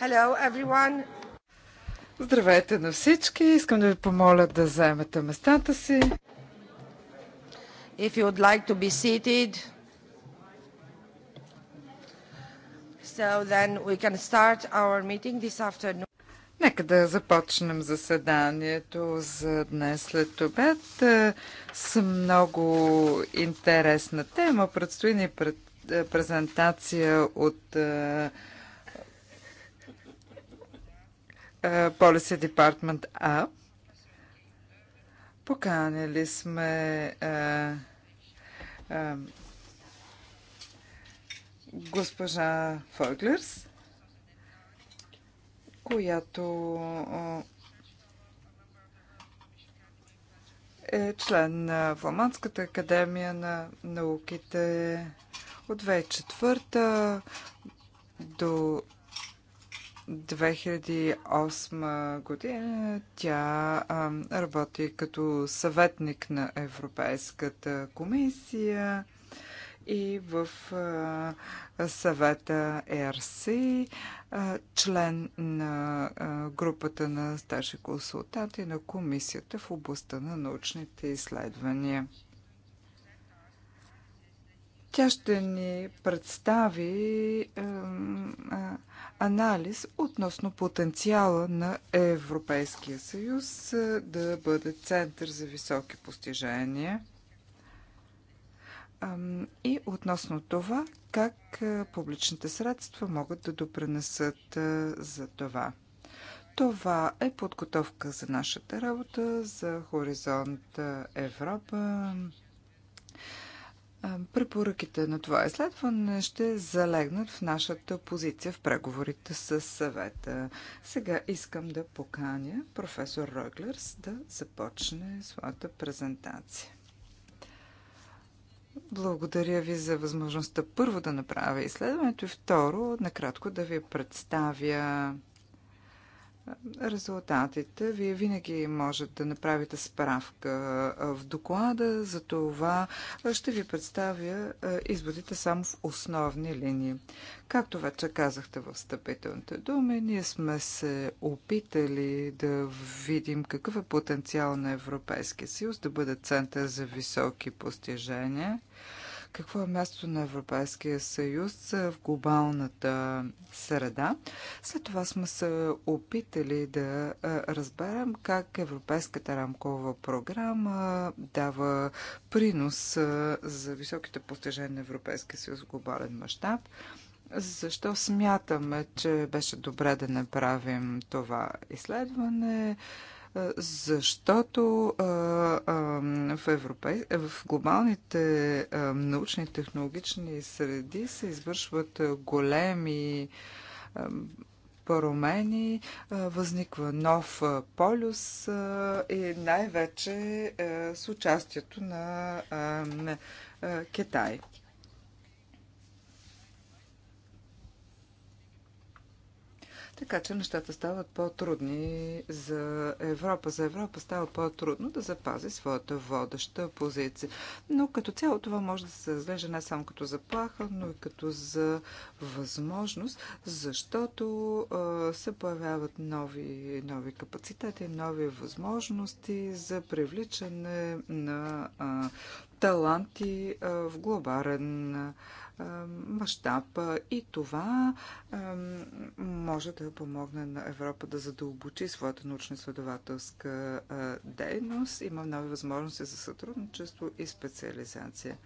Hello everyone. Здравейте на всички. Искам да ви помоля да заемете местата си. If you would like to be seated. So then we can start our meeting this afternoon. Нека да започнем заседанието за днес след обед. Е, с много интересна тема. Предстои ни пред е, презентация от е, Е, Policy Department А. Поканили сме е, е, госпожа Фойглерс, която е член на Фламандската академия на науките от 2004 до 2008 година тя а, работи като съветник на Европейската комисия и в а, съвета ЕРС, член на а, групата на старши консултанти на комисията в областта на научните изследвания. Тя ще ни представи а, анализ относно потенциала на Европейския съюз е, да бъде център за високи постижения и относно това как е, публичните средства могат да допренесат е, за това. Това е подготовка за нашата работа за Хоризонт Европа Препоръките на това изследване ще залегнат в нашата позиция в преговорите с съвета. Сега искам да поканя професор Роглерс да започне своята презентация. Благодаря ви за възможността първо да направя изследването и второ накратко да ви представя резултатите. Вие винаги можете да направите справка в доклада, за това ще ви представя изводите само в основни линии. Както вече казахте в встъпителните думи, ние сме се опитали да видим какъв е потенциал на Европейския съюз да бъде център за високи постижения какво е мястото на Европейския съюз в глобалната среда. След това сме се опитали да разберем как Европейската рамкова програма дава принос за високите постижения на Европейския съюз в глобален мащаб. Защо смятаме, че беше добре да направим това изследване? защото в, европей... в глобалните научни и технологични среди се извършват големи промени, възниква нов полюс и най-вече с участието на Китай. Така че нещата стават по-трудни за Европа. За Европа става по-трудно да запази своята водеща позиция. Но като цяло това може да се разглежда не само като заплаха, но и като за възможност, защото а, се появяват нови, нови капацитети, нови възможности за привличане на а, таланти а, в глобален мащаб и това може да помогне на Европа да задълбочи своята научно-изследователска дейност. Има нови възможности за сътрудничество и специализация.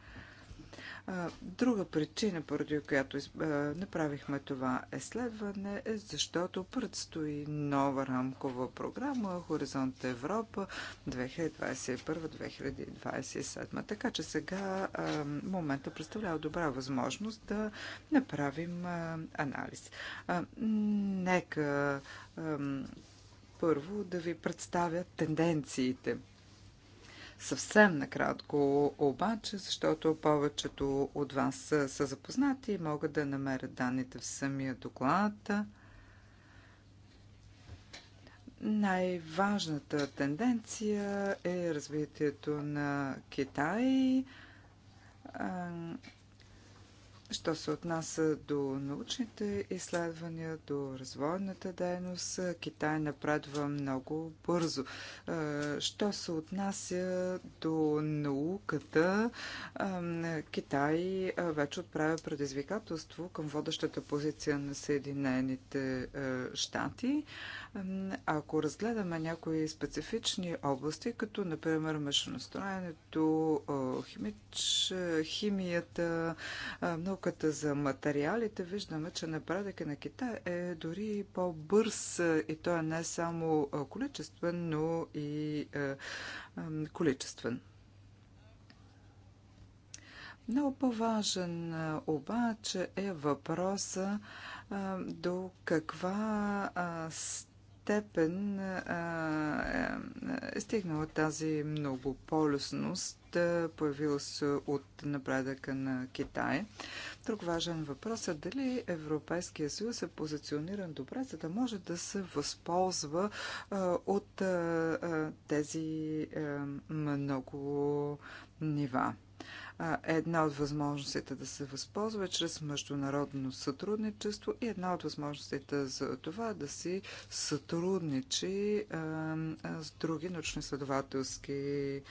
Друга причина, поради която направихме това изследване, е защото предстои нова рамкова програма Хоризонт Европа 2021-2027. Така че сега момента представлява добра възможност да направим анализ. Нека първо да ви представя тенденциите – Съвсем накратко обаче, защото повечето от вас са, са запознати и могат да намерят данните в самия доклад. Най-важната тенденция е развитието на Китай Що се отнася до научните изследвания, до развойната дейност, Китай напредва много бързо. Що се отнася до науката, Китай вече отправя предизвикателство към водещата позиция на Съединените щати. Ако разгледаме някои специфични области, като например машиностроенето, химич, химията, науката за материалите, виждаме, че напредъка на Китай е дори по-бърз и той е не само количествен, но и количествен. Много по-важен обаче е въпроса до каква степен степен е стигнала тази многополюсност, появила се от напредъка на Китай. Друг важен въпрос е дали Европейския съюз е позициониран добре, за да може да се възползва от тези много нива. Една от възможностите да се възползва е чрез международно сътрудничество и една от възможностите за това е да си сътрудничи с други научно-изследователски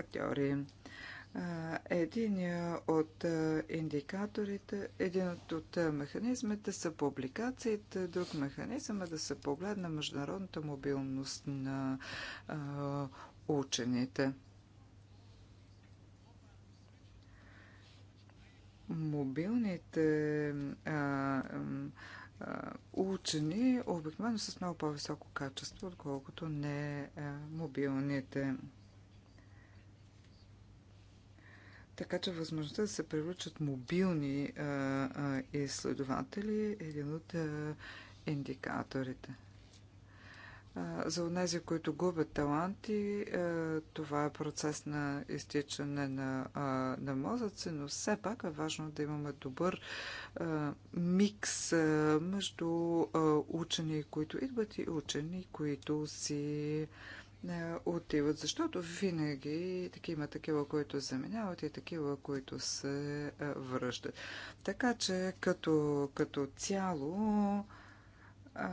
актьори. Един от индикаторите, един от механизмите са публикациите, друг механизъм е да се погледне международната мобилност на учените. Мобилните а, а, учени обикновено с много по-високо качество, отколкото не а, мобилните. Така че възможността да се привлечат мобилни а, а, изследователи е един от а, индикаторите. За онези, които губят таланти, това е процес на изтичане на, на мозъци, но все пак е важно да имаме добър микс между учени, които идват и учени, които си отиват, защото винаги има такива, които заменяват и такива, които се връщат. Така че като, като цяло а,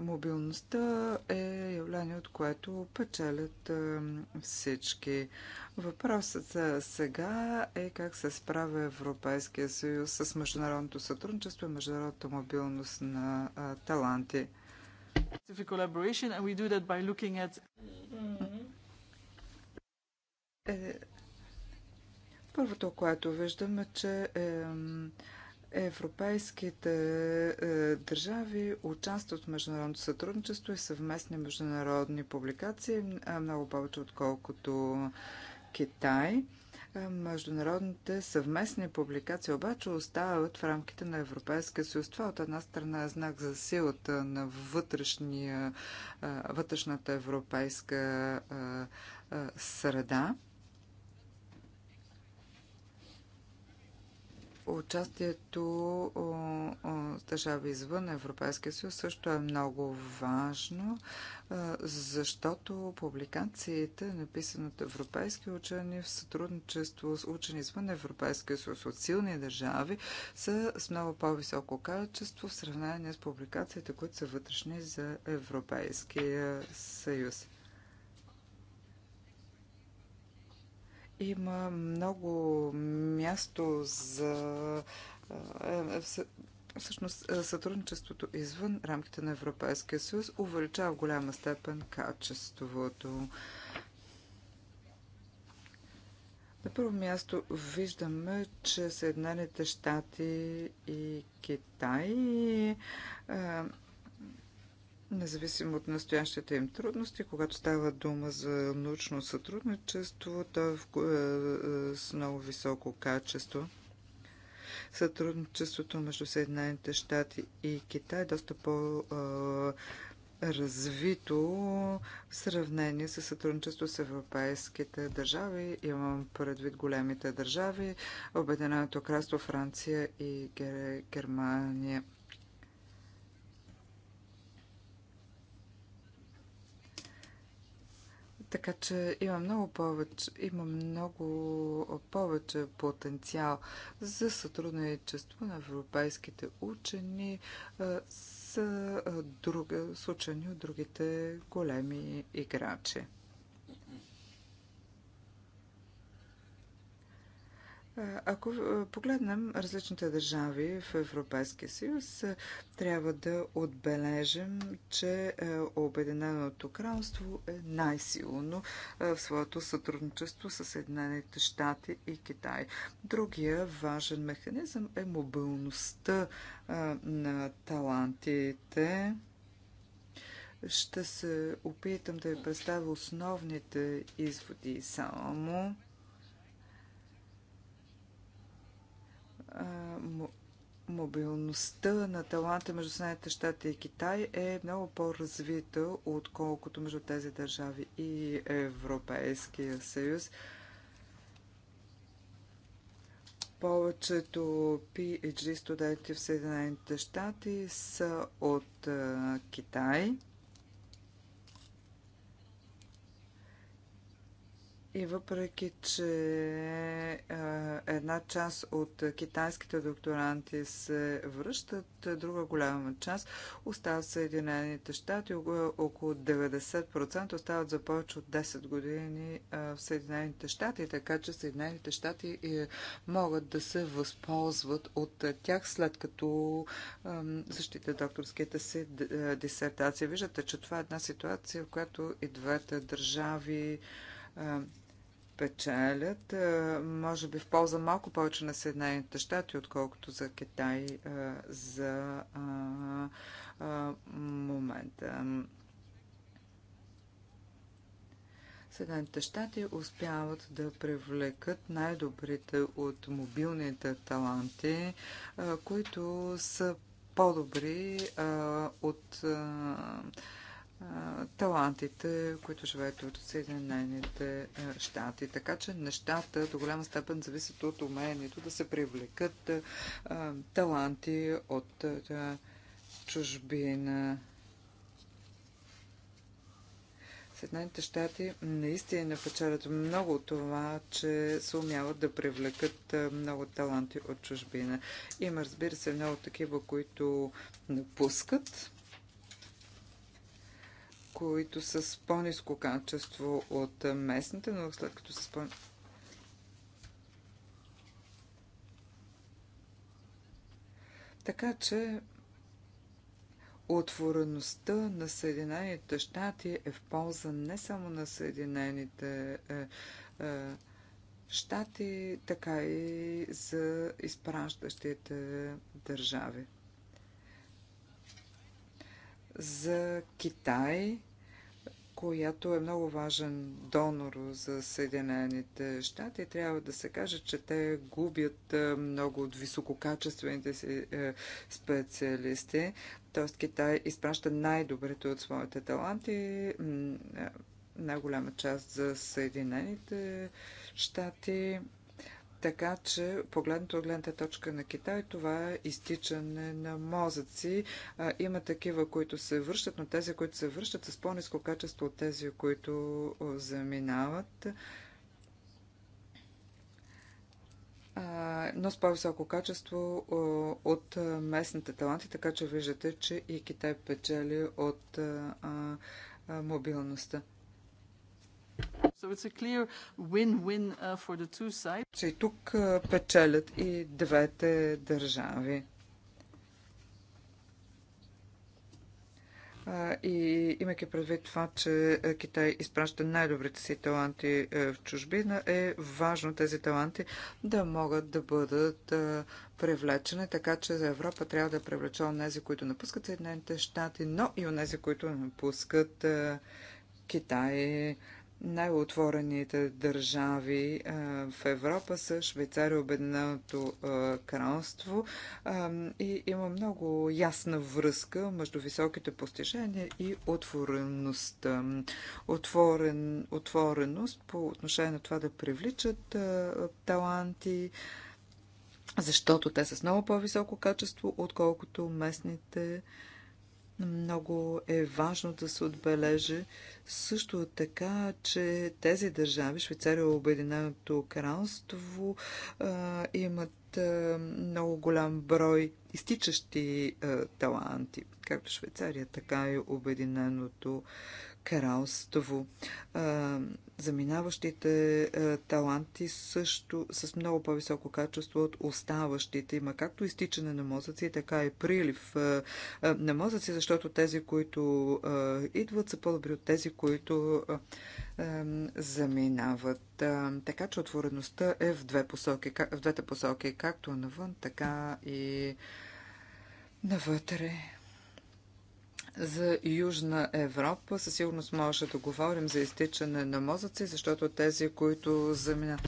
мобилността е явление, от което печелят а, всички. Въпросът за сега е как се справя Европейския съюз с международното сътрудничество и международната мобилност на а, таланти. Е, първото, което виждаме, че е, Европейските е, държави участват в международното сътрудничество и съвместни международни публикации много повече отколкото Китай. Е, международните съвместни публикации обаче остават в рамките на Европейския съюз. Това от една страна е знак за силата на вътрешния, е, вътрешната европейска среда. Участието с държави извън Европейския съюз също е много важно, защото публикациите, написани от европейски учени в сътрудничество с учени извън Европейския съюз от силни държави, са с много по-високо качество в сравнение с публикациите, които са вътрешни за Европейския съюз. Има много място за е, е, всъщност е, сътрудничеството извън рамките на Европейския съюз увеличава в голяма степен качеството. На първо място виждаме, че Съединените щати и Китай Независимо от настоящите им трудности, когато става дума за научно сътрудничество, то е, е с много високо качество. Сътрудничеството между Съединените щати и Китай е доста по- е, развито в сравнение с сътрудничество с европейските държави. Имам предвид големите държави, Обединеното кралство, Франция и Германия. Така че има много повече, има много повече потенциал за сътрудничество на европейските учени е, с, е, друга, с учени от другите големи играчи. Ако погледнем различните държави в Европейския съюз, трябва да отбележим, че Обединеното кралство е най-силно в своето сътрудничество с Съединените щати и Китай. Другия важен механизъм е мобилността на талантите. Ще се опитам да ви представя основните изводи само. мобилността на таланта между Съединените щати и Китай е много по-развита, отколкото между тези държави и Европейския съюз. Повечето PhD студенти в Съединените щати са от Китай. И въпреки, че една част от китайските докторанти се връщат, друга голяма част остават в Съединените щати. Около 90% остават за повече от 10 години в Съединените щати, така че Съединените щати е, могат да се възползват от тях след като защита докторските си дисертации. Виждате, че това е една ситуация, в която и двете държави печелят, може би в полза малко повече на Съединените щати, отколкото за Китай за момента. Съединените щати успяват да привлекат най-добрите от мобилните таланти, които са по-добри от талантите, които живеят от Съединените щати. Така че нещата до голяма степен зависят от умението да се привлекат таланти от чужбина. Съединените щати наистина печелят много от това, че се умяват да привлекат много таланти от чужбина. Има, разбира се, много такива, които напускат които са с по-низко качество от местните, но след като са с по Така че отвореността на Съединените щати е в полза не само на Съединените е, е, щати, така и за изпращащите държави. За Китай която е много важен донор за Съединените щати. Трябва да се каже, че те губят е, много от висококачествените си е, специалисти. Тоест Китай изпраща най-добрите от своите таланти, е, най-голяма част за Съединените щати. Така че, погледнато от гледната точка на Китай, това е изтичане на мозъци. А, има такива, които се връщат, но тези, които се връщат, са с по-низко качество от тези, които заминават. А, но с по-високо качество от местните таланти, така че виждате, че и Китай печели от а, мобилността. Uh, че и Че тук печелят и двете държави. И имайки предвид това, че Китай изпраща най-добрите си таланти в чужбина, е важно тези таланти да могат да бъдат привлечени, така че за Европа трябва да привлече онези, които напускат Съединените щати, но и онези, които напускат Китай. Най-отворените държави в Европа са Швейцария, Обединеното кралство и има много ясна връзка между високите постижения и отвореността. Отворен, отвореност по отношение на това да привличат таланти, защото те са с много по-високо качество, отколкото местните много е важно да се отбележи също така, че тези държави, Швейцария и Обединеното кралство, имат много голям брой изтичащи таланти, както Швейцария, така и Обединеното кралство заминаващите е, таланти също с много по-високо качество от оставащите. Има както изтичане на мозъци, така и прилив е, е, на мозъци, защото тези, които идват, са по-добри от тези, които заминават. Така че отвореността е в, две посоки, в двете посоки, както навън, така и навътре. За Южна Европа със сигурност може да говорим за изтичане на мозъци, защото тези, които заминат.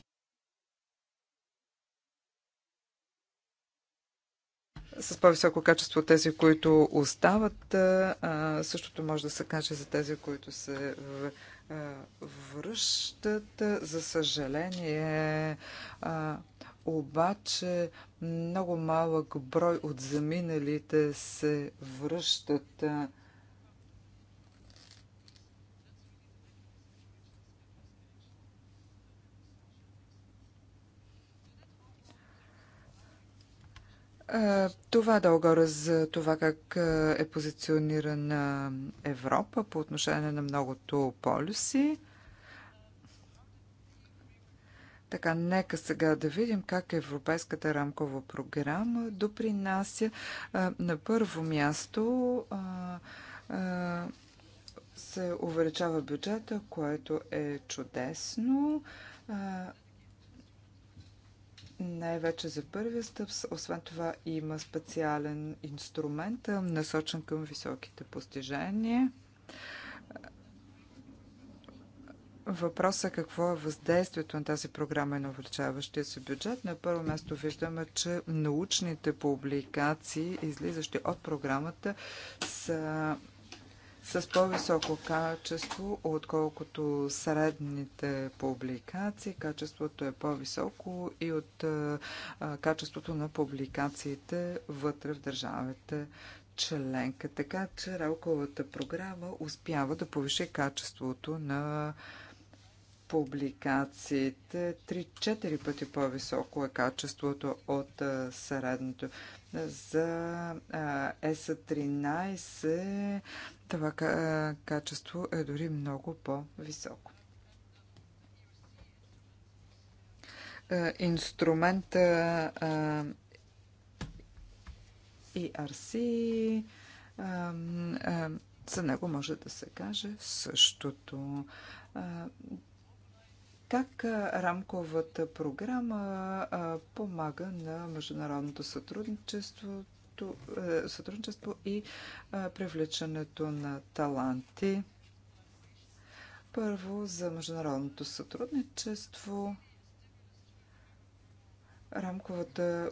с по-високо качество тези, които остават. същото може да се каже за тези, които се връщат. За съжаление, обаче много малък брой от заминалите се връщат. Това е дългора за това как е позиционирана Европа по отношение на многото полюси. Така, нека сега да видим как Европейската рамкова програма допринася на първо място. се увеличава бюджета, което е чудесно най-вече за първия стъп. Освен това има специален инструмент, насочен към високите постижения. Въпросът е какво е въздействието на тази програма и на увеличаващия се бюджет. На първо място виждаме, че научните публикации, излизащи от програмата, са с по-високо качество, отколкото средните публикации. Качеството е по-високо и от а, качеството на публикациите вътре в държавите членка. Така че Ралковата програма успява да повиши качеството на публикациите. 3-4 пъти по-високо е качеството от средното. За ЕСА-13 това качество е дори много по-високо. Е, Инструмента е, е, ERC за него може да се каже същото. Как рамковата програма помага на международното сътрудничество, сътрудничество, е, сътрудничество и е, привличането на таланти. Първо за международното сътрудничество. Рамковата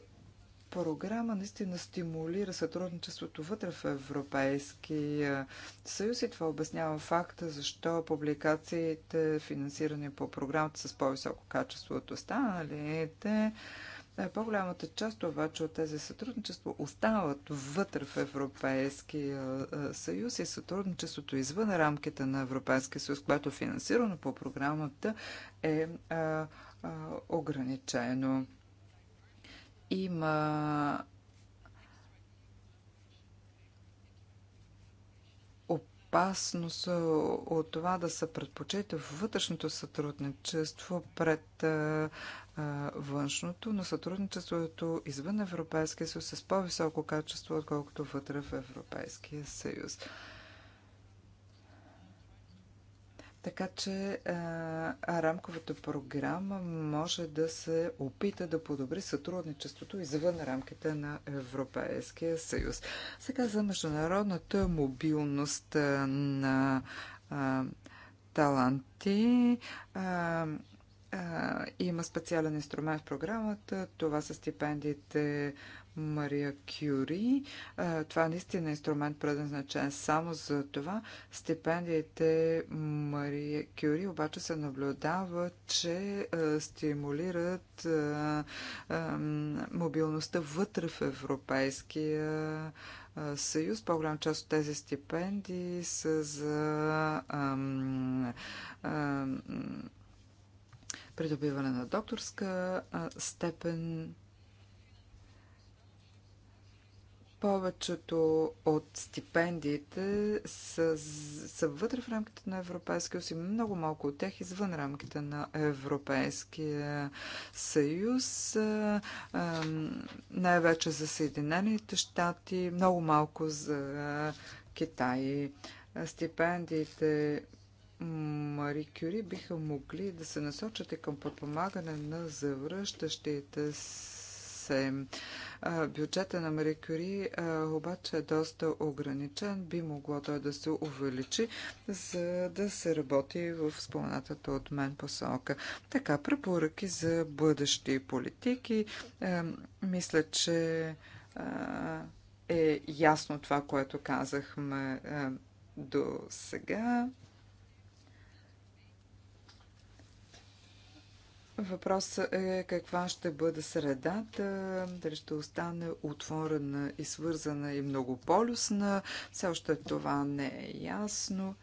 програма наистина стимулира сътрудничеството вътре в Европейския съюз и това обяснява факта защо публикациите, финансирани по програмата с по-високо качество от останалите, е, по-голямата част обаче от тези сътрудничества остават вътре в Европейския е, съюз и сътрудничеството извън рамките на Европейския съюз, което финансирано по програмата е а, е, а, ограничено. Има опасност от това да се предпочита вътрешното сътрудничество пред а, външното, но сътрудничеството извън Европейския съюз е с по-високо качество, отколкото вътре в Европейския съюз. Така че а, рамковата програма може да се опита да подобри сътрудничеството извън рамките на Европейския съюз. Сега за международната мобилност на а, таланти. А, има специален инструмент в програмата. Това са стипендиите Мария Кюри. Това е наистина инструмент предназначен само за това. Стипендиите Мария Кюри обаче се наблюдава, че стимулират мобилността вътре в Европейския съюз. По-голям част от тези стипендии са за ам, ам, придобиване на докторска степен. Повечето от стипендиите са, са вътре в рамките на Европейския съюз и много малко от тях извън рамките на Европейския съюз. Най-вече за Съединените щати, много малко за Китай. Стипендиите Мари Кюри биха могли да се насочат и към подпомагане на завръщащите се. Бюджета на Мари Кюри обаче е доста ограничен. Би могло той да се увеличи, за да се работи в споменатата от мен посока. Така, препоръки за бъдещи политики. Мисля, че е ясно това, което казахме до сега. Въпросът е каква ще бъде средата, дали ще остане отворена и свързана и многополюсна. Все още това не е ясно.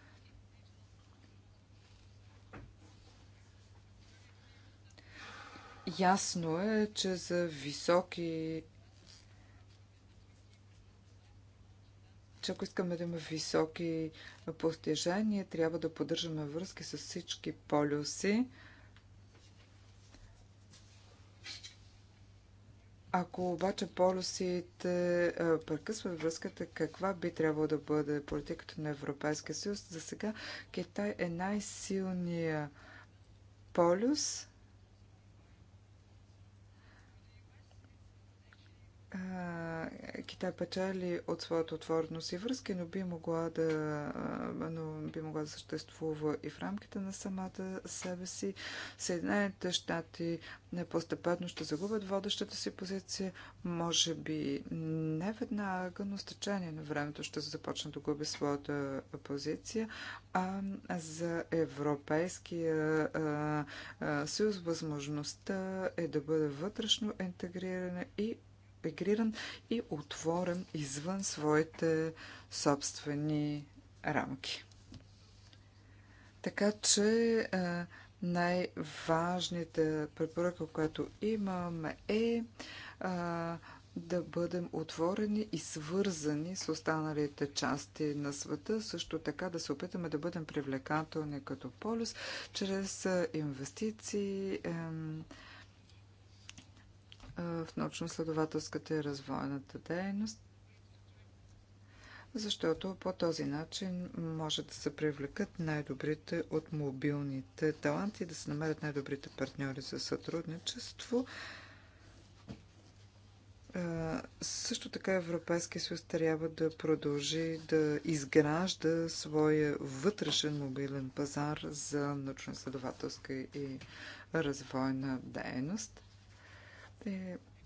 Ясно е, че за високи че ако искаме да има високи постижения, трябва да поддържаме връзки с всички полюси. Ако обаче полюсите е, прекъсват връзката, каква би трябвало да бъде политиката на Европейския съюз? За сега Китай е най-силният полюс Китай печели от своята отвореност и връзки, но би могла да, но би могла да съществува и в рамките на самата себе си. Съединените щати постепенно ще загубят водещата си позиция, може би не веднага, но с течение на времето ще започне да губи своята позиция. А за Европейския съюз възможността е да бъде вътрешно интегрирана и интегриран и отворен извън своите собствени рамки. Така че най-важните препоръка, която имам е а, да бъдем отворени и свързани с останалите части на света, също така да се опитаме да бъдем привлекателни като полюс чрез инвестиции. А, в научно-следователската и развойната дейност, защото по този начин може да се привлекат най-добрите от мобилните таланти, да се намерят най-добрите партньори за сътрудничество. Също така Европейския съюз трябва да продължи да изгражда своя вътрешен мобилен пазар за научно-следователска и развойна дейност.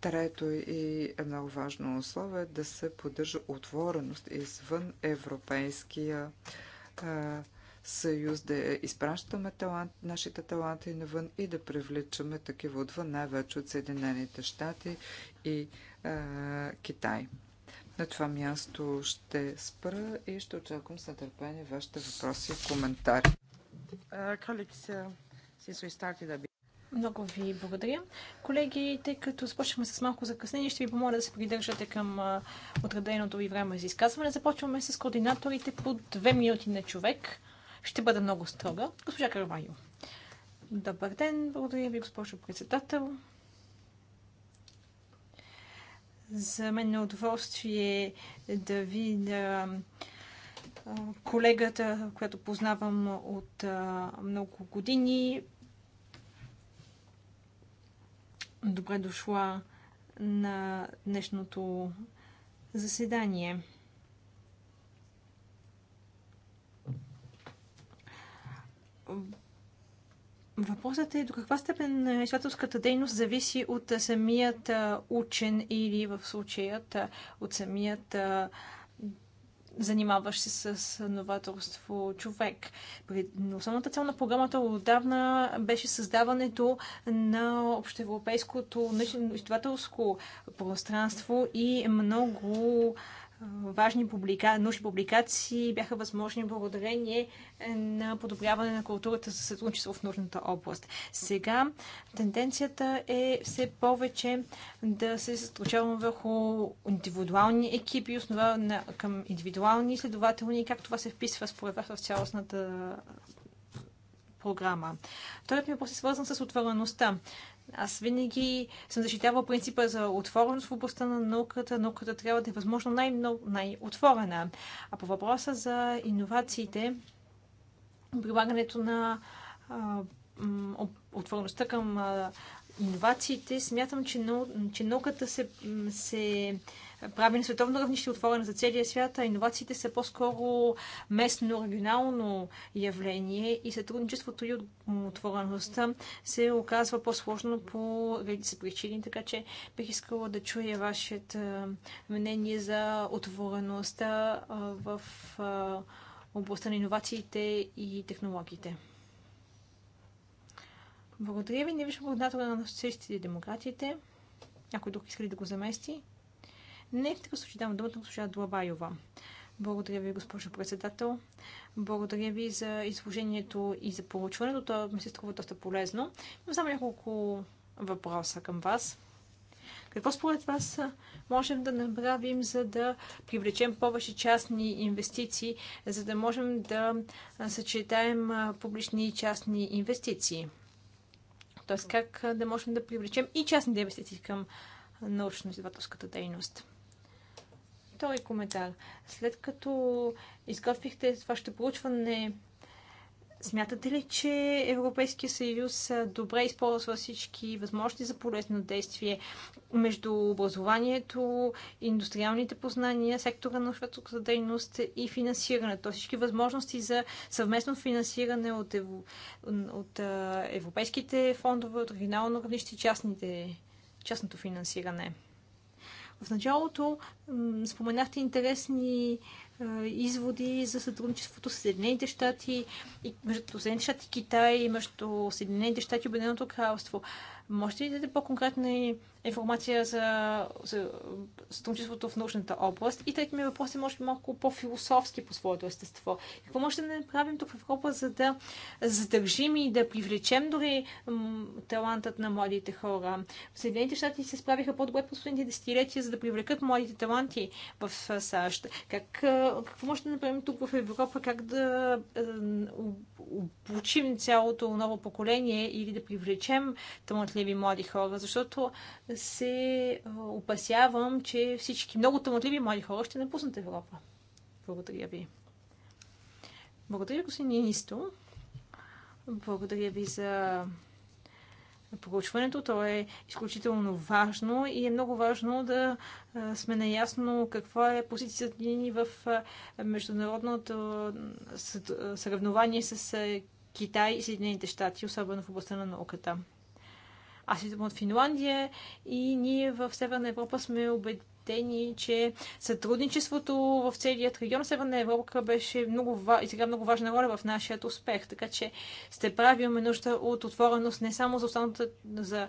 Трето и е много важно условие да се поддържа отвореност извън Европейския съюз, да изпращаме талант, нашите таланти навън и да привличаме такива отвън, най-вече от Съединените щати и а, Китай. На това място ще спра и ще очаквам с нетърпение вашите въпроси и коментари. Каликс, много ви благодаря. Колеги, тъй като започнахме с малко закъснение, ще ви помоля да се придържате към отреденото ви време за изказване. Започваме с координаторите по две минути на човек. Ще бъда много строга. Госпожа Карвайо. Добър ден, благодаря ви, госпожо председател. За мен е удоволствие да видя колегата, която познавам от много години, Добре дошла на днешното заседание. Въпросът е до каква степен изследователската дейност зависи от самият учен или в случаят от самият занимаваш се с новаторство човек. Основната цел на програмата отдавна беше създаването на общоевропейското научно-изследователско пространство и много важни публика... научни публикации бяха възможни благодарение на подобряване на културата за сътрудничество в нужната област. Сега тенденцията е все повече да се съсредоточаваме върху индивидуални екипи, основа на... към индивидуални изследователни, как това се вписва според вас в цялостната програма. Вторият ми въпрос е свързан с отвореността. Аз винаги съм защитавал принципа за отвореност в областта на науката. Науката трябва да е възможно най-отворена. Най а по въпроса за иновациите, прилагането на отвореността към иновациите, смятам, че, че науката се, се на световно равнище, отворена за целия свят, а иновациите са по-скоро местно, регионално явление и сътрудничеството и отвореността се оказва по-сложно по редица причини, така че бих искала да чуя вашето мнение за отвореността в областта на иновациите и технологиите. Благодаря ви. Не виждам координатора на социалистите и демократите. Някой друг иска ли да го замести? Не, в такъв случай давам думата на госпожа Длабайова. Благодаря ви, госпожо председател. Благодаря ви за изложението и за получването. То ми се струва доста полезно. Имам само няколко въпроса към вас. Какво според вас можем да направим, за да привлечем повече частни инвестиции, за да можем да съчетаем публични и частни инвестиции? Тоест, как да можем да привлечем и частните инвестиции към научно-изследователската дейност? Втори коментар. След като изготвихте вашето проучване, смятате ли, че Европейския съюз добре използва всички възможности за полезно действие между образованието, индустриалните познания, сектора на шведската дейност и финансирането? Всички възможности за съвместно финансиране от, ев... от европейските фондове, от регионално равнище частните частното финансиране. В началото споменахте интересни изводи за сътрудничеството с Съединените щати между Съединените щати и Китай, между Съединените щати и Обединеното кралство. Можете ли да дадете по-конкретна информация за, за сътрудничеството в научната област? И третият ми въпрос е може би малко по-философски по своето естество. Какво може да направим тук в Европа, за да задържим и да привлечем дори талантът на младите хора? В Съединените щати се справиха по-добре по последните десетилетия, за да привлекат младите таланти в САЩ. Как, какво може да направим тук в Европа? Как да обучим цялото ново поколение или да привлечем талантливите талантливи млади хора, защото се опасявам, че всички много талантливи млади хора ще напуснат Европа. Благодаря ви. Благодаря, господин Нинисто. Благодаря ви за проучването. То е изключително важно и е много важно да сме наясно каква е позицията ни в международното съревнование с Китай и Съединените щати, особено в областта на науката. Аз идвам от Финландия и ние в Северна Европа сме убедени, че сътрудничеството в целият регион Северна Европа беше много, и сега много важна роля в нашия успех. Така че сте прави, имаме нужда от отвореност не само за, останата, за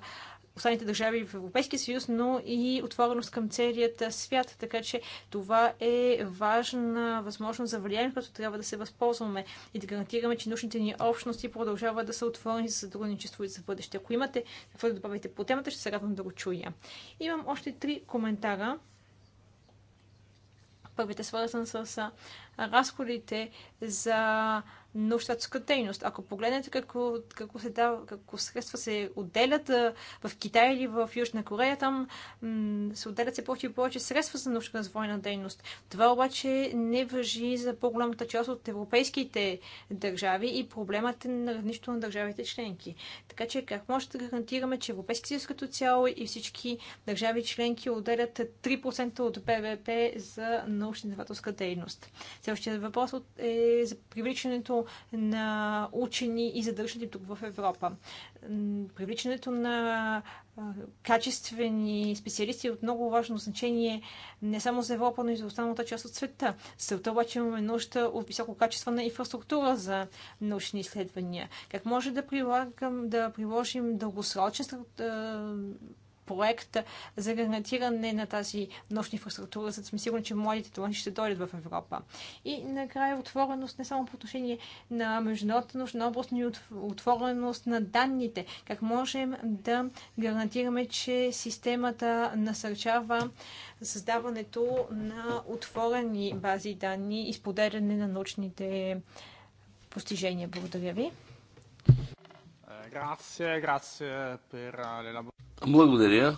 останалите държави в Европейския съюз, но и отвореност към целият свят. Така че това е важна възможност за влияние, което трябва да се възползваме и да гарантираме, че научните ни общности продължават да са отворени за сътрудничество и за бъдеще. Ако имате какво да добавите по темата, ще се радвам да го чуя. Имам още три коментара. Първите свързан с разходите за щатска дейност. Ако погледнете какво, какво, се дава, какво средства се отделят в Китай или в Южна Корея, там се отделят все повече и повече средства за научна развойна дейност. Това обаче не въжи за по-голямата част от европейските държави и проблемът е на равнището на държавите членки. Така че как може да гарантираме, че Европейския съюз като цяло и всички държави членки отделят 3% от БВП за научно-изследователска дейност? Следващия въпрос е за привличането на учени и задържани тук в Европа. Привличането на качествени специалисти е от много важно значение не само за Европа, но и за останалата част от света. Целта обаче имаме нужда от високо качество на инфраструктура за научни изследвания. Как може да, прилагам, да приложим дългосрочен проект за гарантиране на тази нощна инфраструктура, за да сме сигурни, че младите таланти ще дойдат в Европа. И накрая отвореност не само по отношение на международната нужна област, но и отвореност на данните. Как можем да гарантираме, че системата насърчава създаването на отворени бази данни и споделяне на научните постижения. Благодаря ви. Grazie, grazie per благодаря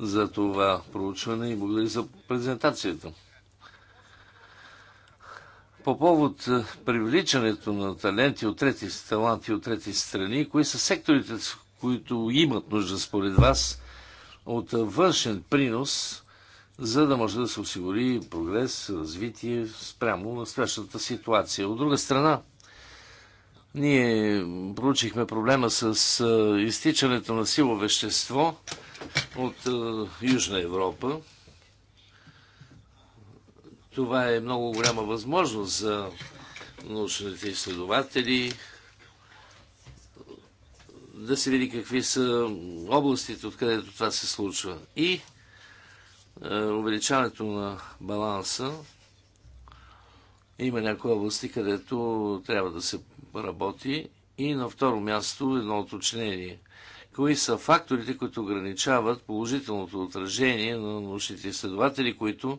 за това проучване и благодаря за презентацията. По повод е, привличането на таленти от трети, таланти от трети страни, кои са секторите, които имат нужда според вас от е, външен принос, за да може да се осигури прогрес, развитие спрямо настоящата ситуация. От друга страна, ние проучихме проблема с изтичането на сило вещество от Южна Европа. Това е много голяма възможност за научните изследователи да се види какви са областите, откъдето това се случва. И увеличаването на баланса има някои области, където трябва да се работи. И на второ място едно уточнение. Кои са факторите, които ограничават положителното отражение на научните изследователи, които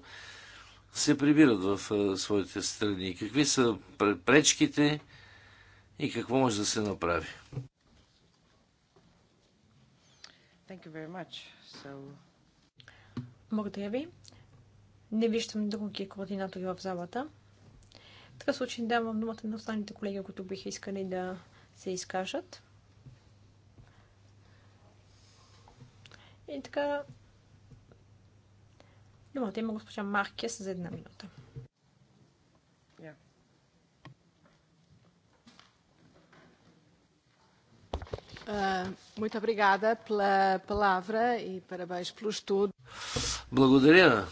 се прибират в е, своите страни? Какви са пречките и какво може да се направи? Благодаря ви. Не виждам други координатори в залата. В такъв случай давам думата на останалите колеги, които биха искали да се изкажат. И така, думата има госпожа Маркес за една минута. Yeah. Muito obrigada pela palavra e parabéns pelo estudo. Благодаря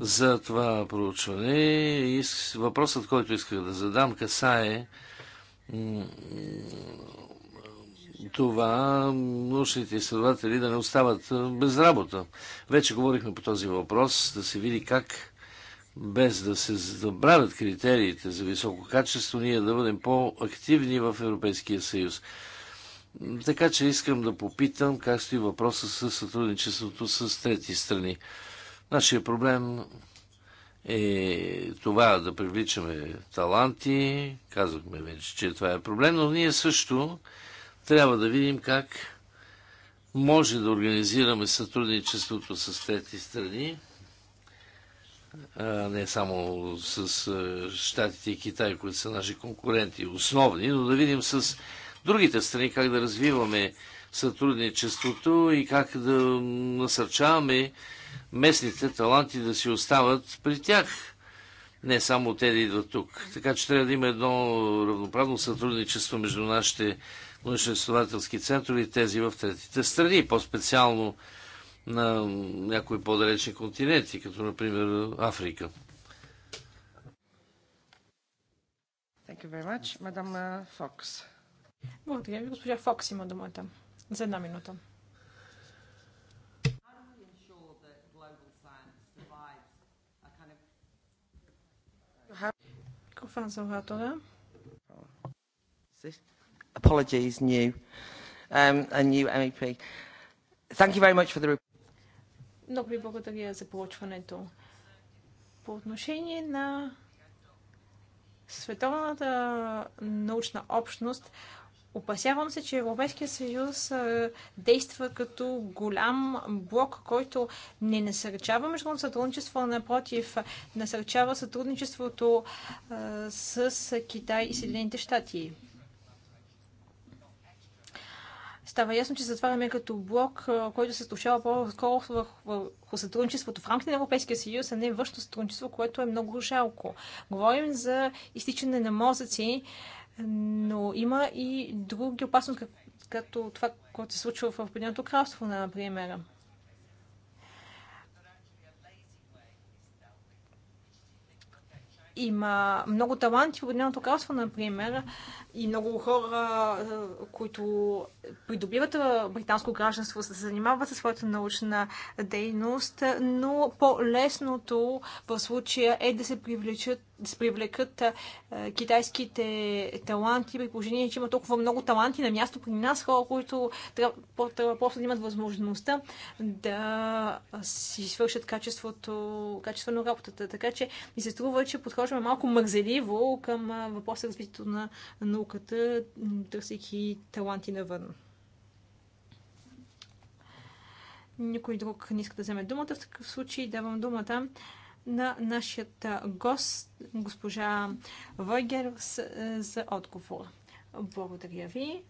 за това проучване. И въпросът, който исках да задам, касае това научните изследователи да не остават без работа. Вече говорихме по този въпрос, да се види как без да се забравят критериите за високо качество, ние да бъдем по-активни в Европейския съюз. Така че искам да попитам как стои въпроса с сътрудничеството с трети страни. Нашия проблем е това да привличаме таланти. Казахме вече, че това е проблем, но ние също трябва да видим как може да организираме сътрудничеството с трети страни, не само с Штатите и Китай, които са наши конкуренти основни, но да видим с другите страни как да развиваме сътрудничеството и как да насърчаваме местните таланти да си остават при тях. Не само те да идват тук. Така че трябва да има едно равноправно сътрудничество между нашите научно-изследователски центрове и тези в третите страни, по-специално на някои по-далечни континенти, като например Африка. Uh, Благодаря ви. Госпожа Фокс има думата за една минута. Микрофон за оратора. Apologies, new, um, a new MEP. Thank you very much for the Много ви благодаря за проучването. По отношение на световната научна общност, Опасявам се, че Европейския съюз действа като голям блок, който не насърчава международно сътрудничество, а напротив, насърчава сътрудничеството с Китай и Съединените щати. Става ясно, че затваряме като блок, който се слушава по-скоро върху сътрудничеството в рамките на Европейския съюз, а не външно сътрудничество, което е много жалко. Говорим за изтичане на мозъци, но има и други опасности, като това, което се случва в Обединеното кралство, например. Има много таланти в Обединеното кралство, например, и много хора, е, които придобиват е, британско гражданство, се занимават със своята научна дейност, но по-лесното в случая е да се привлечат да се привлекат е, китайските таланти, при положение, че има толкова много таланти на място при нас, хора, които трябва, просто да имат възможността да си свършат качеството, на работата. Така че ми се струва, че подхождаме малко мързеливо към въпроса развитието на наука науката, търсейки таланти навън. Никой друг не иска да вземе думата. В такъв случай давам думата на нашият гост, госпожа Войгер, е, за отговор. Благодаря ви.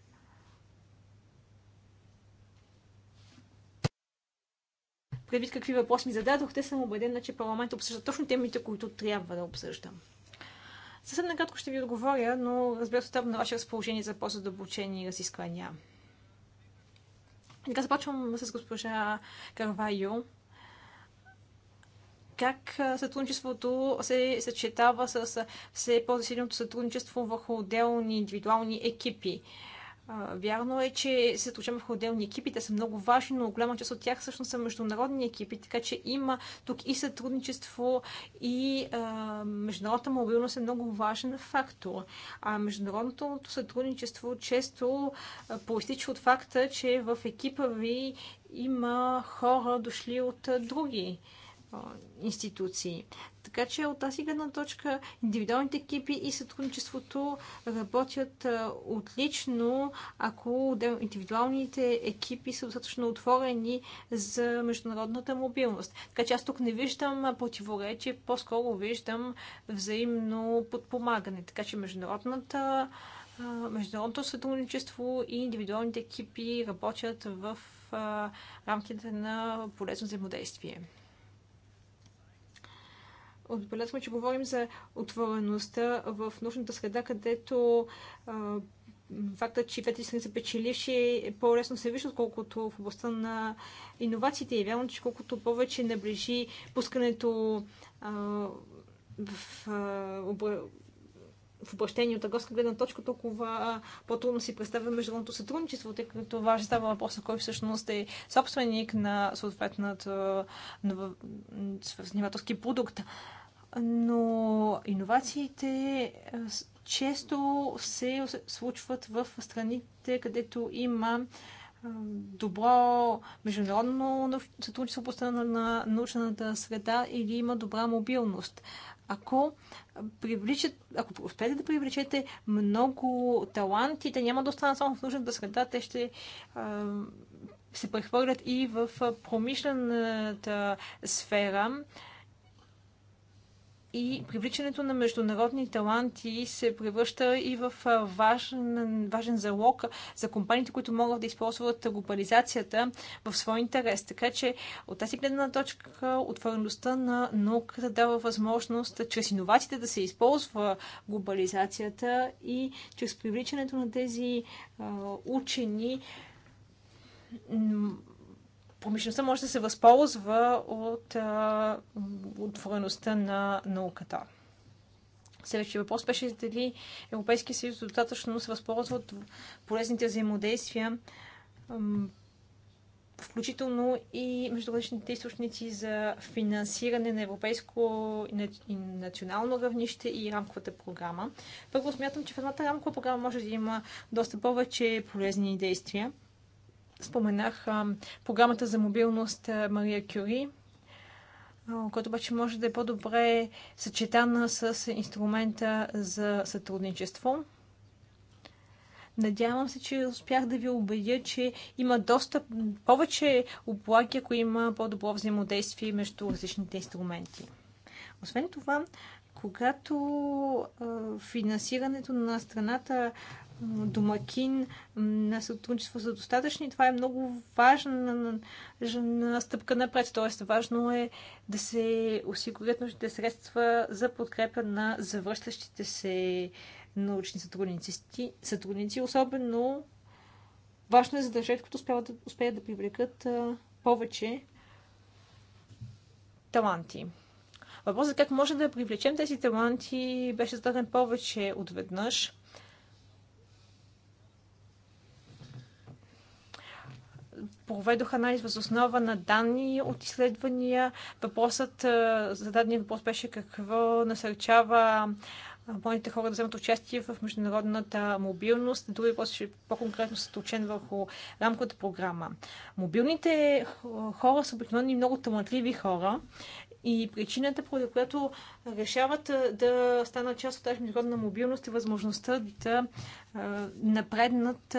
Предвид какви въпроси ми зададохте, съм убедена, че парламент обсъжда точно темите, които трябва да обсъждам. Съвсем накратко ще ви отговоря, но разбира се, на ваше разположение за по-задълбочени разисквания. Така започвам с госпожа Карвайо. Как сътрудничеството се съчетава с все по-засиленото сътрудничество върху отделни индивидуални екипи? Вярно е, че се случваме в отделни екипи, те са много важни, но голяма част от тях всъщност са международни екипи, така че има тук и сътрудничество, и а, международната мобилност е много важен фактор. А международното сътрудничество често проистича от факта, че в екипа ви има хора дошли от други институции. Така че от тази гледна точка индивидуалните екипи и сътрудничеството работят отлично, ако индивидуалните екипи са достатъчно отворени за международната мобилност. Така че аз тук не виждам противоречие, по-скоро виждам взаимно подпомагане. Така че международната международното сътрудничество и индивидуалните екипи работят в рамките на полезно взаимодействие отбелязваме, че говорим за отвореността в нужната среда, където фактът, факта, че двете страни са печеливши, е по-лесно се вижда, отколкото в областта на иновациите. И вярно, че колкото повече наближи пускането а, в, а, в обращение от търговска гледна точка, толкова по-трудно си представя международното сътрудничество, тъй като важен става въпроса, кой всъщност е собственик на съответната на, на, на, на продукт но иновациите често се случват в страните, където има добро международно сътрудничество по на научната среда или има добра мобилност. Ако, ако успеете да привлечете много таланти, те няма да останат само в нужната среда, те ще се прехвърлят и в промишлената сфера и привличането на международни таланти се превръща и в важен, важен залог за компаниите, които могат да използват глобализацията в свой интерес. Така че от тази гледна точка отвореността на науката дава възможност чрез иновациите да се използва глобализацията и чрез привличането на тези а, учени промишлеността може да се възползва от отвореността на науката. Следващия въпрос беше дали Европейския съюз достатъчно се възползва от полезните взаимодействия, включително и между различните източници за финансиране на европейско и национално равнище и рамковата програма. Първо смятам, че в едната рамкова програма може да има доста повече полезни действия. Споменах програмата за мобилност Мария Кюри, който обаче може да е по-добре съчетана с инструмента за сътрудничество. Надявам се, че успях да ви убедя, че има доста повече облаки, ако има по-добро взаимодействие между различните инструменти. Освен това, когато финансирането на страната домакин на сътрудничество са достатъчни. Това е много важна, на стъпка напред. Тоест, важно е да се осигурят нужните средства за подкрепа на завършващите се научни сътрудници, сътрудници особено важно е за държавите, които успяват да, успеят да привлекат а, повече таланти. Въпросът е как може да привлечем тези таланти беше зададен повече от веднъж. проведох анализ въз основа на данни от изследвания. Въпросът, зададеният въпрос беше какво насърчава младите хора да вземат участие в международната мобилност. Други въпрос ще по-конкретно съточен върху рамковата програма. Мобилните хора са обикновено много талантливи хора и причината, поради която решават да станат част от тази международна мобилност е възможността да напреднат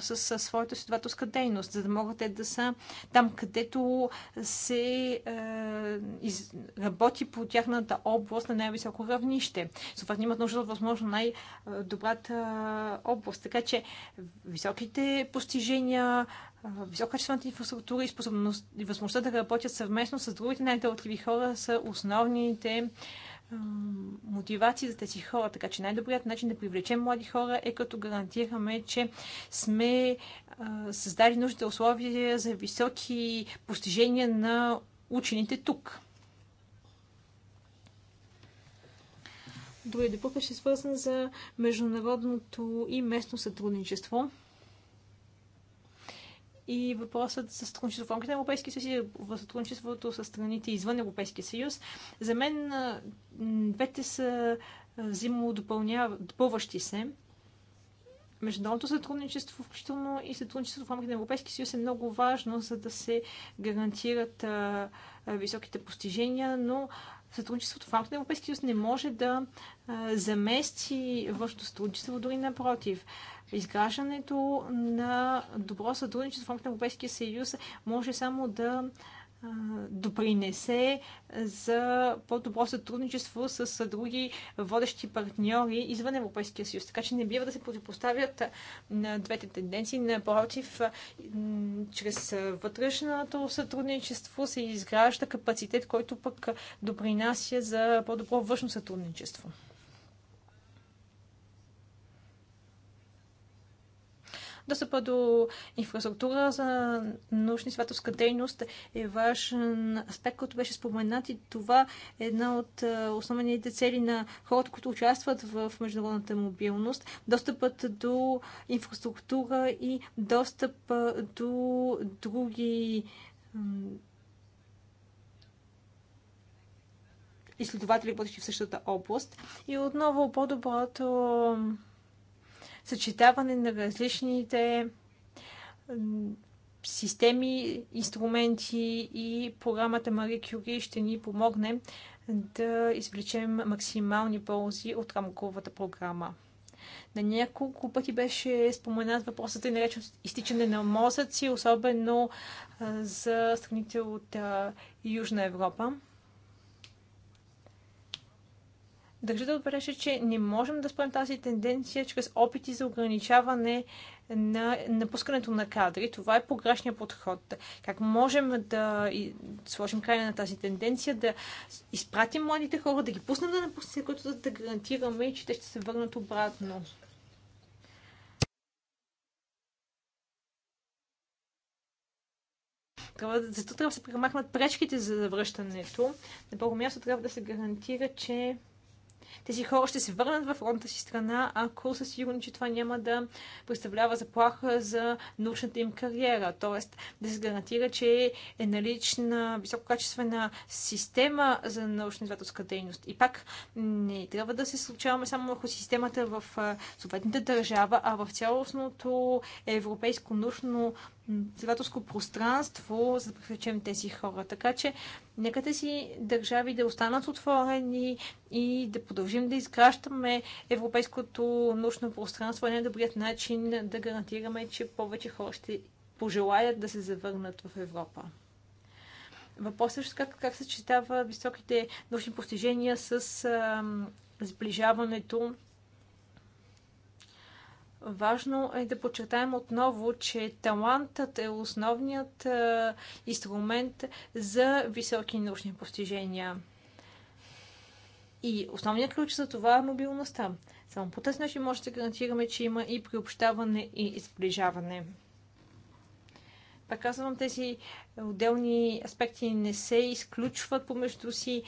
със своята следователска дейност, за да могат те да са там, където се работи по тяхната област на най-високо равнище. Съответно имат нужда от възможно най-добрата област. Така че високите постижения, Високачествената инфраструктура и, способност, и възможността да работят съвместно с другите най-дълтливи хора са основните мотивации за тези хора. Така че най-добрият начин да привлечем млади хора е като гарантираме, че сме създали нужните условия за високи постижения на учените тук. Другият допълка ще е свързан за международното и местно сътрудничество и въпросът за сътрудничество в рамките на Европейския съюз и в сътрудничеството с страните извън Европейския съюз. За мен двете са взаимодопълващи се. Международното сътрудничество, включително и сътрудничеството в рамките на Европейския съюз е много важно, за да се гарантират а, високите постижения, но сътрудничеството в рамките на Европейския съюз не може да замести външното сътрудничество, дори напротив. Изграждането на добро сътрудничество в рамките на Европейския съюз може само да допринесе за по-добро сътрудничество с други водещи партньори извън Европейския съюз. Така че не бива да се противопоставят на двете тенденции. Напротив, чрез вътрешното сътрудничество се изгражда капацитет, който пък допринася за по-добро външно сътрудничество. Достъпа до инфраструктура за научни изследователска дейност е важен аспект, който беше споменат и това е една от е, основните цели на хората, които участват в международната мобилност. Достъпът до инфраструктура и достъп е, до други изследователи, работещи в същата област. И отново по-доброто съчетаване на различните системи, инструменти и програмата Мари Кюри ще ни помогне да извлечем максимални ползи от рамковата програма. На няколко пъти беше споменат въпросът и наречен изтичане на мозъци, особено за страните от Южна Европа. Държа да отбележа, че не можем да спрем тази тенденция чрез опити за ограничаване на напускането на кадри. Това е погрешният подход. Как можем да сложим край на тази тенденция, да изпратим младите хора, да ги пуснем да напуснат, което да гарантираме, че те ще се върнат обратно. трябва, зато трябва да се премахнат пречките за завръщането. На първо място трябва да се гарантира, че тези хора ще се върнат в родната си страна, ако са сигурни, че това няма да представлява заплаха за научната им кариера. Тоест да се гарантира, че е налична висококачествена система за научно-изследователска дейност. И пак не трябва да се случаваме само върху системата в съответната държава, а в цялостното европейско научно цивателско пространство, за да привлечем тези хора. Така че нека тези държави да останат отворени и да продължим да изграждаме европейското научно пространство, е най-добрият начин да гарантираме, че повече хора ще пожелаят да се завърнат в Европа. Въпросът е как, как съчетава високите научни постижения с а, сближаването Важно е да подчертаем отново, че талантът е основният е, инструмент за високи научни постижения. И основният ключ за това е мобилността. Само по този начин може да гарантираме, че има и приобщаване и изближаване. Пак казвам, тези отделни аспекти не се изключват помежду си,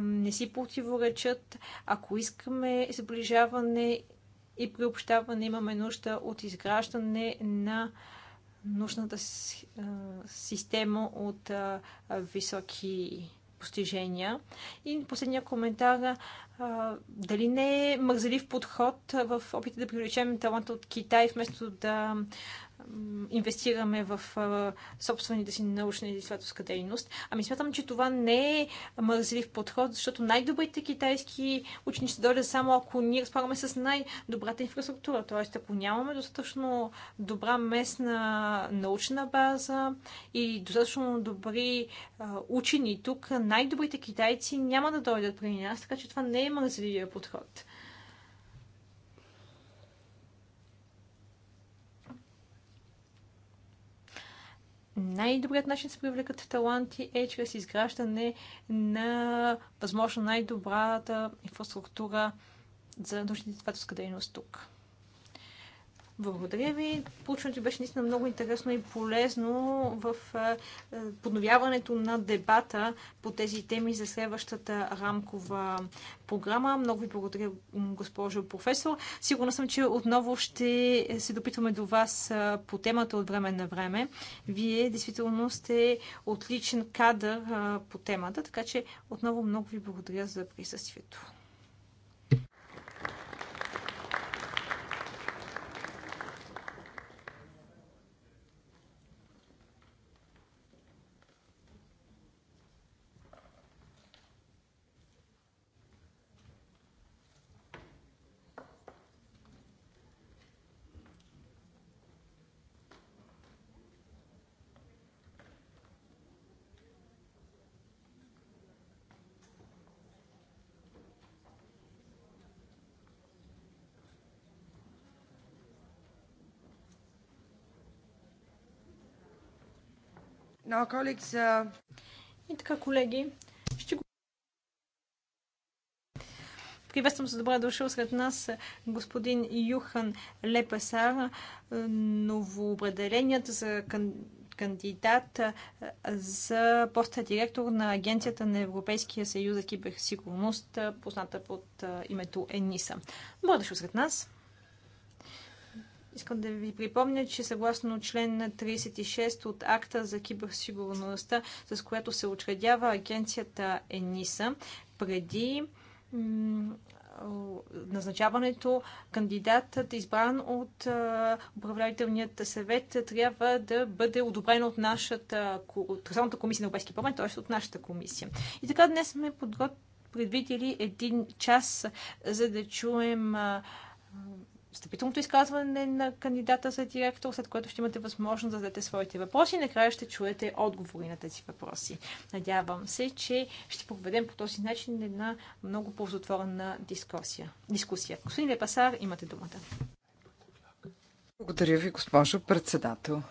не си противоречат. Ако искаме изближаване и приобщаване имаме нужда от изграждане на нужната система от високи постижения. И последния коментар. А, дали не е мързелив подход в опита да привлечем таланта от Китай, вместо да инвестираме в собствените си научна и изследователска дейност. Ами смятам, че това не е мързлив подход, защото най-добрите китайски учени ще дойдат само ако ние разполагаме с най-добрата инфраструктура. Тоест, ако нямаме достатъчно добра местна научна база и достатъчно добри учени тук, най-добрите китайци няма да дойдат при нас, така че това не е мързливия подход. най-добрият начин да се привлекат таланти е чрез изграждане на възможно най-добрата инфраструктура за нужните изследователска дейност тук. Благодаря ви. Получването беше наистина много интересно и полезно в подновяването на дебата по тези теми за следващата рамкова програма. Много ви благодаря, госпожо професор. Сигурна съм, че отново ще се допитваме до вас по темата от време на време. Вие действително сте отличен кадър по темата, така че отново много ви благодаря за присъствието. Uh, И така, колеги, ще го... Приветствам се добре дошъл сред нас е, господин Юхан Лепесар, е, новообределеният за кан... кандидат е, за поста директор на Агенцията на Европейския съюз за киберсигурност, позната под името ЕНИСА. Добре дошъл сред нас. Искам да ви припомня, че съгласно член 36 от акта за киберсигурността, с която се учредява агенцията ЕНИСА, преди назначаването кандидатът, избран от управлявителният съвет, трябва да бъде одобрен от нашата, от Ресурсната комисия на Европейския парламент, т.е. от нашата комисия. И така днес сме подготвили предвидели един час, за да чуем встъпителното изказване на кандидата за директор, след което ще имате възможност да зададете своите въпроси. и Накрая ще чуете отговори на тези въпроси. Надявам се, че ще проведем по този начин една много ползотворна дискусия. дискусия. Господин Лепасар, имате думата. Благодаря ви, госпожо председател.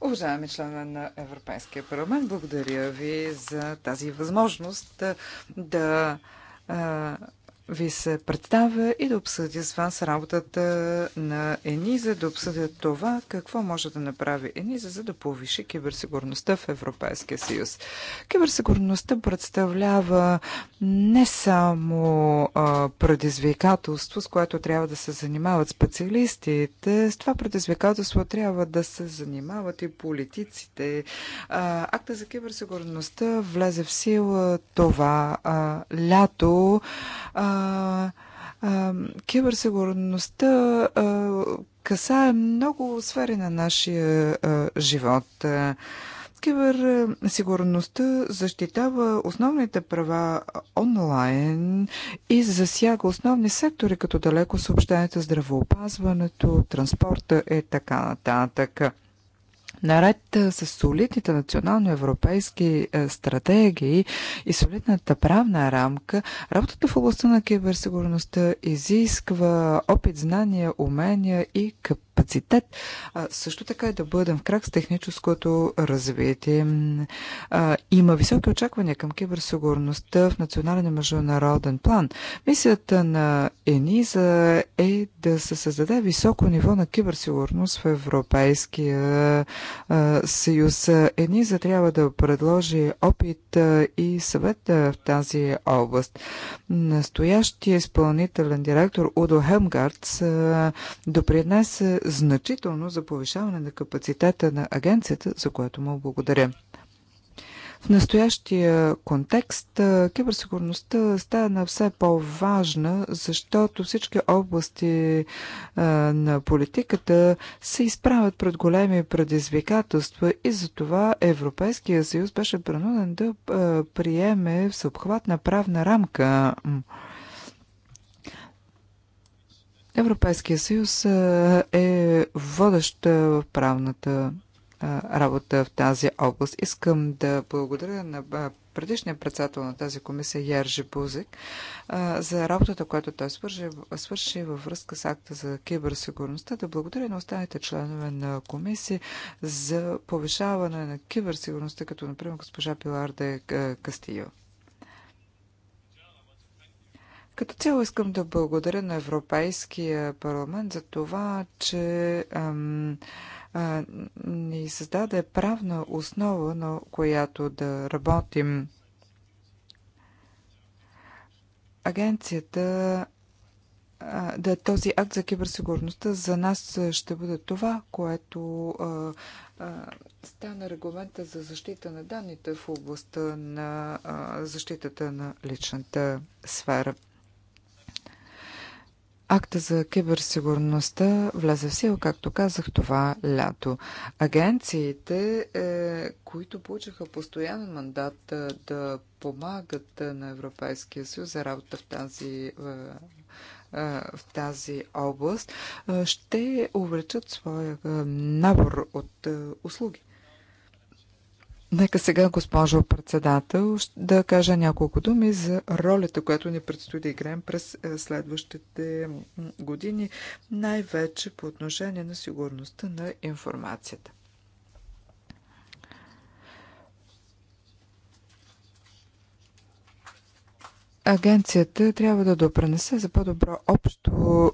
Уважаеми члена на Европейския парламент, благодаря ви за тази възможност да ви се представя и да обсъди с вас работата на ЕНИЗА, да обсъдя това какво може да направи ЕНИЗА, за да повиши киберсигурността в Европейския съюз. Киберсигурността представлява не само а, предизвикателство, с което трябва да се занимават специалистите, с това предизвикателство трябва да се занимават и политиците. А, акта за киберсигурността влезе в сила това а, лято. А, киберсигурността касае много сфери на нашия а, живот. Киберсигурността защитава основните права онлайн и засяга основни сектори, като далеко съобщенията, здравеопазването, транспорта и така нататък наред е, с солидните национално европейски е, стратегии и солидната правна рамка, работата в областта на киберсигурността изисква опит, знания, умения и капацитет капацитет. А, също така и е да бъдем в крак с техническото развитие. А, има високи очаквания към киберсигурността в национален и международен план. Мисията на ЕНИЗА е да се създаде високо ниво на киберсигурност в Европейския а, съюз. ЕНИЗА трябва да предложи опит и съвет в тази област. Настоящия изпълнителен директор Удо Хемгардс допринесе значително за повишаване на капацитета на агенцията, за което му благодаря. В настоящия контекст киберсигурността стана все по-важна, защото всички области а, на политиката се изправят пред големи предизвикателства и затова Европейския съюз беше принуден да а, приеме всеобхватна правна рамка. Европейския съюз е водеща в правната работа в тази област. Искам да благодаря на предишния председател на тази комисия Яржи Бузик за работата, която той свърши, свърши във връзка с акта за киберсигурността. Да благодаря на останалите членове на комисия за повишаване на киберсигурността, като например госпожа Пилар де Кастио. Като цяло искам да благодаря на Европейския парламент за това, че ам, а, ни създаде правна основа, на която да работим. Агенцията да този акт за киберсигурността за нас ще бъде това, което а, а, стана регламента за защита на данните в областта на а, защитата на личната сфера. Акта за киберсигурността влезе в сила, както казах, това лято. Агенциите, е, които получиха постоянен мандат е, да, помагат е, на Европейския съюз за работа в тази, е, в тази област, ще увеличат своя набор от услуги. Нека сега, госпожо председател, да кажа няколко думи за ролята, която ни предстои да играем през е, следващите години, най-вече по отношение на сигурността на информацията. Агенцията трябва да допренесе за по-добро общо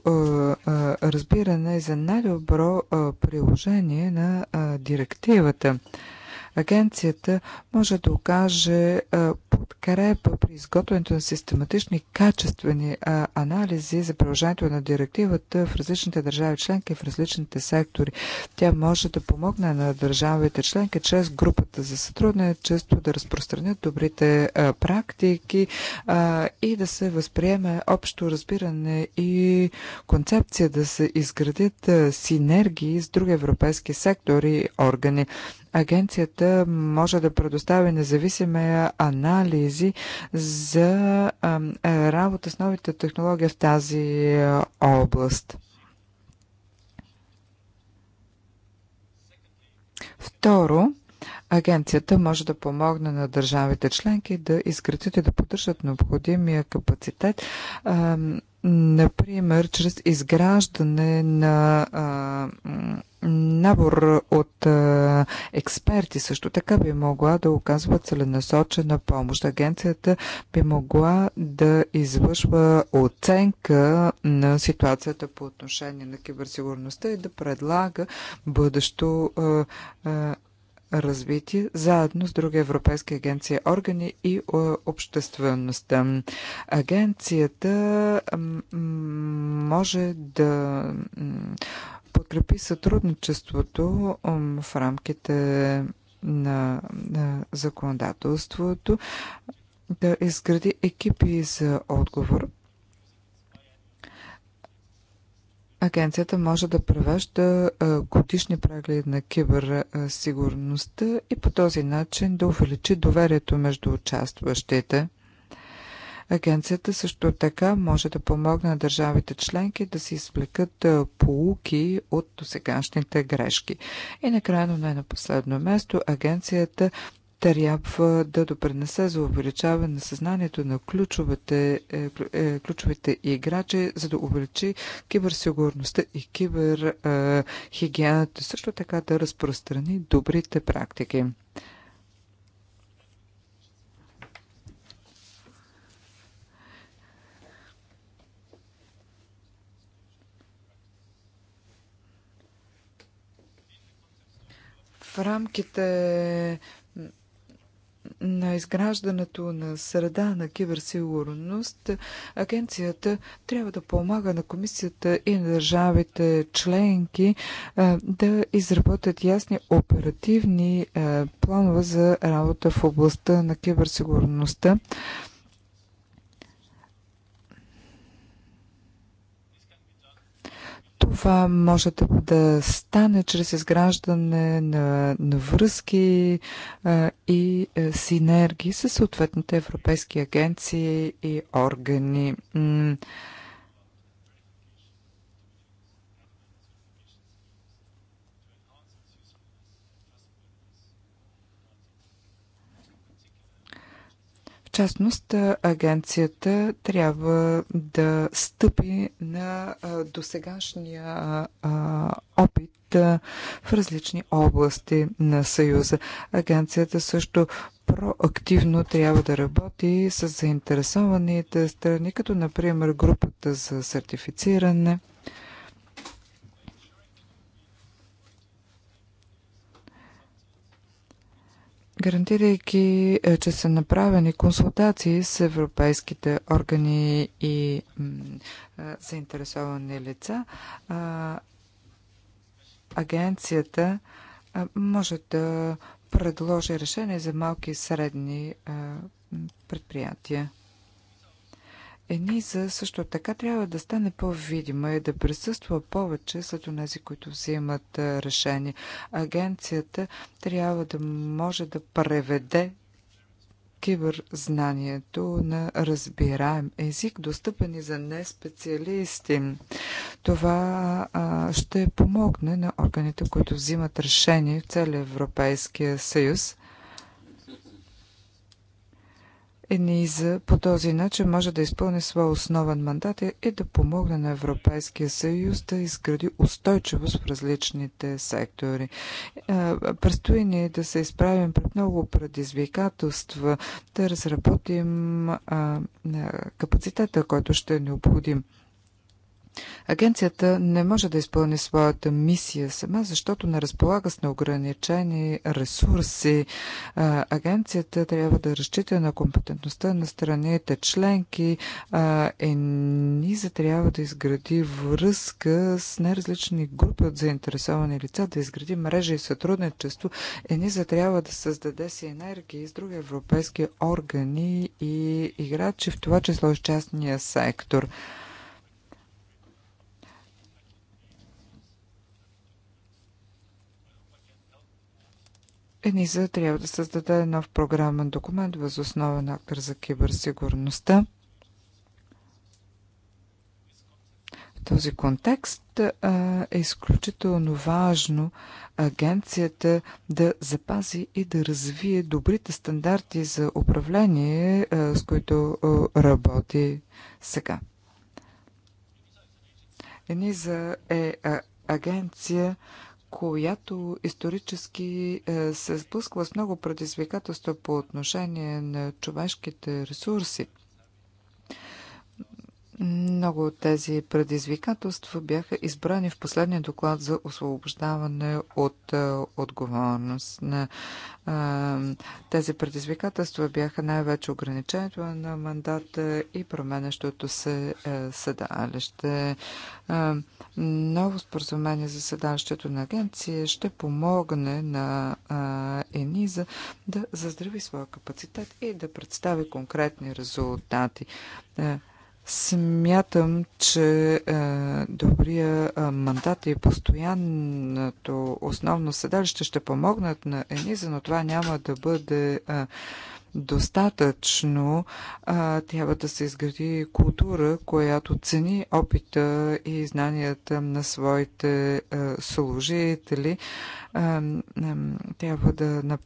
е, е, разбиране и за най-добро приложение на директивата. Агенцията може да окаже подкрепа при изготвянето на систематични качествени анализи за приложението на директивата в различните държави членки, в различните сектори. Тя може да помогне на държавите членки чрез групата за сътрудничество да разпространят добрите практики и да се възприеме общо разбиране и концепция да се изградят синергии с други европейски сектори и органи агенцията може да предостави независими анализи за работа с новите технологии в тази е, област. Второ, Агенцията може да помогне на държавите членки да изградят и да поддържат необходимия капацитет, например, чрез изграждане на набор от експерти. Също така би могла да оказва целенасочена помощ. Агенцията би могла да извършва оценка на ситуацията по отношение на киберсигурността и да предлага бъдещо развитие, заедно с други европейски агенции, органи и е, обществеността. Агенцията може да подкрепи сътрудничеството в рамките на, на законодателството, да изгради екипи за отговор Агенцията може да превежда годишни прегледи на киберсигурността и по този начин да увеличи доверието между участващите. Агенцията също така може да помогне на държавите членки да се извлекат полуки от досегашните грешки. И накрая, но не на последно място, агенцията трябва да допренесе за увеличаване на съзнанието на ключовете, е, е, ключовите играчи, за да увеличи киберсигурността и киберхигиената, е, също така да разпространи добрите практики. в рамките на изграждането на среда на киберсигурност, агенцията трябва да помага на комисията и на държавите членки е, да изработят ясни оперативни е, планове за работа в областта на киберсигурността Това може да, да стане чрез изграждане на, на връзки а, и а, синергии с съответните европейски агенции и органи. М- частност, агенцията трябва да стъпи на досегашния опит в различни области на Съюза. Агенцията също проактивно трябва да работи с заинтересованите страни, като например групата за сертифициране гарантирайки, е, че са направени консултации с европейските органи и заинтересовани лица, агенцията може да предложи решение за малки и средни предприятия. Ениза също така трябва да стане по-видима и да присъства повече след тези, които взимат решение. Агенцията трябва да може да преведе киберзнанието на разбираем език, достъпен и за неспециалисти. Това а, ще помогне на органите, които взимат решение в целия Европейския съюз ЕНИЗА по този начин може да изпълни своя основен мандат и да помогне на Европейския съюз да изгради устойчивост в различните сектори. Предстои ни да се изправим пред много предизвикателства, да разработим капацитета, който ще е необходим. Агенцията не може да изпълни своята мисия сама, защото не разполага с неограничени ресурси. Агенцията трябва да разчита на компетентността на страните членки. за трябва да изгради връзка с неразлични групи от заинтересовани лица, да изгради мрежа и сътрудничество. за трябва да създаде си енергия с други европейски органи и играчи, в това число и частния сектор. ЕНИЗА трябва да създаде нов програмен документ въз основен актер за киберсигурността. този контекст а, е изключително важно агенцията да запази и да развие добрите стандарти за управление, а, с които а, работи сега. ЕНИЗА е а, агенция, която исторически е, се е сблъсква с много предизвикателства по отношение на човешките ресурси. Много от тези предизвикателства бяха избрани в последния доклад за освобождаване от а, е, отговорност. На, а, е, тези предизвикателства бяха най-вече ограничението на мандата и променящото се а, е, седалище. А, ново споразумение за седалището на агенция ще помогне на а, ЕНИЗА да заздрави своя капацитет и да представи конкретни резултати. А, Смятам, че е, добрия е, мандат и постоянното основно седалище ще помогнат на Ениза, но това няма да бъде е, достатъчно. Е, трябва да се изгради култура, която цени опита и знанията на своите е, служители. Е, е, трябва да направи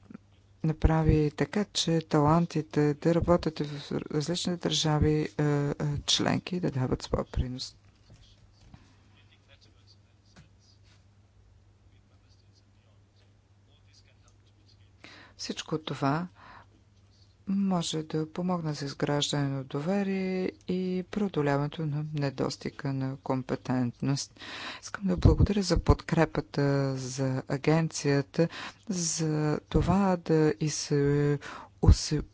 направи така, че талантите да работят в различни държави е, е, членки да дават своя принос. Всичко това може да помогна за изграждане на доверие и преодоляването на недостига на компетентност. Искам да благодаря за подкрепата за агенцията, за това да и се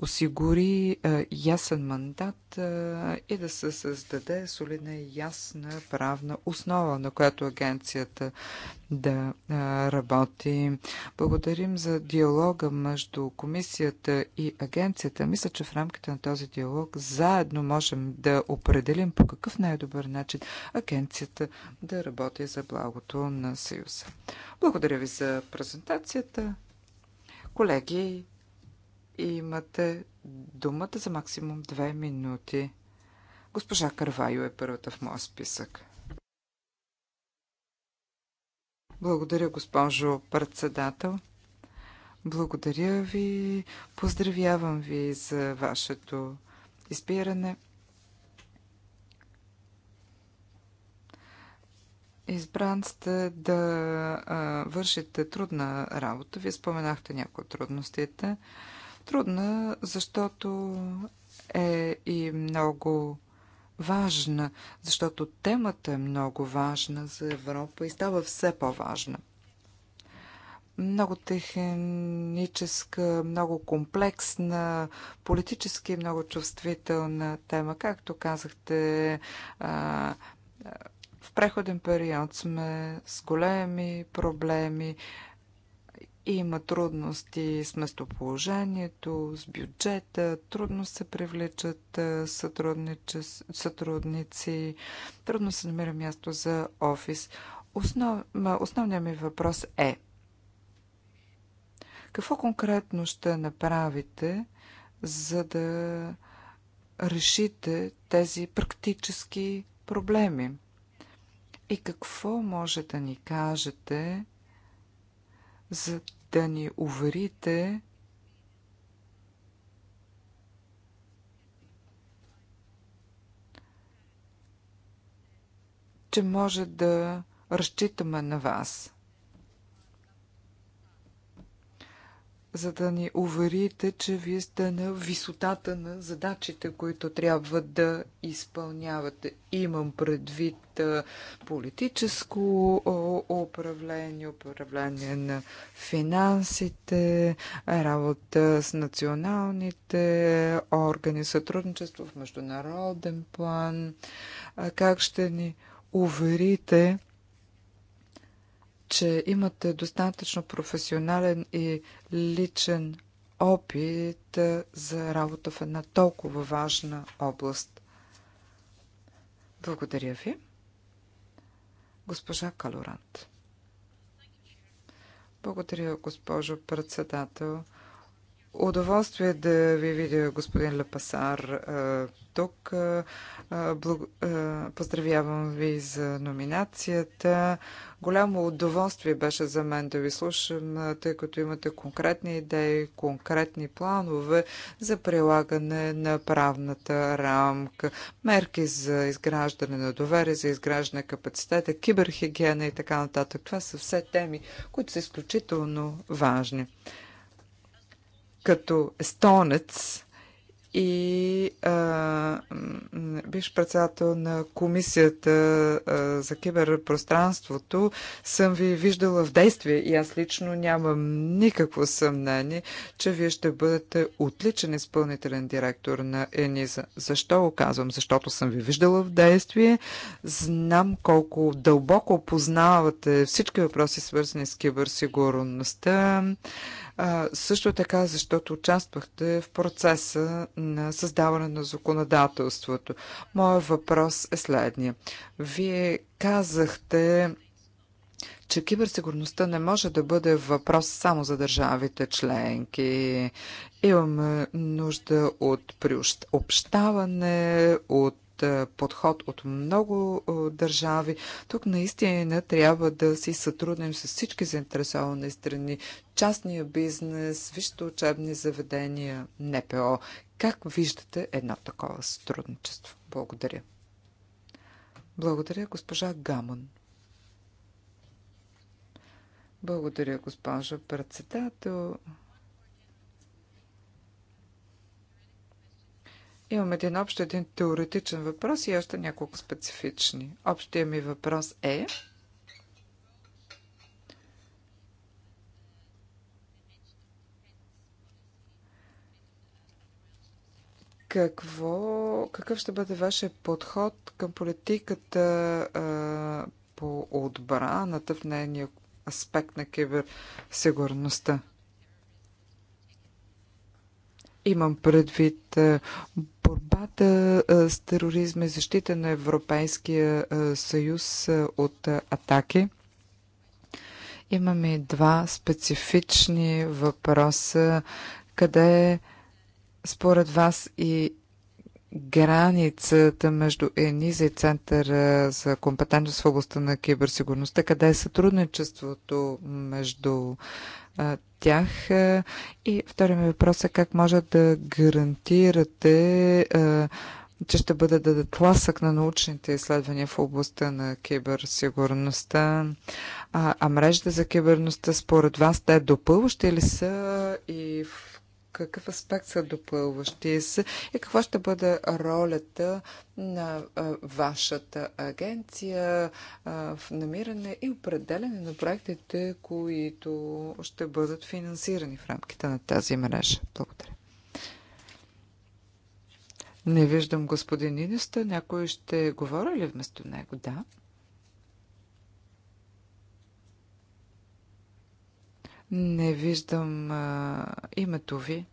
осигури ясен мандат и да се създаде солидна и ясна правна основа, на която агенцията да работи. Благодарим за диалога между комисията и агенцията. Мисля, че в рамките на този диалог заедно можем да определим по какъв най-добър начин агенцията да работи за благото на Съюза. Благодаря ви за презентацията. Колеги, Имате думата за максимум две минути. Госпожа Карвайо е първата в моя списък. Благодаря, госпожо председател. Благодаря ви. Поздравявам ви за вашето избиране. Избран сте да а, вършите трудна работа. Вие споменахте някои от трудностите. А, Трудна, защото е и много важна, защото темата е много важна за Европа и става все по-важна. Много техническа, много комплексна, политически много чувствителна тема. Както казахте, в преходен период сме с големи проблеми. Има трудности с местоположението, с бюджета, трудно се привличат сътрудници, трудно се намира място за офис. Основ... Основният ми въпрос е какво конкретно ще направите, за да решите тези практически проблеми? И какво може да ни кажете за да ни уверите, че може да разчитаме на вас. за да ни уверите, че вие сте на висотата на задачите, които трябва да изпълнявате. Имам предвид политическо управление, управление на финансите, работа с националните органи, сътрудничество в международен план. Как ще ни уверите, че имате достатъчно професионален и личен опит за работа в една толкова важна област. Благодаря ви. Госпожа Калорант. Благодаря, госпожо председател. Удоволствие е да ви видя, господин Лепасар, тук. Поздравявам ви за номинацията. Голямо удоволствие беше за мен да ви слушам, тъй като имате конкретни идеи, конкретни планове за прилагане на правната рамка, мерки за изграждане на доверие, за изграждане на капацитета, киберхигиена и така нататък. Това са все теми, които са изключително важни като естонец и а, биш председател на комисията а, за киберпространството, съм ви виждала в действие и аз лично нямам никакво съмнение, че вие ще бъдете отличен изпълнителен директор на ЕНИЗА. Защо го казвам? Защото съм ви виждала в действие, знам колко дълбоко познавате всички въпроси, свързани с киберсигурността, а, също така, защото участвахте в процеса на създаване на законодателството. Моят въпрос е следния. Вие казахте, че киберсигурността не може да бъде въпрос само за държавите членки. Имаме нужда от приобщаване, от е, подход от много е, държави. Тук наистина трябва да си сътрудним с всички заинтересовани страни, частния бизнес, вижте учебни заведения, НПО. Как виждате едно такова сътрудничество? Благодаря. Благодаря, госпожа Гамон. Благодаря, госпожа председател. Имам един общ, един теоретичен въпрос и още няколко специфични. Общия ми въпрос е... Какво, какъв ще бъде вашия подход към политиката а, по отбраната в нейния аспект на киберсигурността? Имам предвид е, борбата е, с тероризма и защита на Европейския е, съюз от атаки. Имаме два специфични въпроса. Къде според вас и границата между ЕНИЗ и Центъра за компетентност в областта на киберсигурността? Къде е сътрудничеството между тях. И втория ми въпрос е как може да гарантирате че ще бъде да даде тласък на научните изследвания в областта на киберсигурността. А, а мрежите за киберността според вас те допълващи ли са и в какъв аспект са допълващи се и каква ще бъде ролята на вашата агенция в намиране и определене на проектите, които ще бъдат финансирани в рамките на тази мрежа. Благодаря. Не виждам господин Иниста. Някой ще говори ли вместо него? Да. Не виждам а, името ви.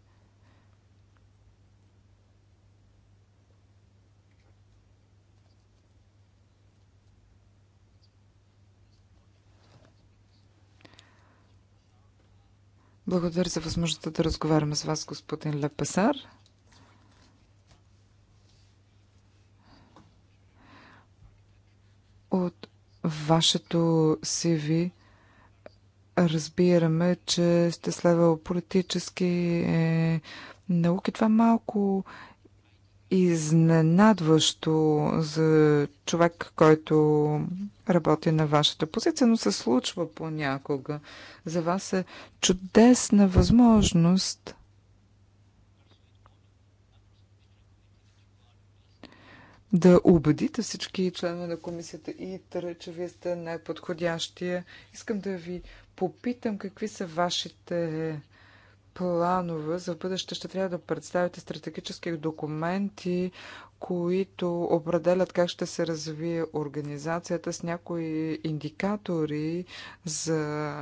Благодаря за възможността да разговаряме с вас, господин Лепасар. От вашето CV Разбираме, че сте следвал политически е, науки. Това малко изненадващо за човек, който работи на вашата позиция, но се случва понякога. За вас е чудесна възможност да убедите всички членове на комисията и че вие сте най-подходящия. Искам да ви попитам какви са вашите планове за бъдеще. Ще трябва да представите стратегически документи, които определят как ще се развие организацията с някои индикатори за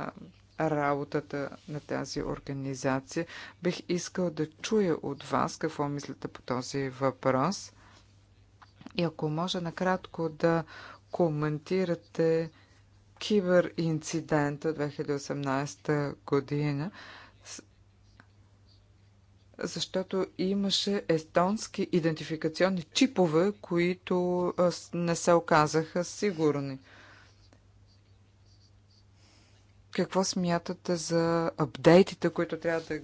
работата на тази организация. Бих искал да чуя от вас какво мислите по този въпрос. И ако може накратко да коментирате киберинцидента 2018 година, защото имаше естонски идентификационни чипове, които не се оказаха сигурни. Какво смятате за апдейтите, които трябва да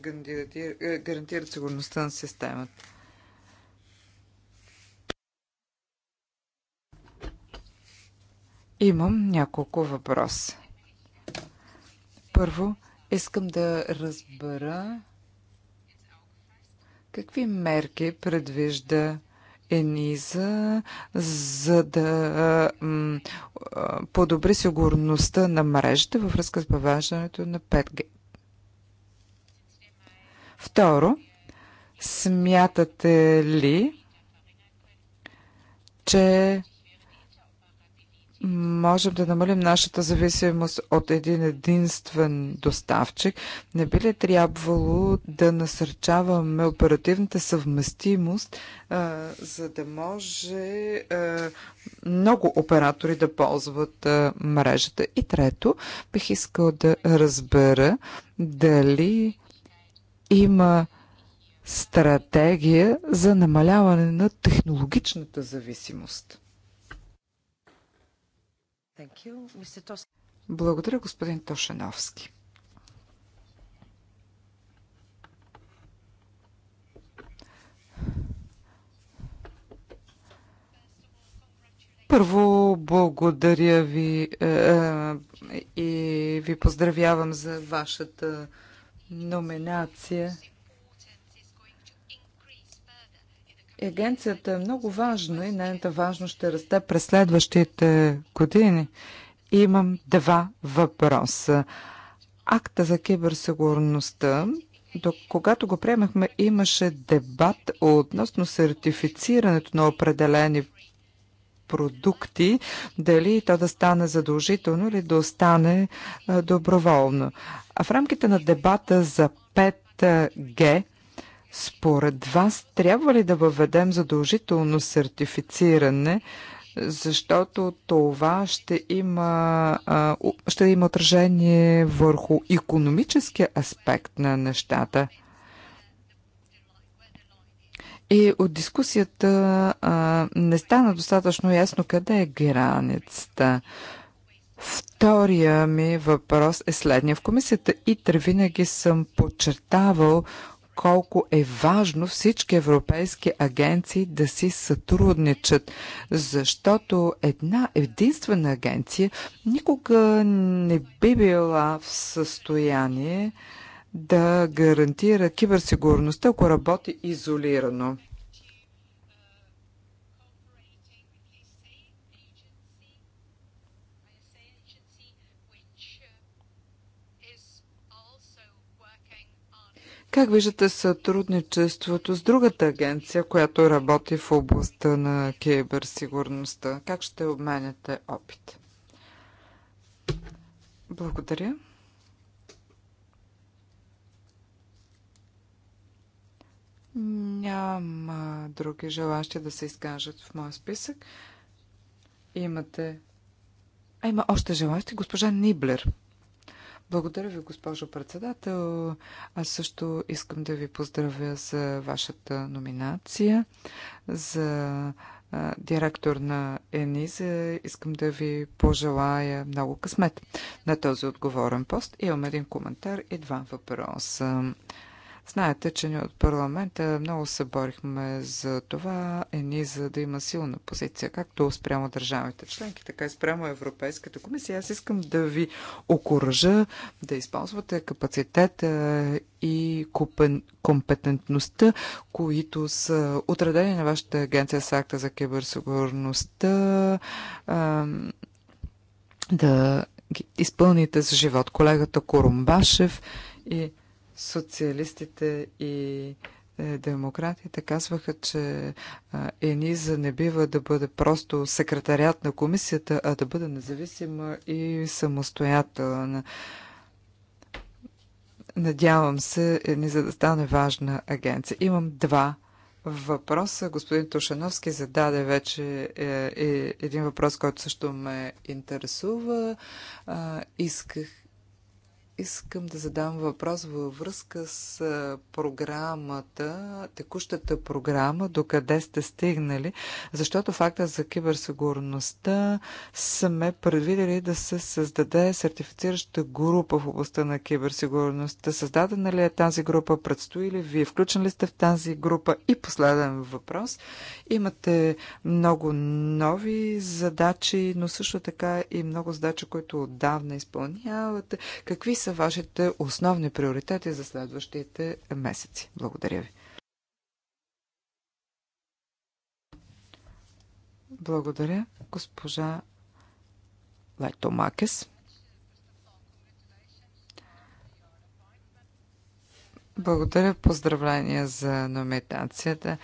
е, гарантират сигурността на системата? Имам няколко въпроса. Първо, искам да разбера какви мерки предвижда Ениза, за да подобри сигурността на мрежата във връзка с въвеждането на 5G. Второ, смятате ли, че можем да намалим нашата зависимост от един единствен доставчик, не би ли трябвало да насърчаваме оперативната съвместимост, а, за да може а, много оператори да ползват а, мрежата? И трето, бих искал да разбера дали има стратегия за намаляване на технологичната зависимост. Благодаря, господин Тошановски. Първо, благодаря ви е, е, и ви поздравявам за вашата номинация. агенцията е много важна и нейната важност ще расте през следващите години. Имам два въпроса. Акта за киберсигурността до когато го приемахме, имаше дебат относно сертифицирането на определени продукти, дали то да стане задължително или да остане доброволно. А в рамките на дебата за 5G според вас трябва ли да въведем задължително сертифициране, защото това ще има, ще има отражение върху економическия аспект на нещата? И от дискусията а, не стана достатъчно ясно къде е границата. Втория ми въпрос е следния. В комисията ИТР винаги съм подчертавал колко е важно всички европейски агенции да си сътрудничат, защото една единствена агенция никога не би била в състояние да гарантира киберсигурността, ако работи изолирано. Как виждате сътрудничеството с другата агенция, която работи в областта на киберсигурността? Как ще обменяте опит? Благодаря. Няма други желащи да се изкажат в моя списък. Имате. А има още желащи. Госпожа Ниблер. Благодаря ви, госпожо председател. Аз също искам да ви поздравя за вашата номинация, за директор на ЕНИЗА. Искам да ви пожелая много късмет на този отговорен пост. Имам един коментар и два въпроса. Знаете, че ние от парламента много се борихме за това е ни за да има силна позиция, както спрямо държавите членки, така и спрямо Европейската комисия. Аз искам да ви окоръжа да използвате капацитета и компетентността, които са отредени на вашата агенция с акта за киберсигурността, да ги изпълните с живот. Колегата Корумбашев и социалистите и е, демократите казваха, че ЕНИЗА не бива да бъде просто секретарят на комисията, а да бъде независима и самостоятелна. Надявам се, ЕНИЗА да стане важна агенция. Имам два въпроса. Господин Тушановски зададе вече е, е, един въпрос, който също ме интересува. А, исках Искам да задам въпрос във връзка с програмата, текущата програма, докъде сте стигнали, защото факта за киберсигурността сме предвидели да се създаде сертифицираща група в областта на киберсигурността. Създадена ли е тази група? Предстои ли вие? Включен ли сте в тази група? И последен въпрос. Имате много нови задачи, но също така и много задачи, които отдавна изпълнявате. Какви са вашите основни приоритети за следващите месеци? Благодаря ви. Благодаря, госпожа Лайтомакес. Благодаря. Поздравления за номинацията.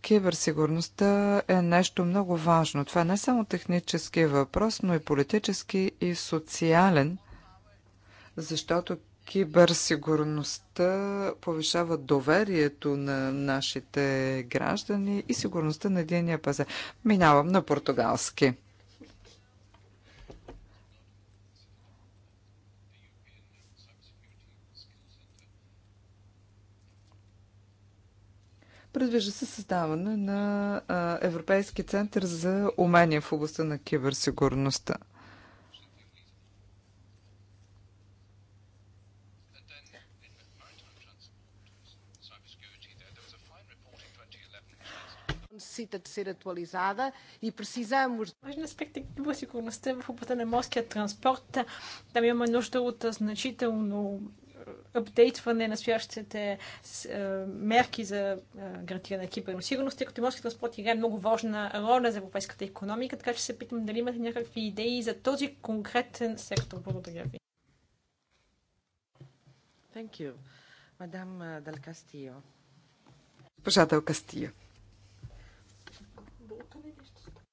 Киберсигурността е нещо много важно. Това е не е само технически въпрос, но и политически и социален защото киберсигурността повишава доверието на нашите граждани и сигурността на единия пазар. Минавам на португалски. Предвижда се създаване на Европейски център за умения в областта на киберсигурността. necessita de ser atualizada e precisamos. Mas na perspectiva сигурността в областта на морския транспорт, там имаме нужда от значително е, апдейтване на стоящите е, мерки за е, гарантиране на киберносигурност, тъй като морският транспорт играе много важна роля за европейската економика, така че се питам дали имате някакви идеи за този конкретен сектор. Благодаря ви. Thank you. Мадам Дал Кастио. Госпожа Кастио.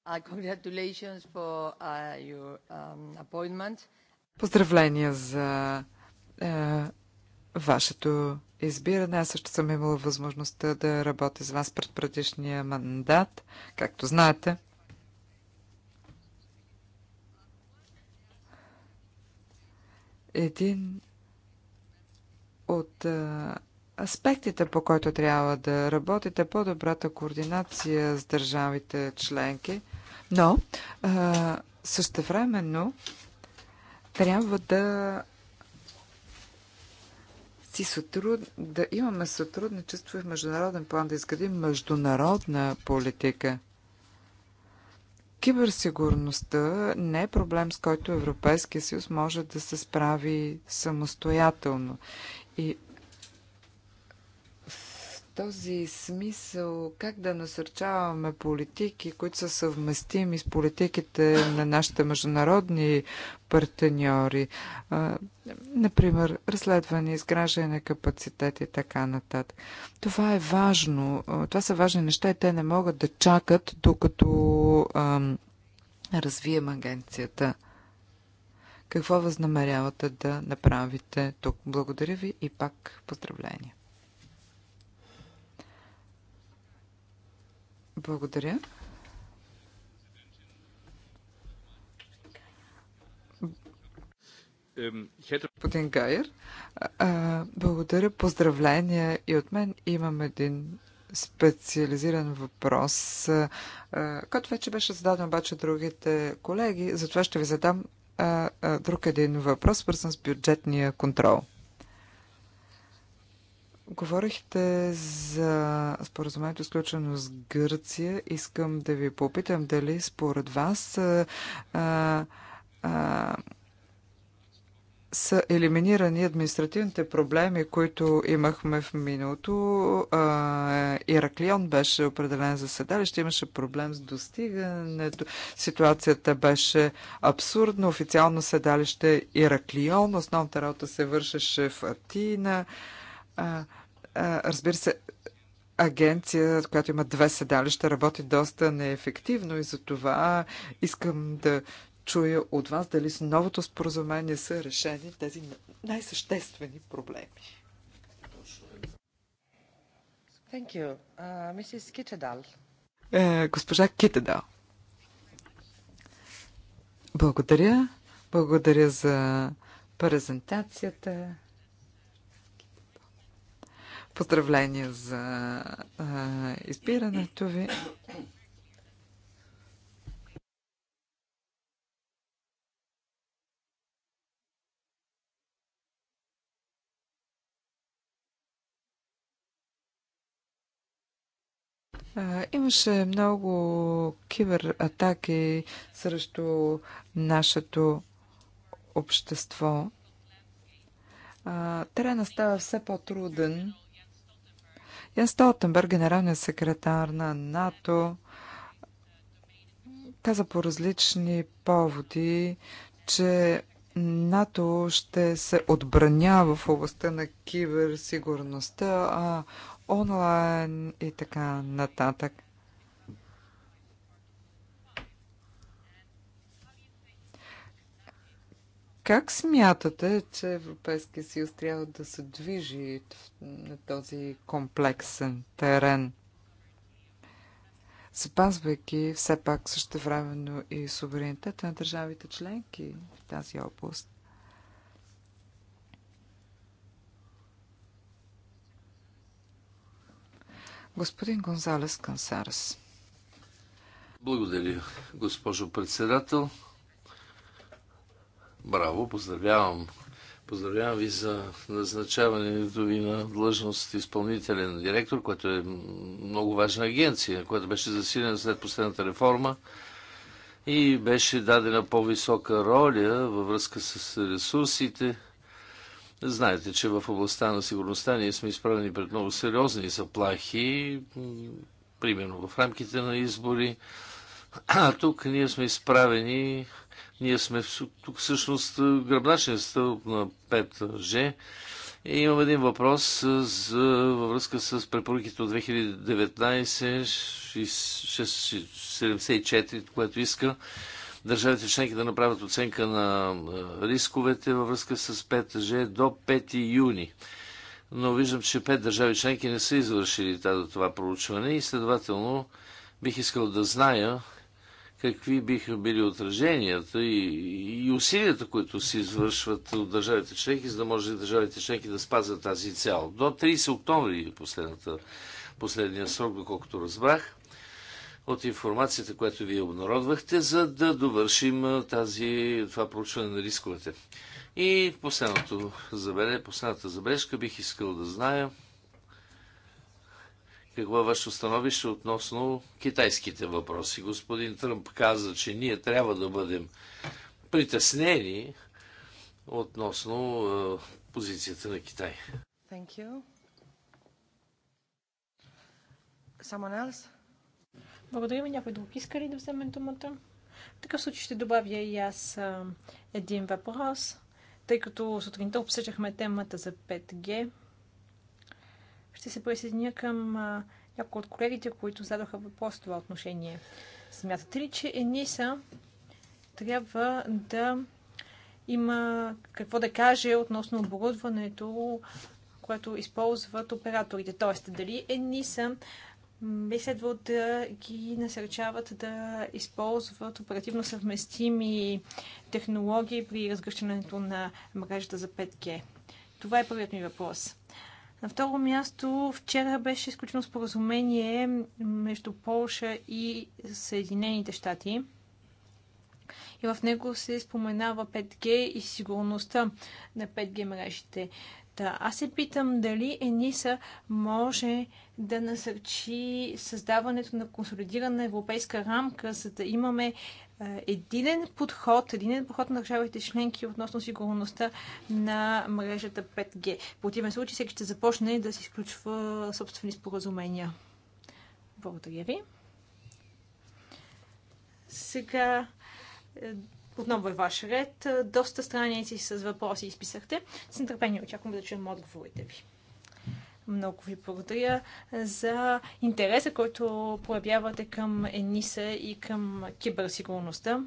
Uh, uh, um, Поздравления за е, вашето избиране. Аз също съм имала възможността да работя с вас пред предишния мандат, както знаете. Един от е, аспектите, по който трябва да работите, по-добрата координация с държавите членки – но а, същевременно трябва да си сутруд... да имаме сътрудничество и в международен план, да изградим международна политика. Киберсигурността не е проблем, с който Европейския съюз може да се справи самостоятелно. И този смисъл как да насърчаваме политики, които са съвместими с политиките на нашите международни партньори, например, разследване, изграждане на капацитет и така нататък. Това е важно. Това са важни неща и те не могат да чакат, докато ам, развием агенцията. Какво възнамерявате да направите тук? Благодаря ви и пак поздравления. Благодаря. Господин Гайер, благодаря. Поздравления и от мен. Имам един специализиран въпрос, който вече беше зададен обаче другите колеги. Затова ще ви задам друг един въпрос, свързан с бюджетния контрол. Говорихте за споразумението, изключено с Гърция. Искам да ви попитам дали според вас а, а, са елиминирани административните проблеми, които имахме в миналото. Ираклион беше определен за седалище, имаше проблем с достигането. Ситуацията беше абсурдна. Официално седалище Ираклион. Основната работа се вършеше в Атина. А, а, разбира се, агенция, която има две седалища, работи доста неефективно и за това искам да чуя от вас дали с новото споразумение са решени тези най-съществени проблеми. Thank you. Uh, Mrs. Е, госпожа Китедал. Благодаря. Благодаря за презентацията. Поздравления за а, избирането ви. Имаше много кибератаки срещу нашето общество. Терена става все по-труден. Ян Столтенберг, генералният секретар на НАТО, каза по различни поводи, че НАТО ще се отбранява в областта на киберсигурността, а онлайн и така нататък. Как смятате, че Европейския съюз трябва да се движи на този комплексен терен? запазвайки все пак същевременно и суверенитета на държавите членки в тази област. Господин Гонзалес Кансарес. Благодаря, госпожо председател. Браво, поздравявам. Поздравявам ви за назначаването ви на длъжност изпълнителен директор, което е много важна агенция, която беше засилена след последната реформа и беше дадена по-висока роля във връзка с ресурсите. Знаете, че в областта на сигурността ние сме изправени пред много сериозни заплахи, примерно в рамките на избори а тук ние сме изправени, ние сме тук всъщност гръбначен стълб на 5G. И имам един въпрос за, във връзка с препоръките от 2019-74, което иска държавите членки да направят оценка на рисковете във връзка с 5G до 5 юни. Но виждам, че 5 държави членки не са извършили това проучване и следователно бих искал да зная какви биха били отраженията и, и усилията, които се извършват от държавите членки, за да може държавите членки да спазят тази цял. До 30 октомври е последната, последния срок, доколкото разбрах, от информацията, която вие обнародвахте, за да довършим тази, това проучване на рисковете. И последното последната забележка бих искал да зная какво е ваше становище относно китайските въпроси? Господин Тръмп каза, че ние трябва да бъдем притеснени относно е, позицията на Китай. Thank you. Someone else? Благодаря ви. Някой друг иска ли да вземе думата? В такъв случай ще добавя и аз е, един въпрос, тъй като сутринта обсъждахме темата за 5G ще се присъединя към някои от колегите, които зададоха въпрос в това отношение. Смятате ли, че ЕНИСА трябва да има какво да каже относно оборудването, което използват операторите? Тоест, дали ЕНИСА би следвало да ги насърчават да използват оперативно съвместими технологии при разгръщането на мрежата за 5G? Това е първият ми въпрос. На второ място, вчера беше изключено споразумение между Полша и Съединените щати. И в него се споменава 5G и сигурността на 5G мрежите. Да, аз се питам дали ЕНИСА може да насърчи създаването на консолидирана европейска рамка, за да имаме е, единен подход, единен подход на държавите членки относно сигурността на мрежата 5G. В противен случай всеки ще започне да се изключва собствени споразумения. Благодаря ви. Сега е, отново е ваш ред. Доста страници с въпроси изписахте. С нетърпение очаквам да чуем отговорите ви. Много ви благодаря за интереса, който проявявате към ЕНИСА и към киберсигурността.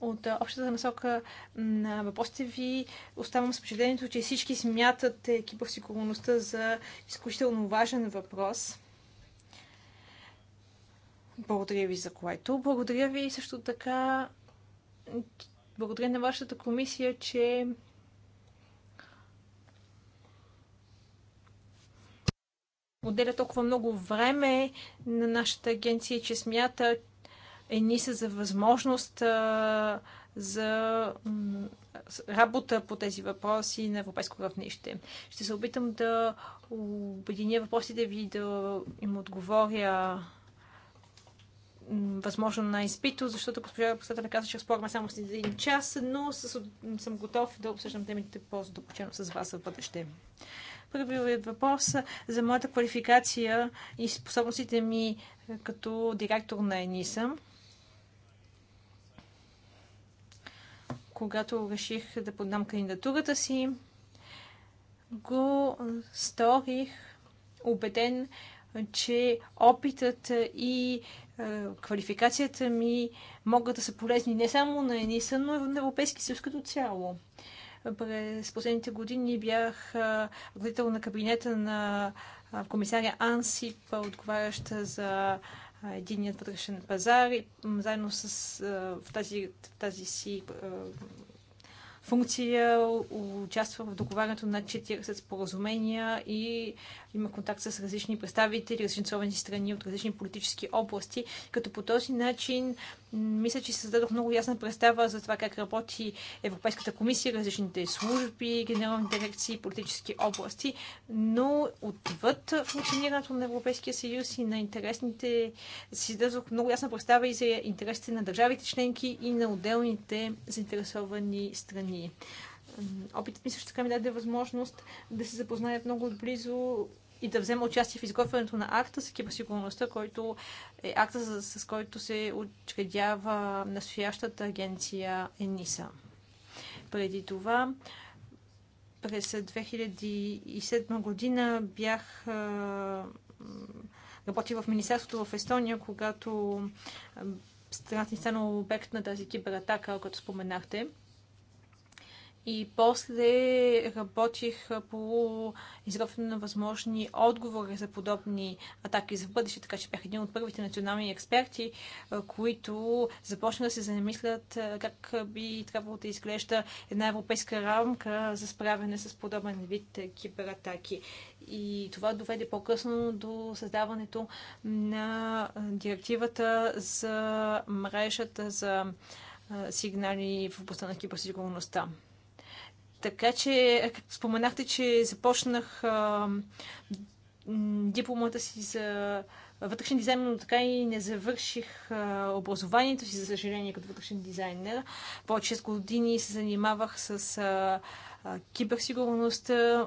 От общата насока на въпросите ви оставам с впечатлението, че всички смятат киберсигурността за изключително важен въпрос. Благодаря ви за което. Благодаря ви също така. Благодаря на вашата комисия, че отделя толкова много време на нашата агенция, че смята ениса за възможност за работа по тези въпроси на европейско равнище. Ще се опитам да обединя въпросите ви, да им отговоря възможно на изпито, защото госпожа председателя каза, че разполагаме само с един час, но съм готов да обсъждам темите по-задълбочено с вас в бъдеще. Първият е въпрос за моята квалификация и способностите ми като директор на ЕНИСА. Когато реших да подам кандидатурата си, го сторих убеден, че опитът и е, квалификацията ми могат да са полезни не само на ЕНИСА, но и на Европейски съюз като цяло. През последните години бях ръководител на кабинета на комисаря Ансип, отговаряща за единният вътрешен пазар и заедно с в тази, в тази си функция участва в договарянето на 40 споразумения и има контакт с различни представители, различни страни от различни политически области, като по този начин мисля, че създадох много ясна представа за това как работи Европейската комисия, различните служби, генерални дирекции, политически области, но отвъд функционирането на Европейския съюз и на интересните си създадох много ясна представа и за интересите на държавите членки и на отделните заинтересовани страни. Опитът ми също така ми даде възможност да се запознаят много отблизо и да взема участие в изготвянето на акта за киберсигурността, който е акта, с, с който се учредява настоящата агенция ЕНИСА. Преди това, през 2007 година бях работил в Министерството в Естония, когато страната ни стана обект на тази кибератака, като споменахте и после работих по изготвяне на възможни отговори за подобни атаки за бъдеще, така че бях един от първите национални експерти, които започнаха да се замислят как би трябвало да изглежда една европейска рамка за справяне с подобен вид кибератаки. И това доведе по-късно до създаването на директивата за мрежата за сигнали в областта на киберсигурността. Така че, споменахте, че започнах а, дипломата си за вътрешен дизайн, но така и не завърших а, образованието си, за съжаление, като вътрешен дизайнер. По 6 години се занимавах с а, киберсигурността,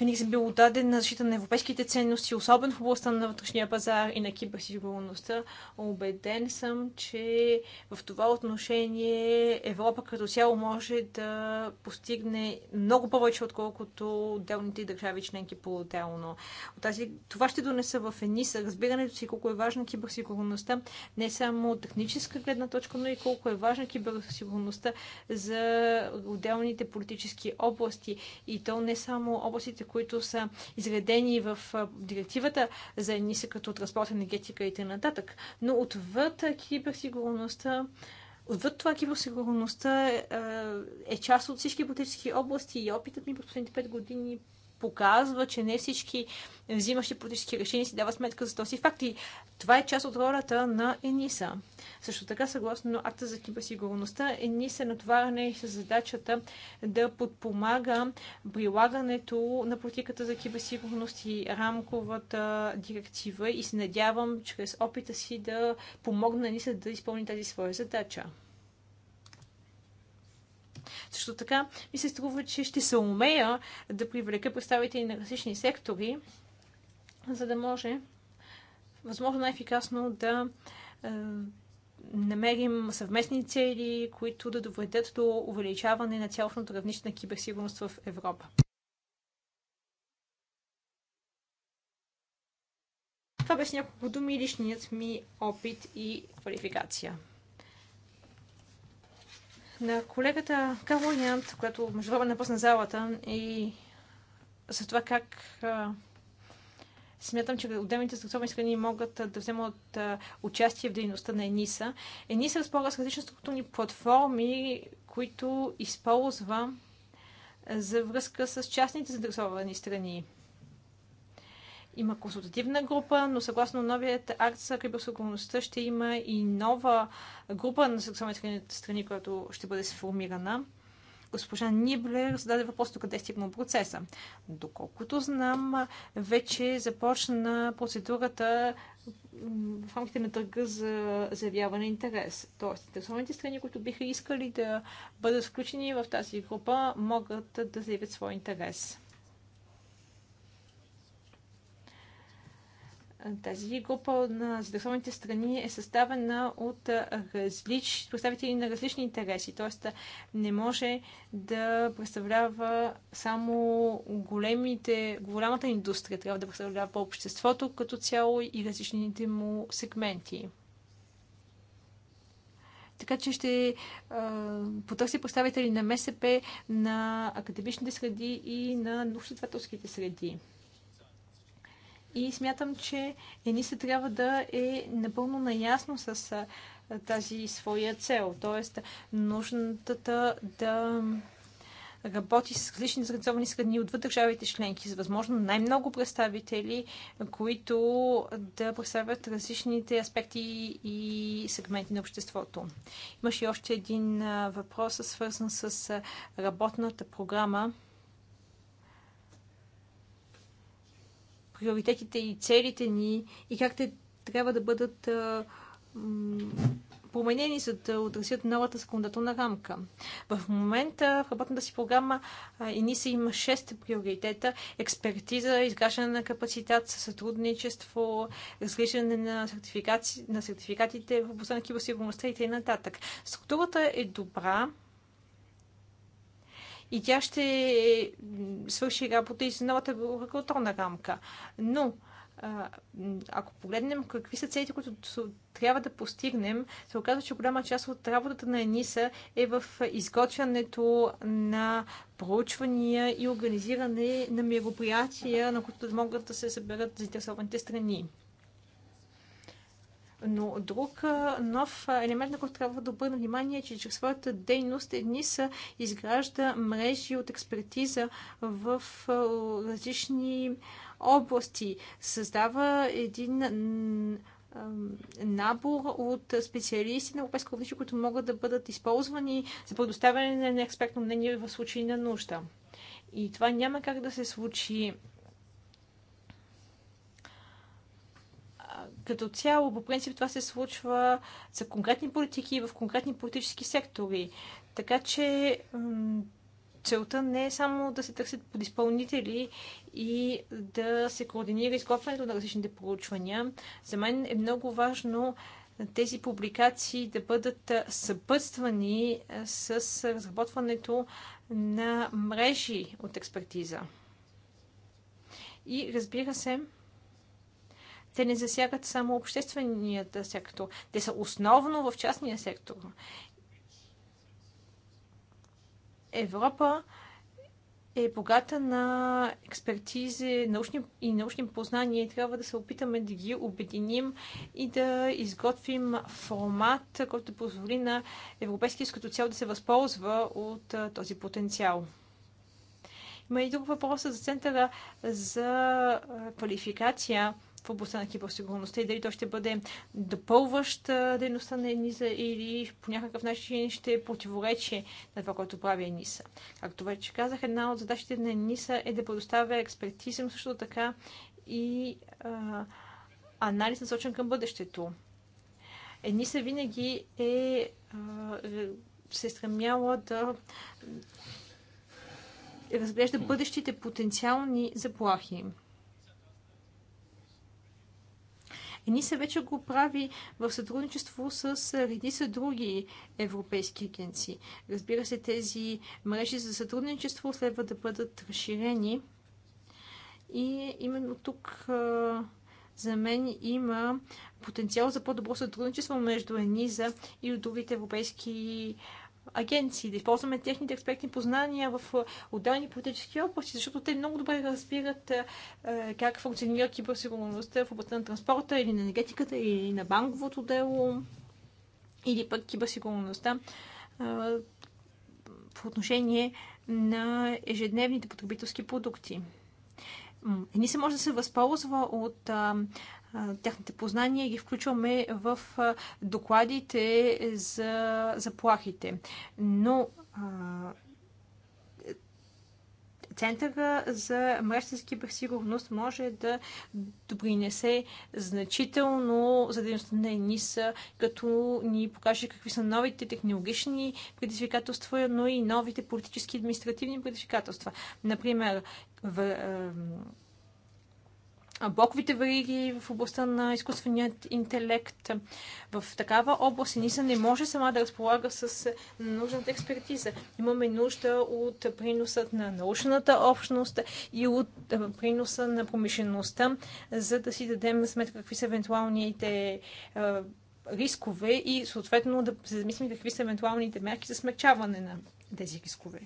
винаги съм бил отдаден на защита на европейските ценности, особено в областта на вътрешния пазар и на киберсигурността. Обеден съм, че в това отношение Европа като цяло може да постигне много повече, отколкото отделните държави членки по-отделно. От тази, това ще донеса в ЕНИСА разбирането си колко е важна киберсигурността, не само от техническа гледна точка, но и колко е важна киберсигурността за отделните политически области. И то не само областите, които са изредени в директивата за ениси като транспорт, енергетика и т.н. Но отвъд киберсигурността, отвъд това киберсигурността е, е част от всички политически области и опитът ми през последните 5 години показва, че не всички взимащи политически решения си дават сметка за този факт. И това е част от ролята на ЕНИСА. Също така, съгласно акта за киберсигурността, ЕНИСА е натоварена и с задачата да подпомага прилагането на политиката за киберсигурност и рамковата директива и се надявам чрез опита си да помогна ЕНИСА да изпълни тази своя задача. Също така ми се струва, че ще се умея да привлека представители на различни сектори, за да може възможно най-ефикасно да е, намерим съвместни цели, които да доведат до увеличаване на цялостното равнище на киберсигурност в Европа. Това беше няколко думи личният ми опит и квалификация на колегата Калуниант, която между време напусна залата и за това как а, смятам, че отделните структурни страни могат да вземат а, участие в дейността на ЕНИСА. ЕНИСА разполага с различни структурни платформи, които използва за връзка с частните заинтересовани страни. Има консултативна група, но съгласно новият акт за киберсигурността ще има и нова група на сексуалните страни, която ще бъде сформирана. Госпожа Ниблер зададе въпрос до къде стигнал процеса. Доколкото знам, вече започна процедурата в рамките на търга за заявяване интерес. Тоест, интересованите страни, които биха искали да бъдат включени в тази група, могат да заявят своя интерес. Тази група на заинтересованите страни е съставена от различ... представители на различни интереси, т.е. не може да представлява само големите, голямата индустрия, трябва да представлява по обществото като цяло и различните му сегменти. Така че ще а, потърси представители на МСП, на академичните среди и на научно среди и смятам, че Ениса трябва да е напълно наясно с тази своя цел, т.е. нуждата да работи с различни заинтересовани страни отвъд държавите членки, с възможно най-много представители, които да представят различните аспекти и сегменти на обществото. Имаше и още един въпрос, свързан с работната програма приоритетите и целите ни и как те трябва да бъдат променени, за да отразят новата законодателна рамка. В момента в работната си програма ЕНИСА има 6 приоритета. Експертиза, изграждане на капацитет, сътрудничество, разглеждане на, сертификати, на сертификатите в областта на киберсигурността и т.н. Структурата е добра, и тя ще свърши работа и с новата регулаторна рамка. Но ако погледнем какви са целите, които трябва да постигнем, се оказва, че голяма част от работата на ЕНИСА е в изготвянето на проучвания и организиране на мероприятия, на които могат да се съберат заинтересованите страни. Но друг нов елемент, на който трябва да обърна внимание, е, че чрез своята дейност са изгражда мрежи от експертиза в различни области. Създава един набор от специалисти на европейско равнище, които могат да бъдат използвани за предоставяне на експертно мнение в случай на нужда. И това няма как да се случи Като цяло, по принцип, това се случва за конкретни политики в конкретни политически сектори. Така че целта не е само да се търсят подиспълнители и да се координира изкопването на различните проучвания. За мен е много важно тези публикации да бъдат съпътствани с разработването на мрежи от експертиза. И разбира се, те не засягат само общественият сектор. Те са основно в частния сектор. Европа е богата на експертизи научни, и научни познания и трябва да се опитаме да ги обединим и да изготвим формат, който позволи на Европейския като цяло да се възползва от този потенциал. Има и друг въпрос за Центъра за квалификация в областта на киберсигурността и дали то ще бъде допълващ дейността на ЕНИСА или по някакъв начин ще противоречи на това, което прави ЕНИСА. Както вече казах, една от задачите на ЕНИСА е да предоставя експертизъм също така и а, анализ насочен към бъдещето. ЕНИСА винаги е а, се е стремяла да разглежда бъдещите потенциални заплахи. ЕНИСА вече го прави в сътрудничество с редица други европейски агенции. Разбира се, тези мрежи за сътрудничество следва да бъдат разширени. И именно тук за мен има потенциал за по-добро сътрудничество между ЕНИЗА и от другите европейски агенции, да използваме техните експертни познания в отделни политически области, защото те много добре разбират как функционира киберсигурността в областта на транспорта или на енергетиката, или на банковото дело, или пък киберсигурността в отношение на ежедневните потребителски продукти. Едни се може да се възползва от а, Тяхните познания ги включваме в докладите за заплахите. Но Центъра за мрежата за киберсигурност може да допринесе значително за дейността на ЕНИСА, като ни покаже какви са новите технологични предизвикателства, но и новите политически и административни предизвикателства. Например, в, боковите вериги в областта на изкуственият интелект. В такава област ЕНИСА не може сама да разполага с нужната експертиза. Имаме нужда от приносът на научната общност и от приноса на промишлеността, за да си дадем сметка какви са евентуалните рискове и съответно да се замислим какви са евентуалните мерки за смягчаване на тези рискове.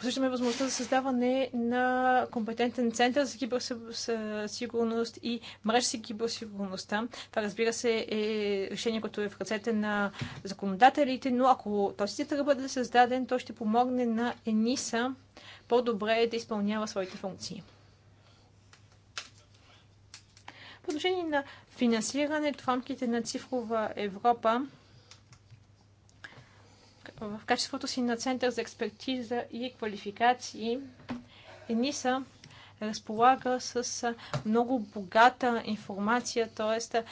Посещаме възможността за създаване на компетентен център за киберсигурност и мрежа за киберсигурността. Това, разбира се, е решение, което е в ръцете на законодателите, но ако този център бъде създаден, то ще помогне на ЕНИСА по-добре да изпълнява своите функции. По отношение на финансирането в рамките на цифрова Европа, в качеството си на Център за експертиза и квалификации, ЕНИСА разполага с много богата информация, т.е.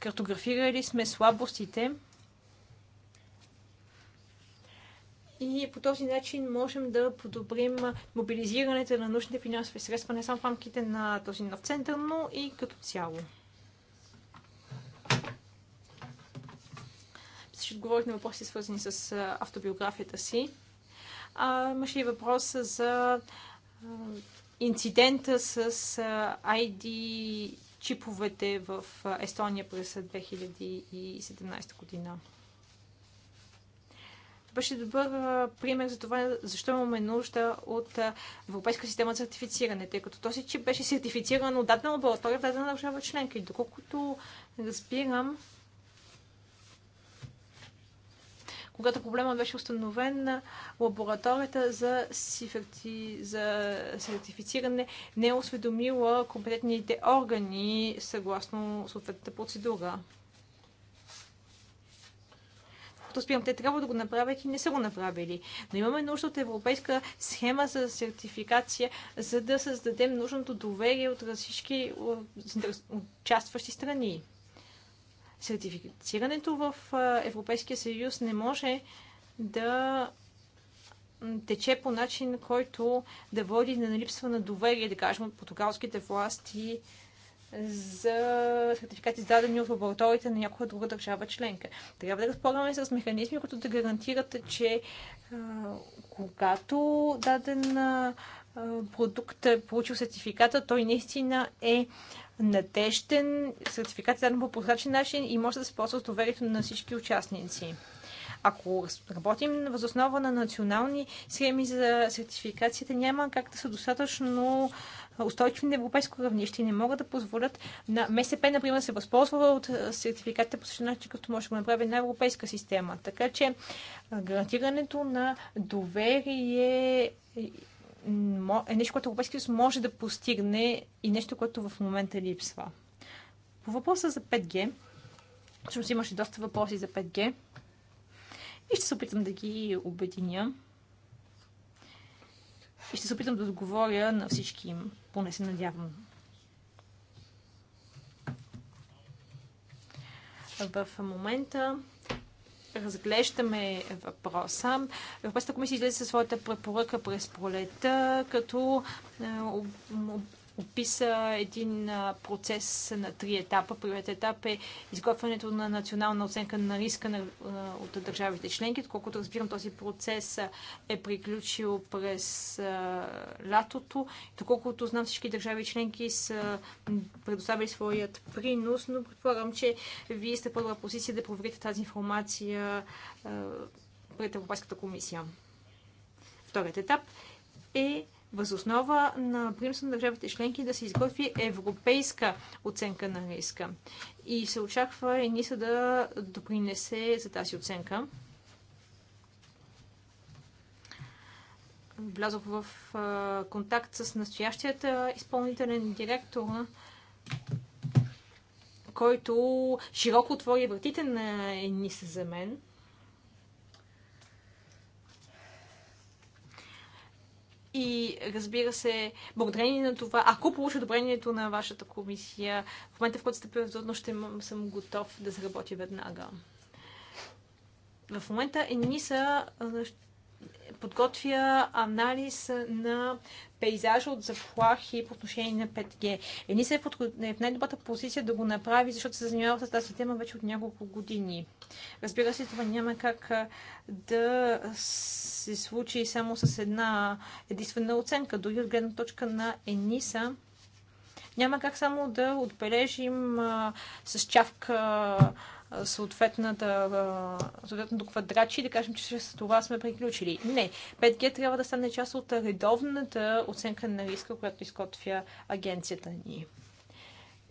картографирали сме слабостите и по този начин можем да подобрим мобилизирането на нужните финансови средства не само в рамките на този нов център, но и като цяло. ще отговорих на въпроси, свързани с автобиографията си. А, имаше и въпрос за а, инцидента с а, ID чиповете в Естония през 2017 година. Беше добър пример за това, защо имаме нужда от Европейска система за сертифициране, тъй като този чип беше сертифициран от дадена лаборатория в дадена държава членка. И доколкото разбирам, Когато проблема беше установен, лабораторията за, за сертифициране не е осведомила компетентните органи съгласно съответната процедура. Като спирам, те трябва да го направят и не са го направили. Но имаме нужда от европейска схема за сертификация, за да създадем нужното доверие от всички участващи страни. Сертифицирането в Европейския съюз не може да тече по начин, който да води на липсва на доверие, да кажем, от португалските власти за сертификати, издадени от лабораториите на някоя друга държава членка. Трябва да разполагаме с механизми, които да гарантират, че когато даден продукт е получил сертификата, той наистина е натещен, сертификат, е по прозрачен начин и може да се ползва с доверието на всички участници. Ако работим въз основа на национални схеми за сертификацията, няма как да са достатъчно устойчиви на европейско равнище и не могат да позволят на МСП, например, да се възползва от сертификатите по същия начин, като може да го направи на европейска система. Така че гарантирането на доверие е нещо, което Европейския съюз може да постигне и нещо, което в момента липсва. По въпроса за 5G, всъщност имаше доста въпроси за 5G и ще се опитам да ги обединя. И ще се опитам да отговоря на всички им, поне се надявам. В момента разглеждаме въпроса. Европейската комисия излезе със своята препоръка през пролета, като е, описа един процес на три етапа. Първият етап е изготвянето на национална оценка на риска на, от държавите членки. Колкото разбирам, този процес е приключил през лятото. Доколкото знам, всички държави членки са предоставили своят принос, но предполагам, че вие сте първа позиция да проверите тази информация пред Европейската комисия. Вторият етап е възоснова на принос на държавите членки да се изготви европейска оценка на риска. И се очаква ЕНИСА да допринесе за тази оценка. Влязох в контакт с настоящият изпълнителен директор който широко отвори вратите на Ениса за мен. И разбира се, благодарение на това, ако получа одобрението на вашата комисия, в момента в който сте превзорно, ще съм готов да заработя веднага. В момента ЕНИСА подготвя анализ на пейзажа от заплахи по отношение на 5G. Ени се е в най-добрата позиция да го направи, защото се занимава с тази тема вече от няколко години. Разбира се, това няма как да се случи само с една единствена оценка. Дори от гледна точка на Ениса, няма как само да отбележим а, с чавка съответното квадратче и да кажем, че с това сме приключили. Не, 5G трябва да стане част от редовната оценка на риска, която изготвя агенцията ни.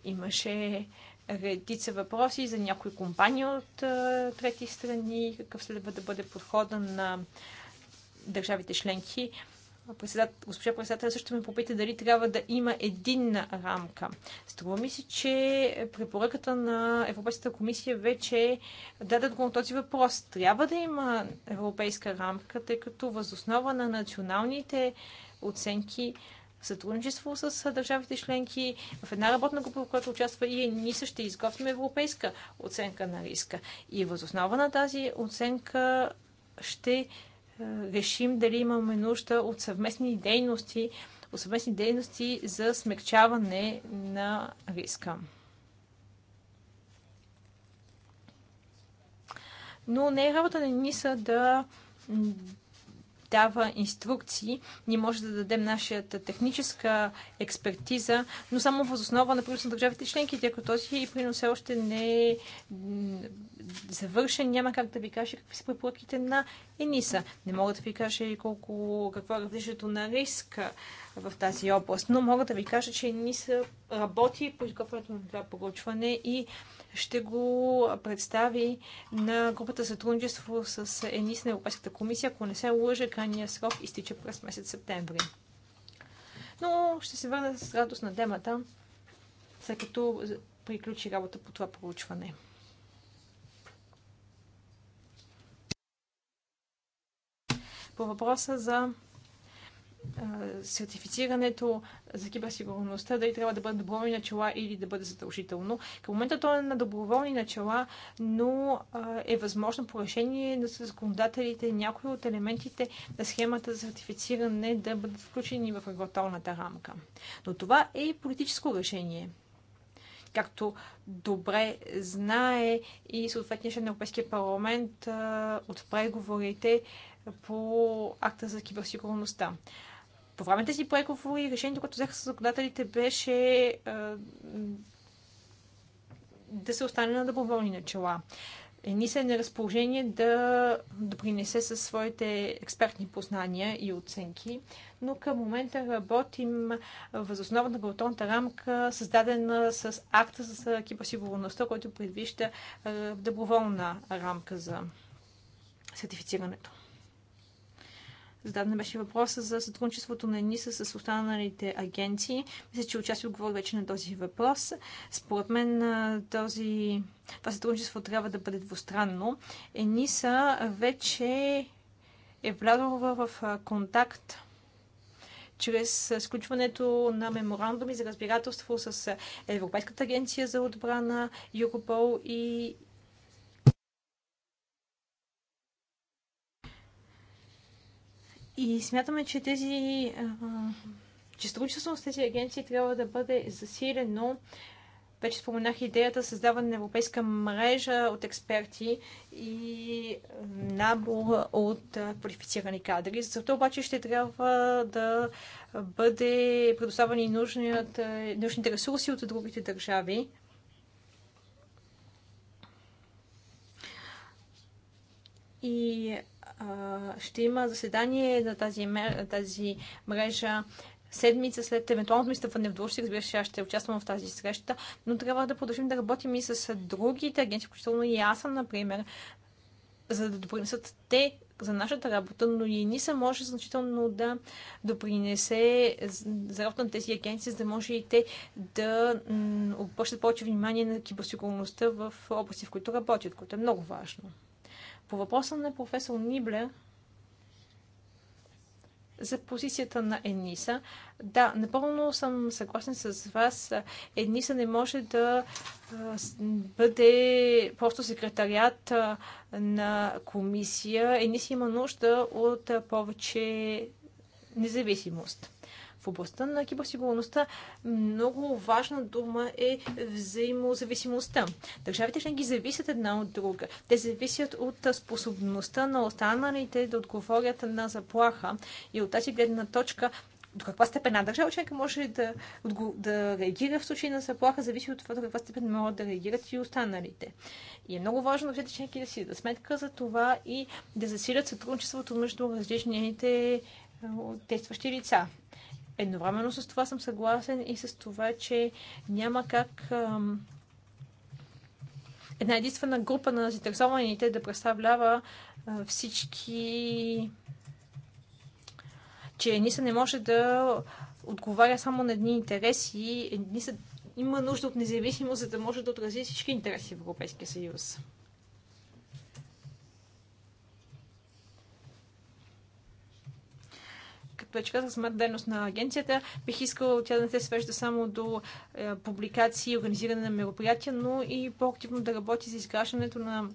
Имаше редица въпроси за някои компании от трети страни, какъв следва да бъде подхода на държавите членки госпожа председател също ме попита дали трябва да има единна рамка. Струва ми се, че препоръката на Европейската комисия вече даде отговор на този въпрос. Трябва да има европейска рамка, тъй като възоснова на националните оценки сътрудничество с държавите членки в една работна група, в която участва и ние ще изготвим европейска оценка на риска. И възоснова на тази оценка ще е, решим дали имаме нужда от съвместни дейности, от съвместни дейности за смягчаване на риска. Но не е работа на НИСА да дава инструкции. Ние може да дадем нашата техническа експертиза, но само въз основа на принос на държавите членки, тъй като този принос все още не е завършен. Няма как да ви кажа какви са препоръките на ЕНИСА. Не мога да ви кажа и колко, какво е различието на риска в тази област, но мога да ви кажа, че ЕНИСА работи по изготвянето на това проучване и ще го представи на групата сътрудничество с ЕНИС на Европейската комисия. Ако не се лъжа, крайният срок изтича през месец септември. Но ще се върна с радост на темата, след като приключи работа по това проучване. По въпроса за сертифицирането за киберсигурността дали трябва да бъде доброволни начала или да бъде задължително. Към момента то е на доброволни начала, но е възможно по решение на законодателите някои от елементите на схемата за сертифициране да бъдат включени в регулаторната рамка. Но това е политическо решение както добре знае и съответния на Европейския парламент от преговорите по акта за киберсигурността. По време си преговори решението, което взеха с законодателите, беше а, да се остане на доброволни начала. Ниса е на разположение да допринесе със своите експертни познания и оценки, но към момента работим възоснова на регулаторната рамка, създадена с акта за киберсигурността, който предвижда доброволна рамка за сертифицирането. Зададен беше въпроса за сътрудничеството на ЕНИСА с останалите агенции. Мисля, че участие отговори вече на този въпрос. Според мен този, това сътрудничество трябва да бъде двустранно. ЕНИСА вече е влязла в контакт чрез сключването на меморандуми за разбирателство с Европейската агенция за отбрана, Юропол и И смятаме, че тези че с тези агенции трябва да бъде засилено. Вече споменах идеята за създаване на европейска мрежа от експерти и набор от квалифицирани кадри. За това обаче ще трябва да бъде предоставени нужните ресурси от другите държави. И ще има заседание на тази, мер, тази мрежа седмица след евентуалното ми стъпване в дължи, разбира се, аз ще участвам в тази среща, но трябва да продължим да работим и с другите агенции, включително и аз, съм, например, за да допринесат те за нашата работа, но и се може значително да допринесе за работа на тези агенции, за да може и те да обръщат повече внимание на киберсигурността в области, в които работят, което е много важно. По въпроса на професор Нибле за позицията на Ениса. Да, напълно съм съгласен с вас. Ениса не може да бъде просто секретариат на комисия. Ениса има нужда от повече независимост. В областта на киберсигурността много важна дума е взаимозависимостта. Държавите членки зависят една от друга. Те зависят от способността на останалите да отговорят на заплаха и от тази гледна точка до каква степен една държава членка може да, да реагира в случай на заплаха, зависи от това до каква степен могат да реагират и останалите. И е много важно всички членки да си да сметка за това и да засилят сътрудничеството между различните действащи лица. Едновременно с това съм съгласен и с това, че няма как ам, една единствена група на заинтересованите да представлява а, всички че НИСА не може да отговаря само на едни интереси. Ениса има нужда от независимост, за да може да отрази всички интереси в Европейския съюз. вече казах, самата дейност на агенцията. Бих искала тя да не се свежда само до е, публикации и организиране на мероприятия, но и по-активно да работи за изграждането на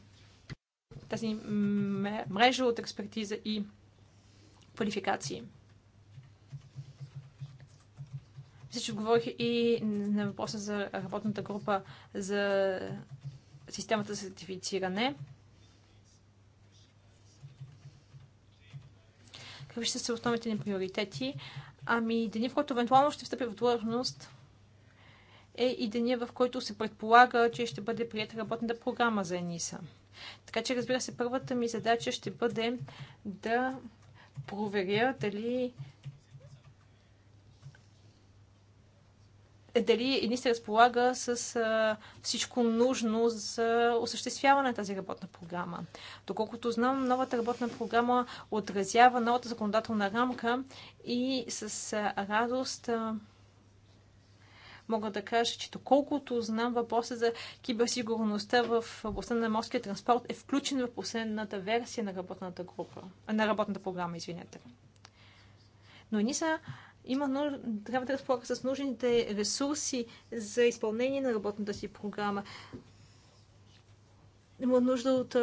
тази мрежа от експертиза и квалификации. Мисля, че отговорих и на въпроса за работната група за системата за сертифициране. какви ще са основните ни приоритети. Ами, деня, в който евентуално ще встъпи в длъжност, е и деня, в който се предполага, че ще бъде прията работната програма за ЕНИСА. Така че, разбира се, първата ми задача ще бъде да проверя дали Е дали едни се разполага с а, всичко нужно за осъществяване на тази работна програма. Доколкото знам, новата работна програма отразява новата законодателна рамка и с а, радост а, мога да кажа, че доколкото знам, въпросът за киберсигурността в областта на морския транспорт е включен в последната версия на работната група, на работната програма, извинете. Но ни са има нуж... трябва да разполага с нужните ресурси за изпълнение на работната си програма. Има нужда от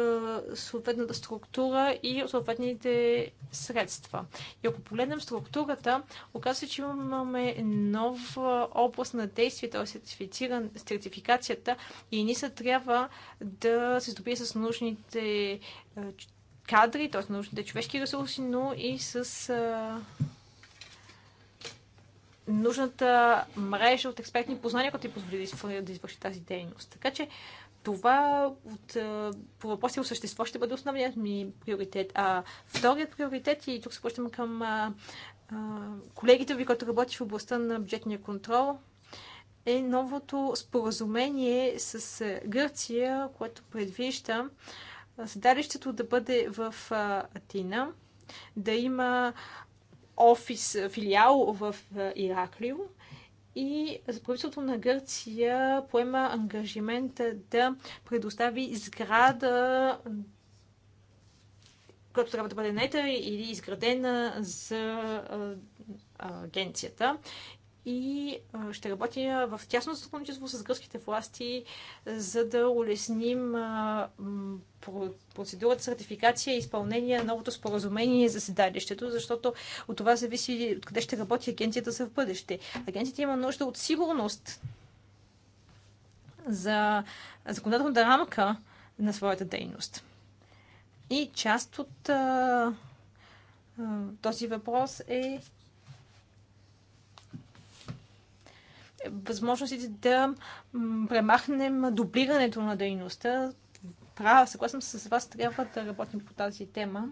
съответната структура и от съответните средства. И ако погледнем структурата, оказва се, че имаме нов област на действие, т.е. сертификацията и се трябва да се здобие с нужните кадри, т.е. нужните човешки ресурси, но и с нужната мрежа от експертни познания, които ти позволи да извърши тази дейност. Така че това от, по въпроси о същество ще бъде основният ми приоритет. А вторият приоритет, и тук се връщам към а, а, колегите ви, които работи в областта на бюджетния контрол, е новото споразумение с Гърция, което предвижда седалището да бъде в Атина, да има офис, филиал в Ираклио. И правителството на Гърция поема ангажимент да предостави сграда, която трябва да бъде нета или изградена за агенцията и ще работя в тясно сътрудничество с гръцките власти, за да улесним процедурата с ратификация и изпълнение на новото споразумение за седалището, защото от това зависи от къде ще работи агенцията за в бъдеще. Агенцията има нужда от сигурност за законодателната рамка на своята дейност. И част от този въпрос е възможностите да премахнем дублирането на дейността. Права, съгласна с вас, трябва да работим по тази тема.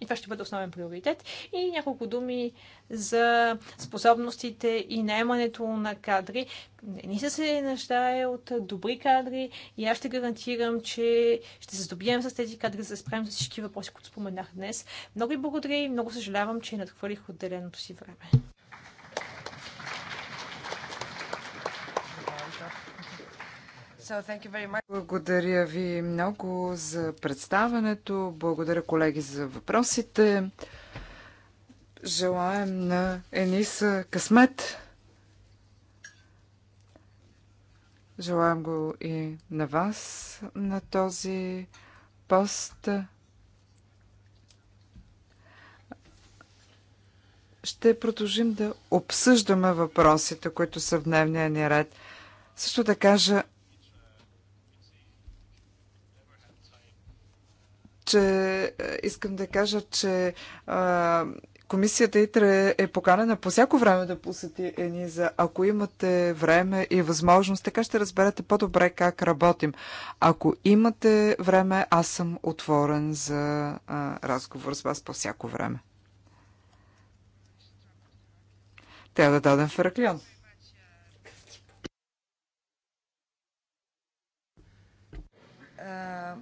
И това ще бъде основен приоритет. И няколко думи за способностите и наемането на кадри. Не се се нуждае от добри кадри и аз ще гарантирам, че ще се здобием с тези кадри, за да справим с всички въпроси, които споменах днес. Много ви благодаря и много съжалявам, че надхвърлих отделеното си време. Благодаря ви много за представането. Благодаря, колеги, за въпросите. Желаем на Ениса късмет. Желаем го и на вас на този пост. Ще продължим да обсъждаме въпросите, които са в дневния ни ред. Също да кажа, че е, искам да кажа, че а, комисията ИТРЕ е поканена по всяко време да посети ЕНИЗА. Ако имате време и възможност, така ще разберете по-добре как работим. Ако имате време, аз съм отворен за а, разговор с вас по всяко време. Трябва да дадем Фераклион. Uh...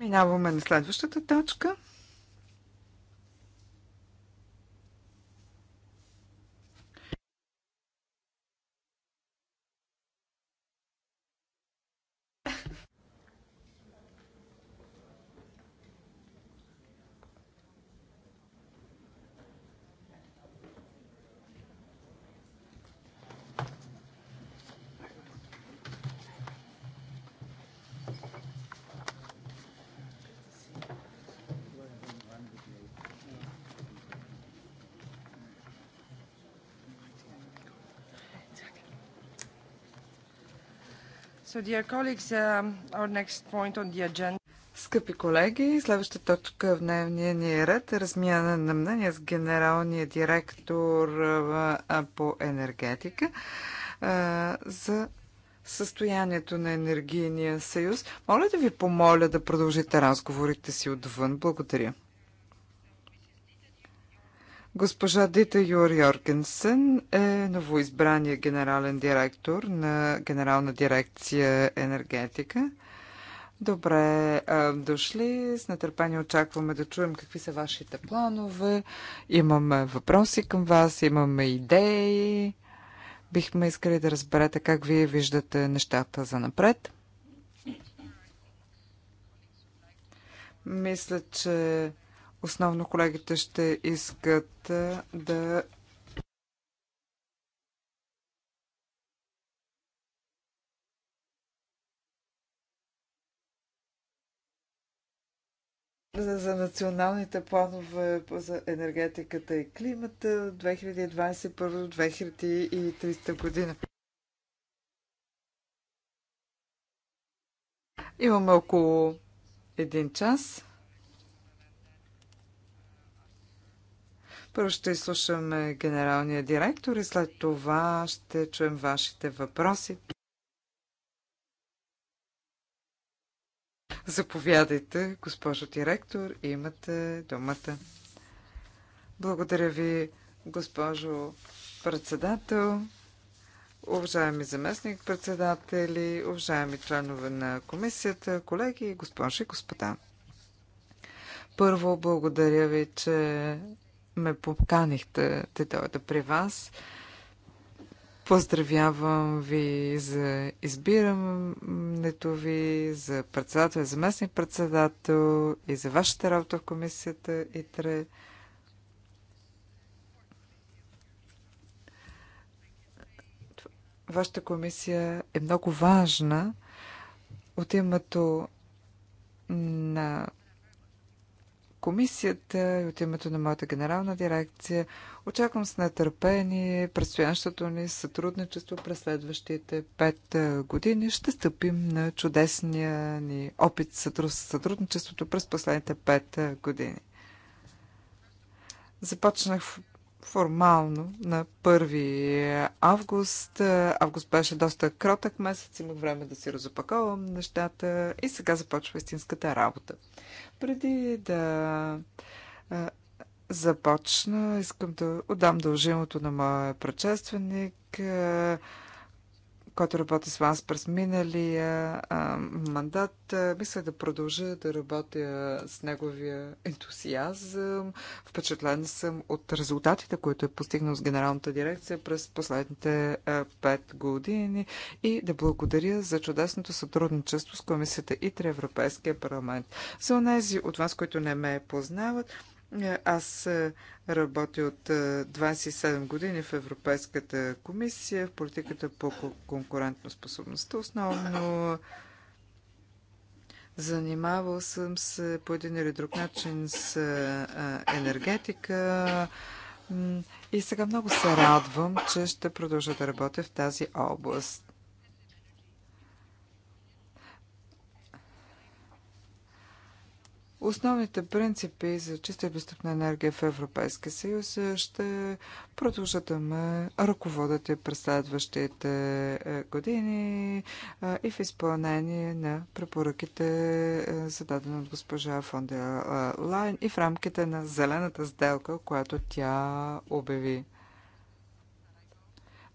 Минаваме на следващата точка. So, uh, Скъпи колеги, следващата точка в дневния ни ред е размяна на мнение с генералния директор по енергетика за състоянието на енергийния съюз. Моля да ви помоля да продължите разговорите си отвън. Благодаря. Госпожа Дита Юр Йоргенсен е новоизбрания генерален директор на Генерална дирекция енергетика. Добре дошли. С нетърпение очакваме да чуем какви са вашите планове. Имаме въпроси към вас, имаме идеи. Бихме искали да разберете как вие виждате нещата за напред. Мисля, че Основно колегите ще искат е, да за, за националните планове за енергетиката и климата 2021-2030 година. Имаме около един час. Първо ще изслушаме генералния директор и след това ще чуем вашите въпроси. Заповядайте, госпожо директор, имате думата. Благодаря ви, госпожо председател, уважаеми заместник-председатели, уважаеми членове на комисията, колеги, госпожи и господа. Първо, благодаря ви, че ме поканихте да дойда при вас. Поздравявам ви за избирането ви, за председател и заместник председател и за вашата работа в комисията ИТРЕ. Вашата комисия е много важна от името на комисията и от името на моята генерална дирекция. Очаквам с нетърпение предстоящото ни сътрудничество през следващите пет години. Ще стъпим на чудесния ни опит с сътрудничеството през последните пет години. Започнах формално на 1 август. Август беше доста кротък месец, имах време да си разопаковам нещата и сега започва истинската работа. Преди да започна, искам да отдам дължимото на моя предшественик който работи с вас през миналия а, мандат. Мисля да продължа да работя с неговия ентусиазъм. Впечатлен съм от резултатите, които е постигнал с Генералната дирекция през последните пет години и да благодаря за чудесното сътрудничество с Комисията и Европейския парламент. За тези от вас, които не ме познават, аз е, работя от 27 е, години в Европейската комисия, в политиката по конкурентоспособността основно. Занимавал съм се по един или друг начин с е, енергетика и сега много се радвам, че ще продължа да работя в тази област. Основните принципи за чиста и достъпна енергия в Европейския съюз е, ще продължат да ме ръководят и през следващите е, години е, и в изпълнение на препоръките, зададени от госпожа Фонда Лайн и в рамките на зелената сделка, която тя обяви.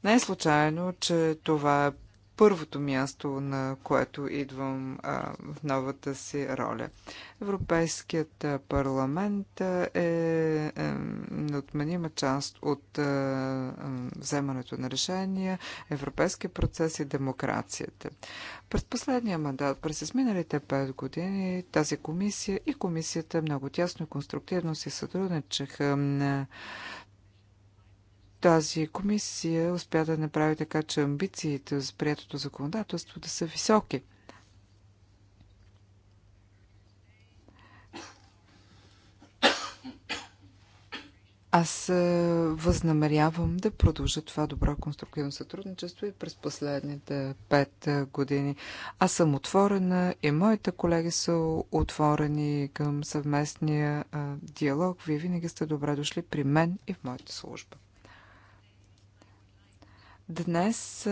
Не е случайно, че това е първото място, на което идвам а, в новата си роля. Европейският парламент е, е неотменима част от е, вземането на решения, европейския процес и демокрацията. През последния мандат, през изминалите 5 години, тази комисия и комисията много тясно и конструктивно си сътрудничаха тази комисия успя да направи така, че амбициите за приятото законодателство да са високи. Аз възнамерявам да продължа това добро конструктивно сътрудничество и през последните пет години. Аз съм отворена и моите колеги са отворени към съвместния диалог. Вие винаги сте добре дошли при мен и в моята служба. Днес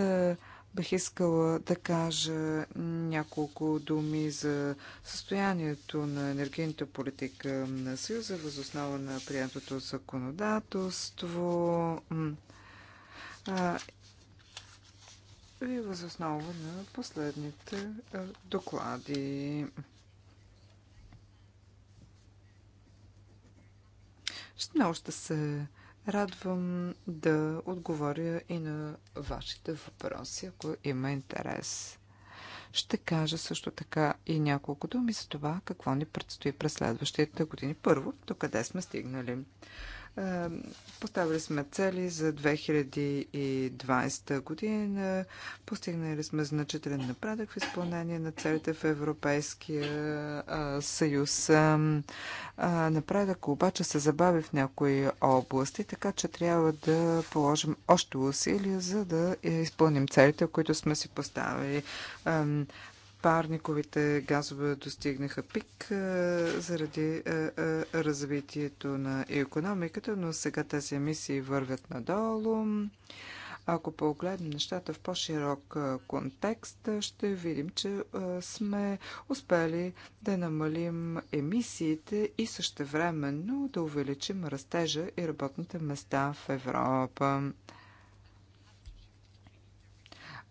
бих искала да кажа няколко думи за състоянието на енергийната политика на Съюза, възоснова на приятното законодателство и възоснова на последните доклади. Много ще се радвам да отговоря и на вашите въпроси, ако има интерес. Ще кажа също така и няколко думи за това, какво ни предстои през следващите години. Първо, до къде сме стигнали. Поставили сме цели за 2020 година. Постигнали сме значителен напредък в изпълнение на целите в Европейския съюз. Напредък обаче се забави в някои области, така че трябва да положим още усилия, за да изпълним целите, които сме си поставили парниковите газове достигнаха пик заради развитието на економиката, но сега тези емисии вървят надолу. Ако погледнем нещата в по-широк контекст, ще видим, че сме успели да намалим емисиите и същевременно да увеличим растежа и работните места в Европа.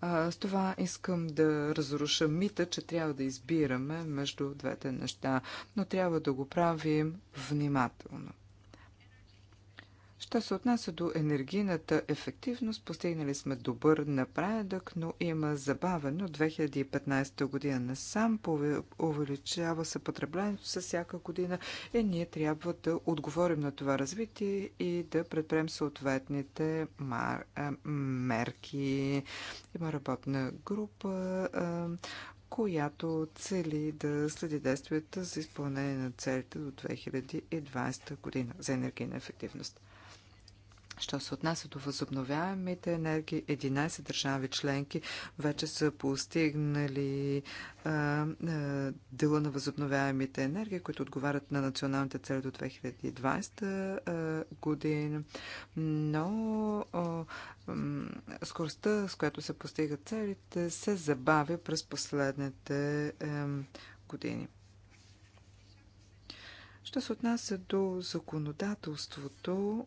А, с това искам да разруша мита, че трябва да избираме между двете неща, но трябва да го правим внимателно. Що се отнася до енергийната ефективност, постигнали сме добър напредък, но има забавено. От 2015 година насам увеличава се потреблението с всяка година и ние трябва да отговорим на това развитие и да предприем съответните мерки. Има работна група, която цели да следи действията за изпълнение на целите до 2020 година за енергийна ефективност. Що се отнася до възобновяемите енергии, 11 държави членки вече са постигнали а, а, дела на възобновяемите енергии, които отговарят на националните цели до 2020 а, година. Но а, скоростта, с която се постигат целите, се забавя през последните а, години. Що се отнася до законодателството,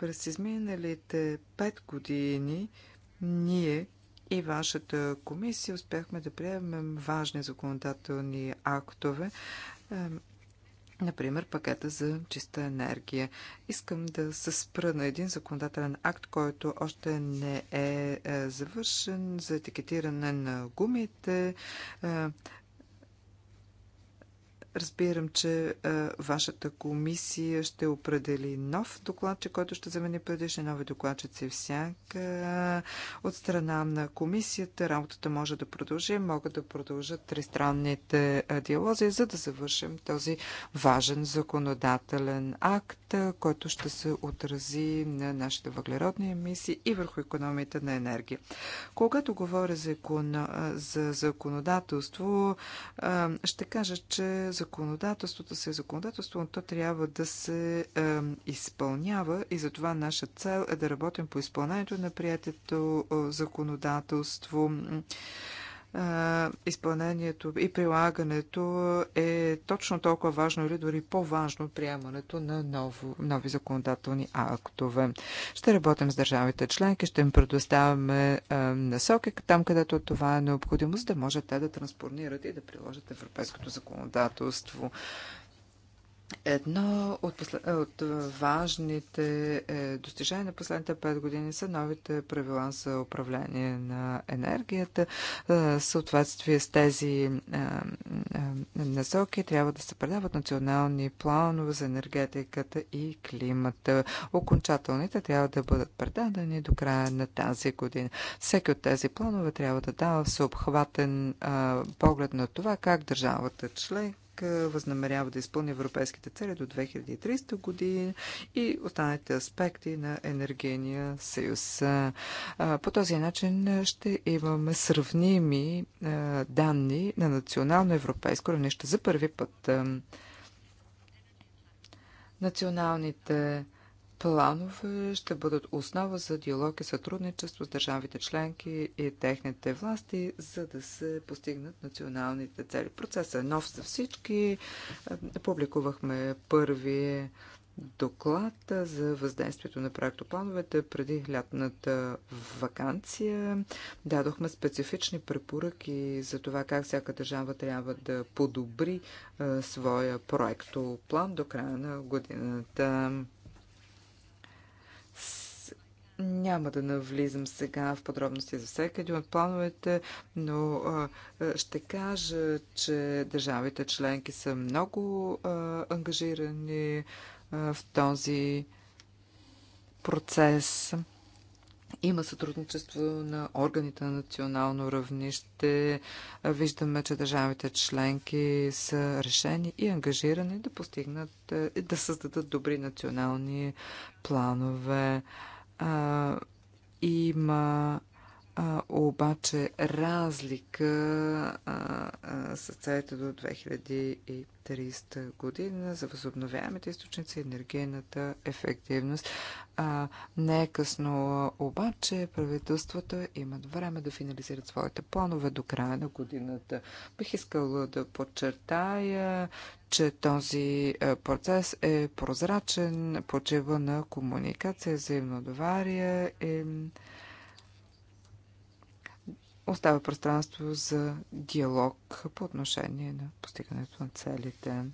през изминалите пет години ние и вашата комисия успяхме да приемем важни законодателни актове, е, например пакета за чиста енергия. Искам да се спра на един законодателен акт, който още не е, е завършен за етикетиране на гумите, е, Разбирам, че а, вашата комисия ще определи нов докладчик, който ще замени предишни нови докладчици всяка. От страна на комисията работата може да продължи, могат да продължат тристранните диалози, за да завършим този важен законодателен акт, който ще се отрази на нашите въглеродни емисии и върху економията на енергия. Когато говоря за, за законодателство, ще кажа, че законодателството се е законодателство, но то трябва да се е, изпълнява и затова наша цел е да работим по изпълнението на е, законодателство, изпълнението и прилагането е точно толкова важно или дори по-важно от приемането на ново, нови законодателни актове. Ще работим с държавите членки, ще им предоставяме насоки там, където това е необходимо, за да може те да транспорнират и да приложат европейското законодателство Едно от, посл... от важните е, достижения на последните 5 години са новите правила за управление на енергията. Е, съответствие с тези е, насоки трябва да се предават национални планове за енергетиката и климата. Окончателните трябва да бъдат предадени до края на тази година. Всеки от тези планове трябва да дава всеобхватен поглед на това как държавата член възнамерява да изпълни европейските цели до 2030 години и останалите аспекти на енергийния съюз. По този начин ще имаме сравними данни на национално европейско равнище за първи път. Националните планове ще бъдат основа за диалог и сътрудничество с държавите членки и техните власти, за да се постигнат националните цели. Процесът е нов за всички. Публикувахме първи доклад за въздействието на проектоплановете преди лятната вакансия. Дадохме специфични препоръки за това как всяка държава трябва да подобри своя проектоплан до края на годината. Няма да навлизам сега в подробности за всеки един от плановете, но ще кажа, че държавите членки са много ангажирани в този процес. Има сътрудничество на органите на национално равнище. Виждаме, че държавите членки са решени и ангажирани да постигнат, е, да създадат добри национални планове а, има а, обаче разлика а, а, с целите до 2300 година за възобновяемите източници, енергийната ефективност. А, не е късно, обаче правителствата имат време да финализират своите планове до края на годината. Бих искала да подчертая, че този процес е прозрачен, почива на комуникация, взаимно доверие и е остава пространство за диалог по отношение на постигането на целите.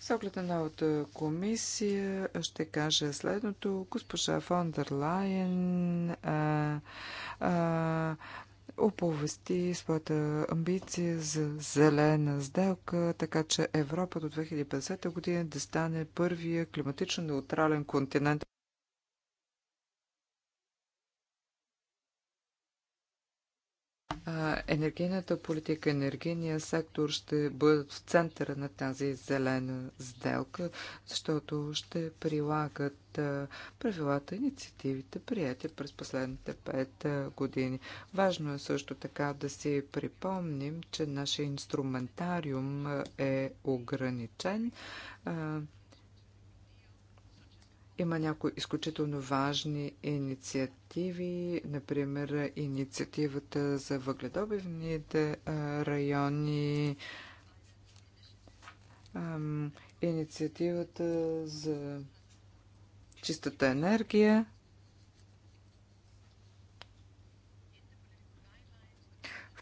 С оглед на новата комисия ще кажа следното. Госпожа фон дер Лайен а, а, оповести своята амбиция за зелена сделка, така че Европа до 2050 година да стане първия климатично неутрален континент. енергийната политика, енергийния сектор ще бъдат в центъра на тази зелена сделка, защото ще прилагат правилата, инициативите, прияти през последните пет години. Важно е също така да си припомним, че нашия инструментариум е ограничен. Има някои изключително важни инициативи, например инициативата за въгледобивните райони, инициативата за чистата енергия.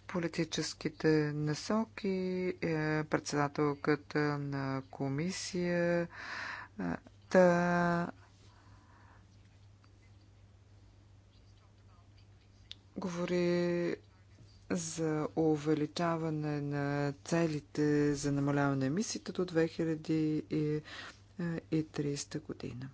политическите насоки, е, председателката на комисията говори за увеличаване на целите за намаляване на емисиите до 2030 е, година.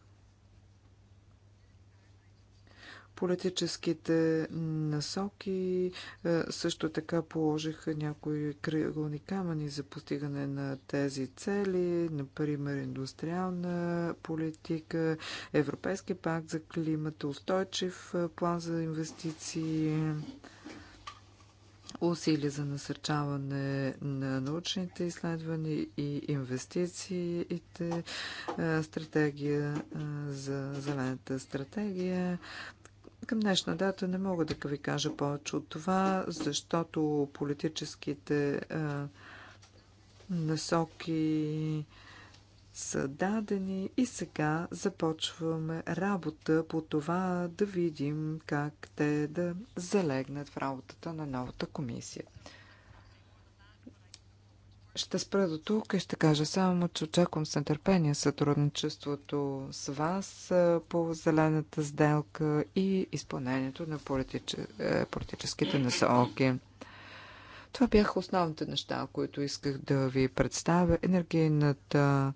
политическите насоки е, също така положиха някои кръгълни камъни за постигане на тези цели, например индустриална политика, Европейски пакт за климата, устойчив е, план за инвестиции, усилия за насърчаване на научните изследвания и инвестициите, е, стратегия за зелената стратегия, към днешна дата не мога да ви кажа повече от това, защото политическите насоки са дадени и сега започваме работа по това да видим как те да залегнат в работата на новата комисия. Ще спра до тук и ще кажа само, че очаквам с нетърпение сътрудничеството с вас по зелената сделка и изпълнението на политич... Е, политическите насоки. Това бяха основните неща, които исках да ви представя. Енергийната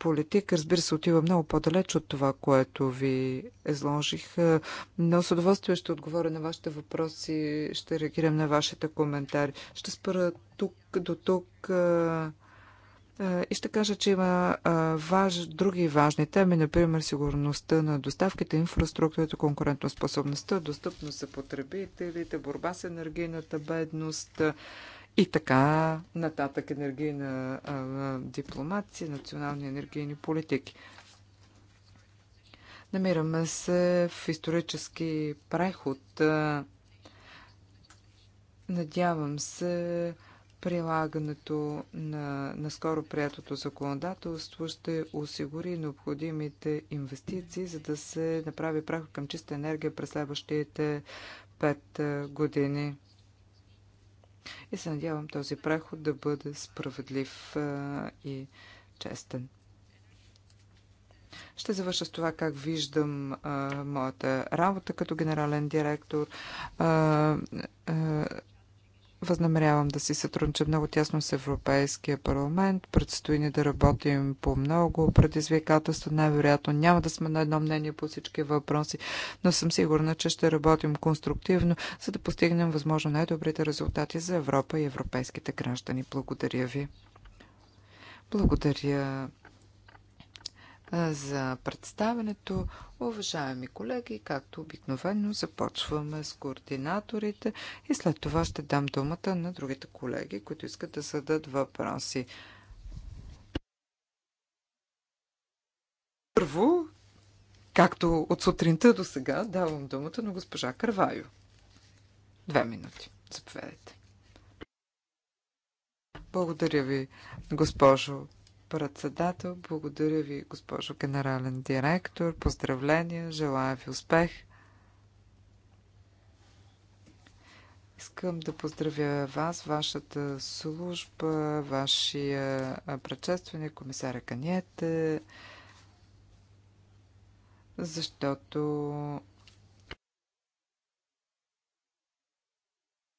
политик, разбира се, отива много по-далеч от това, което ви изложих. Но с удоволствие ще отговоря на вашите въпроси, ще реагирам на вашите коментари. Ще спра тук до тук. И ще кажа, че има важ, други важни теми, например сигурността на доставките, инфраструктурата, конкурентоспособността, достъпност за потребителите, борба с енергийната бедност, и така нататък енергийна а, дипломация, национални енергийни политики. Намираме се в исторически преход. Надявам се, прилагането на, на скоро приятото законодателство ще осигури необходимите инвестиции, за да се направи преход към чиста енергия през следващите пет години. И се надявам този преход да бъде справедлив и честен. Ще завърша с това как виждам а, моята работа като генерален директор. А, а, Възнамерявам да си сътруднича много тясно с Европейския парламент. Предстои ни да работим по много предизвикателства. Най-вероятно няма да сме на едно мнение по всички въпроси, но съм сигурна, че ще работим конструктивно, за да постигнем възможно най-добрите резултати за Европа и европейските граждани. Благодаря ви. Благодаря за представенето. Уважаеми колеги, както обикновено започваме с координаторите и след това ще дам думата на другите колеги, които искат да зададат въпроси. Първо, както от сутринта до сега, давам думата на госпожа Карвайо. Две минути. Заповядайте. Благодаря ви, госпожо председател. Благодаря ви, госпожо генерален директор. Поздравления, желая ви успех. Искам да поздравя вас, вашата служба, вашия предшественик, комисаря Каниете, защото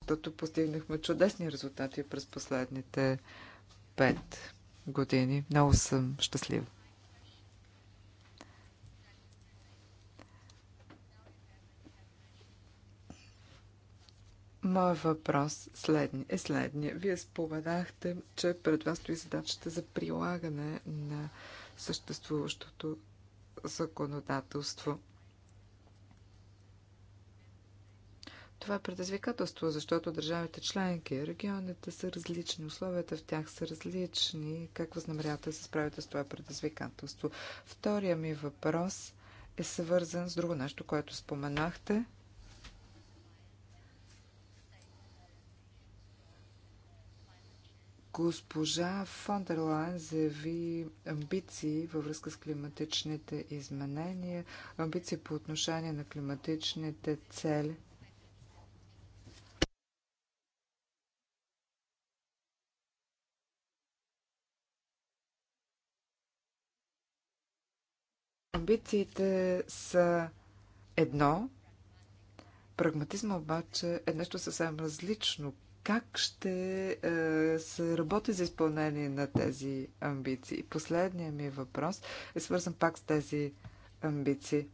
защото постигнахме чудесни резултати през последните пет години. Много съм щастлива. Моят въпрос следни, е следния. Вие споменахте, че пред вас стои задачата за прилагане на съществуващото законодателство. Това е предизвикателство, защото държавите членки, регионите са различни, условията в тях са различни. Как възнамерявате да се справите с това предизвикателство? Втория ми въпрос е свързан с друго нещо, което споменахте. Госпожа Фондерлайн заяви амбиции във връзка с климатичните изменения, амбиции по отношение на климатичните цели – Амбициите са едно, прагматизма обаче е нещо съвсем различно. Как ще е, се работи за изпълнение на тези амбиции? Последният ми въпрос е свързан пак с тези амбиции.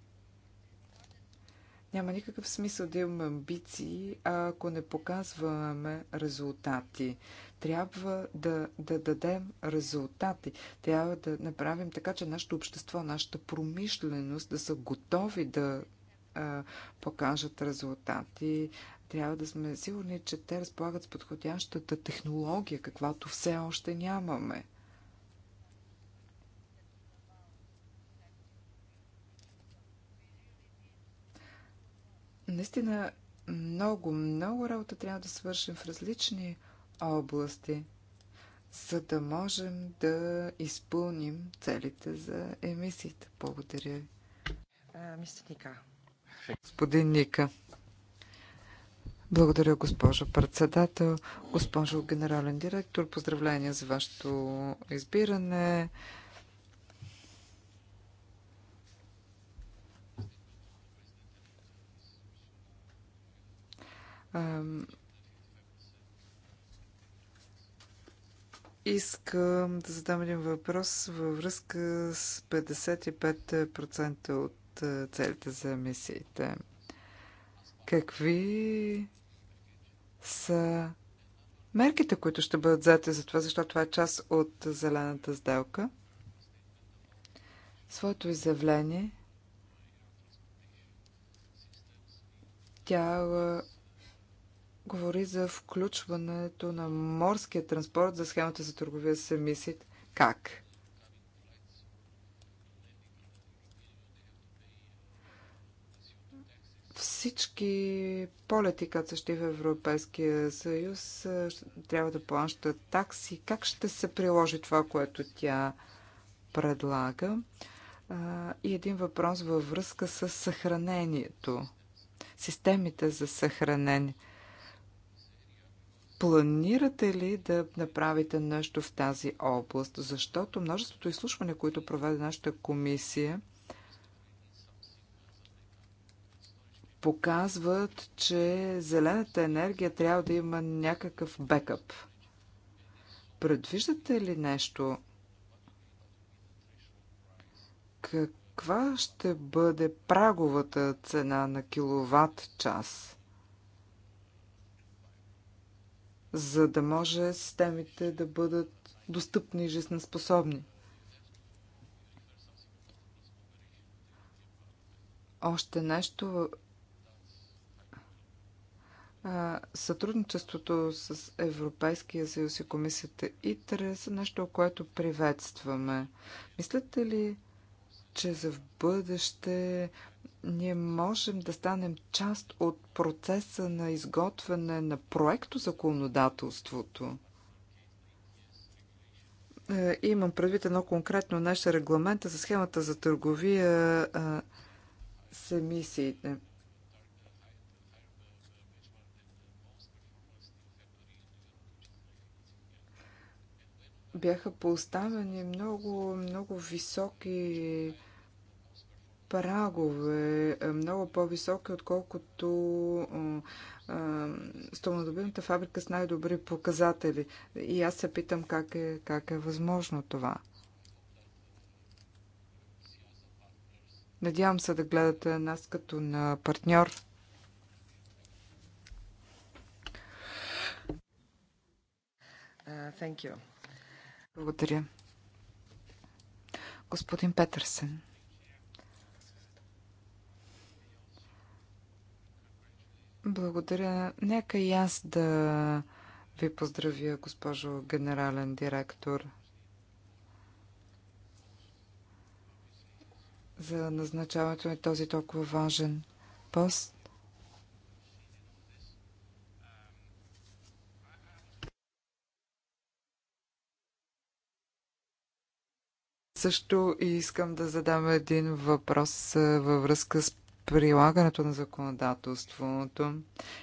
Няма никакъв смисъл да имаме амбиции, ако не показваме резултати. Трябва да, да дадем резултати. Трябва да направим така, че нашето общество, нашата промишленост да са готови да а, покажат резултати. Трябва да сме сигурни, че те разполагат с подходящата технология, каквато все още нямаме. Наистина много, много работа трябва да свършим в различни области, за да можем да изпълним целите за емисиите. Благодаря ви. Мистер Ника. Господин Ника. Благодаря, госпожо председател, госпожо генерален директор. Поздравления за вашето избиране. Искам да задам един въпрос във връзка с 55% от целите за емисиите. Какви са мерките, които ще бъдат взети за това, защото това е част от зелената сделка? Своето изявление тя говори за включването на морския транспорт за схемата за търговия с емисиите. Как? Всички полети, кацащи в Европейския съюз, е, трябва да плащат такси. Как ще се приложи това, което тя предлага? Е, и един въпрос във връзка с съхранението. Системите за съхранение Планирате ли да направите нещо в тази област? Защото множеството изслушване, които проведе нашата комисия, показват, че зелената енергия трябва да има някакъв бекъп. Предвиждате ли нещо? Каква ще бъде праговата цена на киловатт час? за да може системите да бъдат достъпни и жизнеспособни. Още нещо. Сътрудничеството с Европейския съюз и комисията ИТРЕ са нещо, което приветстваме. Мислите ли, че за в бъдеще ние можем да станем част от процеса на изготвяне на проекто законодателството. Е, имам предвид едно конкретно нещо регламента за схемата за търговия е, с емисиите. Бяха поставени много, много високи прагове, е много по-високи, отколкото стомнодобивната фабрика с най-добри показатели. И аз се питам как е, как е възможно това. Надявам се да гледате нас като на партньор. Uh, Благодаря. Господин Петърсен. Благодаря. Нека и аз да ви поздравя, госпожо генерален директор, за назначаването на този толкова важен пост. Също искам да задам един въпрос във връзка с прилагането на законодателството.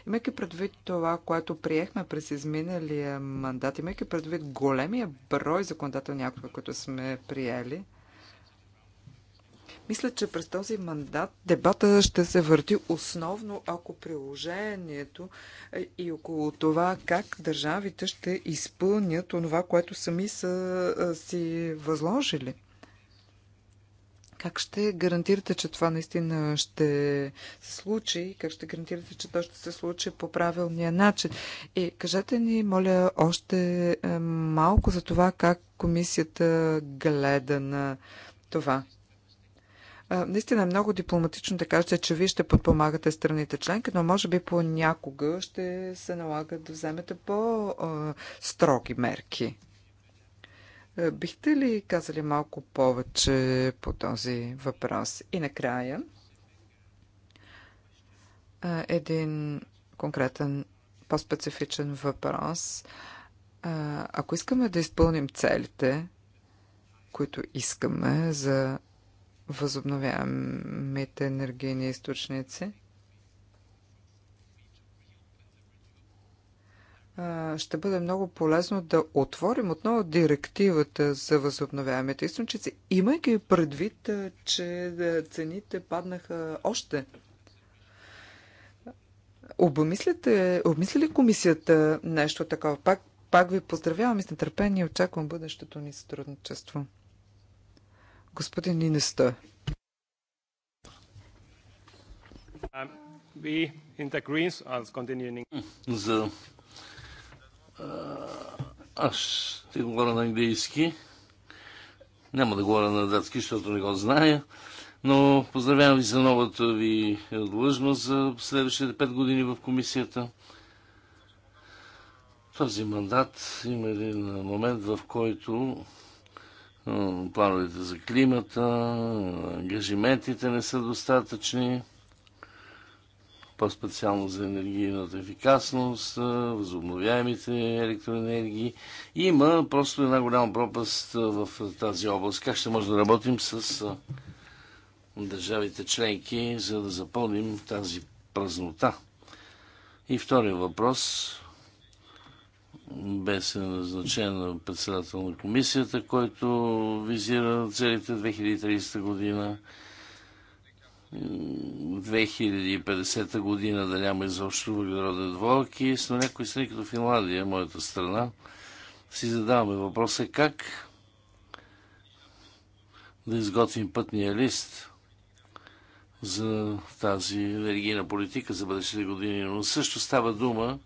Имайки предвид това, което приехме през изминалия мандат, имайки предвид големия брой законодателни актове, които сме приели, мисля, че през този мандат дебата ще се върти основно ако приложението и около това как държавите ще изпълнят това, което сами са си възложили. Как ще гарантирате, че това наистина ще се случи? Как ще гарантирате, че то ще се случи по правилния начин? И кажете ни, моля, още е, малко за това как комисията гледа на това. Е, наистина е много дипломатично да кажете, че вие ще подпомагате страните членки, но може би понякога ще се налага да вземете по-строги е, мерки. Е, бихте ли казали малко повече по този въпрос? И накрая е, един конкретен, по-специфичен въпрос. Е, ако искаме да изпълним целите, които искаме за възобновяемите енергийни източници, ще бъде много полезно да отворим отново директивата за възобновяемите източници, имайки предвид, че цените паднаха още. Обмисляте, обмисли ли комисията нещо такова? Пак, пак ви поздравявам и с нетърпение и очаквам бъдещето ни сътрудничество. Господин Инеста. Um, за аз ще говоря на английски. Няма да говоря на датски, защото не го зная. Но поздравявам ви за новата ви длъжност за следващите 5 години в комисията. Този мандат има един момент, в който плановете за климата, ангажиментите не са достатъчни по-специално за енергийната ефикасност, възобновяемите електроенергии. Има просто една голяма пропаст в тази област. Как ще може да работим с държавите членки, за да запълним тази празнота? И втория въпрос беше назначен председател на комисията, който визира целите 2030 година. 2050 година да няма изобщо въглероден и с някои страни като Финландия, моята страна, си задаваме въпроса как да изготвим пътния лист за тази енергийна политика за бъдещите години. Но също става дума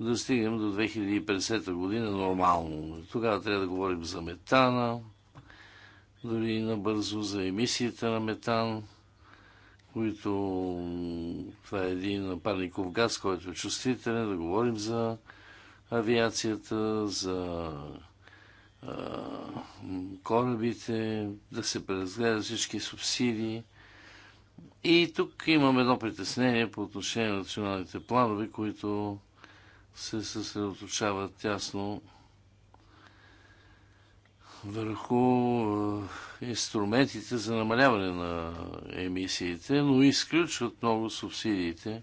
да стигнем до 2050 година нормално. Тогава трябва да говорим за метана, дори набързо за емисията на метан които... Това е един парников газ, който е чувствителен. Да говорим за авиацията, за а, корабите, да се преразгледат всички субсидии. И тук имам едно притеснение по отношение на националните планове, които се съсредоточават тясно върху инструментите за намаляване на емисиите, но изключват много субсидиите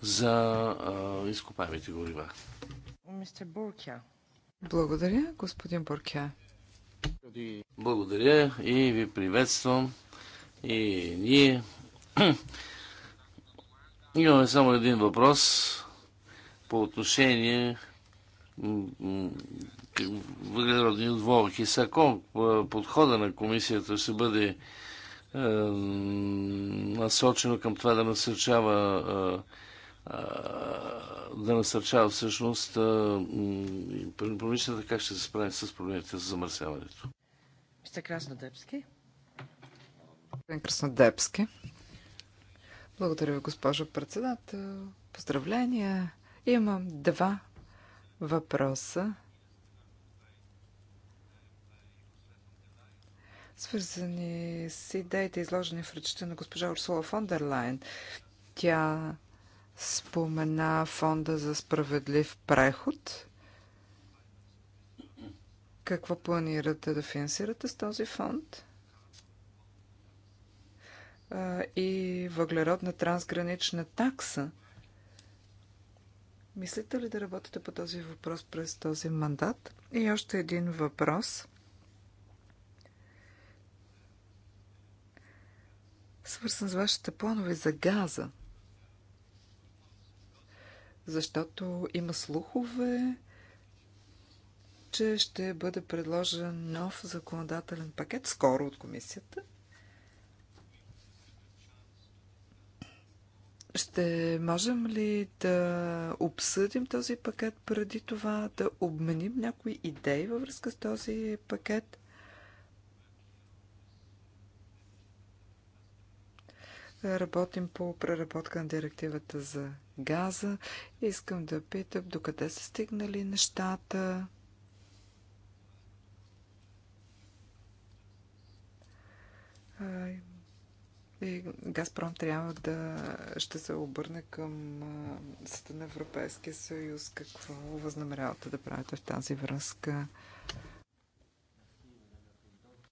за изкопаемите горива. Благодаря, господин Буркя. Благодаря и ви приветствам. И ние имаме само един въпрос по отношение въглеродни двуокис. Ако подхода на комисията ще бъде е, насочено към това да насърчава е, е, да насърчава всъщност промишлята как ще се справи с проблемите с замърсяването. Мистер Краснодепски. Краснодепски. Благодаря ви, госпожо председател. Поздравления. Имам два въпроса. свързани с идеите, изложени в речта на госпожа Урсула фон дер Лайн. Тя спомена фонда за справедлив преход. Какво планирате да финансирате с този фонд? И въглеродна трансгранична такса. Мислите ли да работите по този въпрос през този мандат? И още един въпрос – свързан с вашите планове за газа. Защото има слухове, че ще бъде предложен нов законодателен пакет скоро от комисията. Ще можем ли да обсъдим този пакет преди това, да обменим някои идеи във връзка с този пакет? Работим по преработка на директивата за газа. Искам да питам докъде са стигнали нещата. И Газпром трябва да ще се обърне към Съда на Европейския съюз. Какво възнамерявате да правите в тази връзка?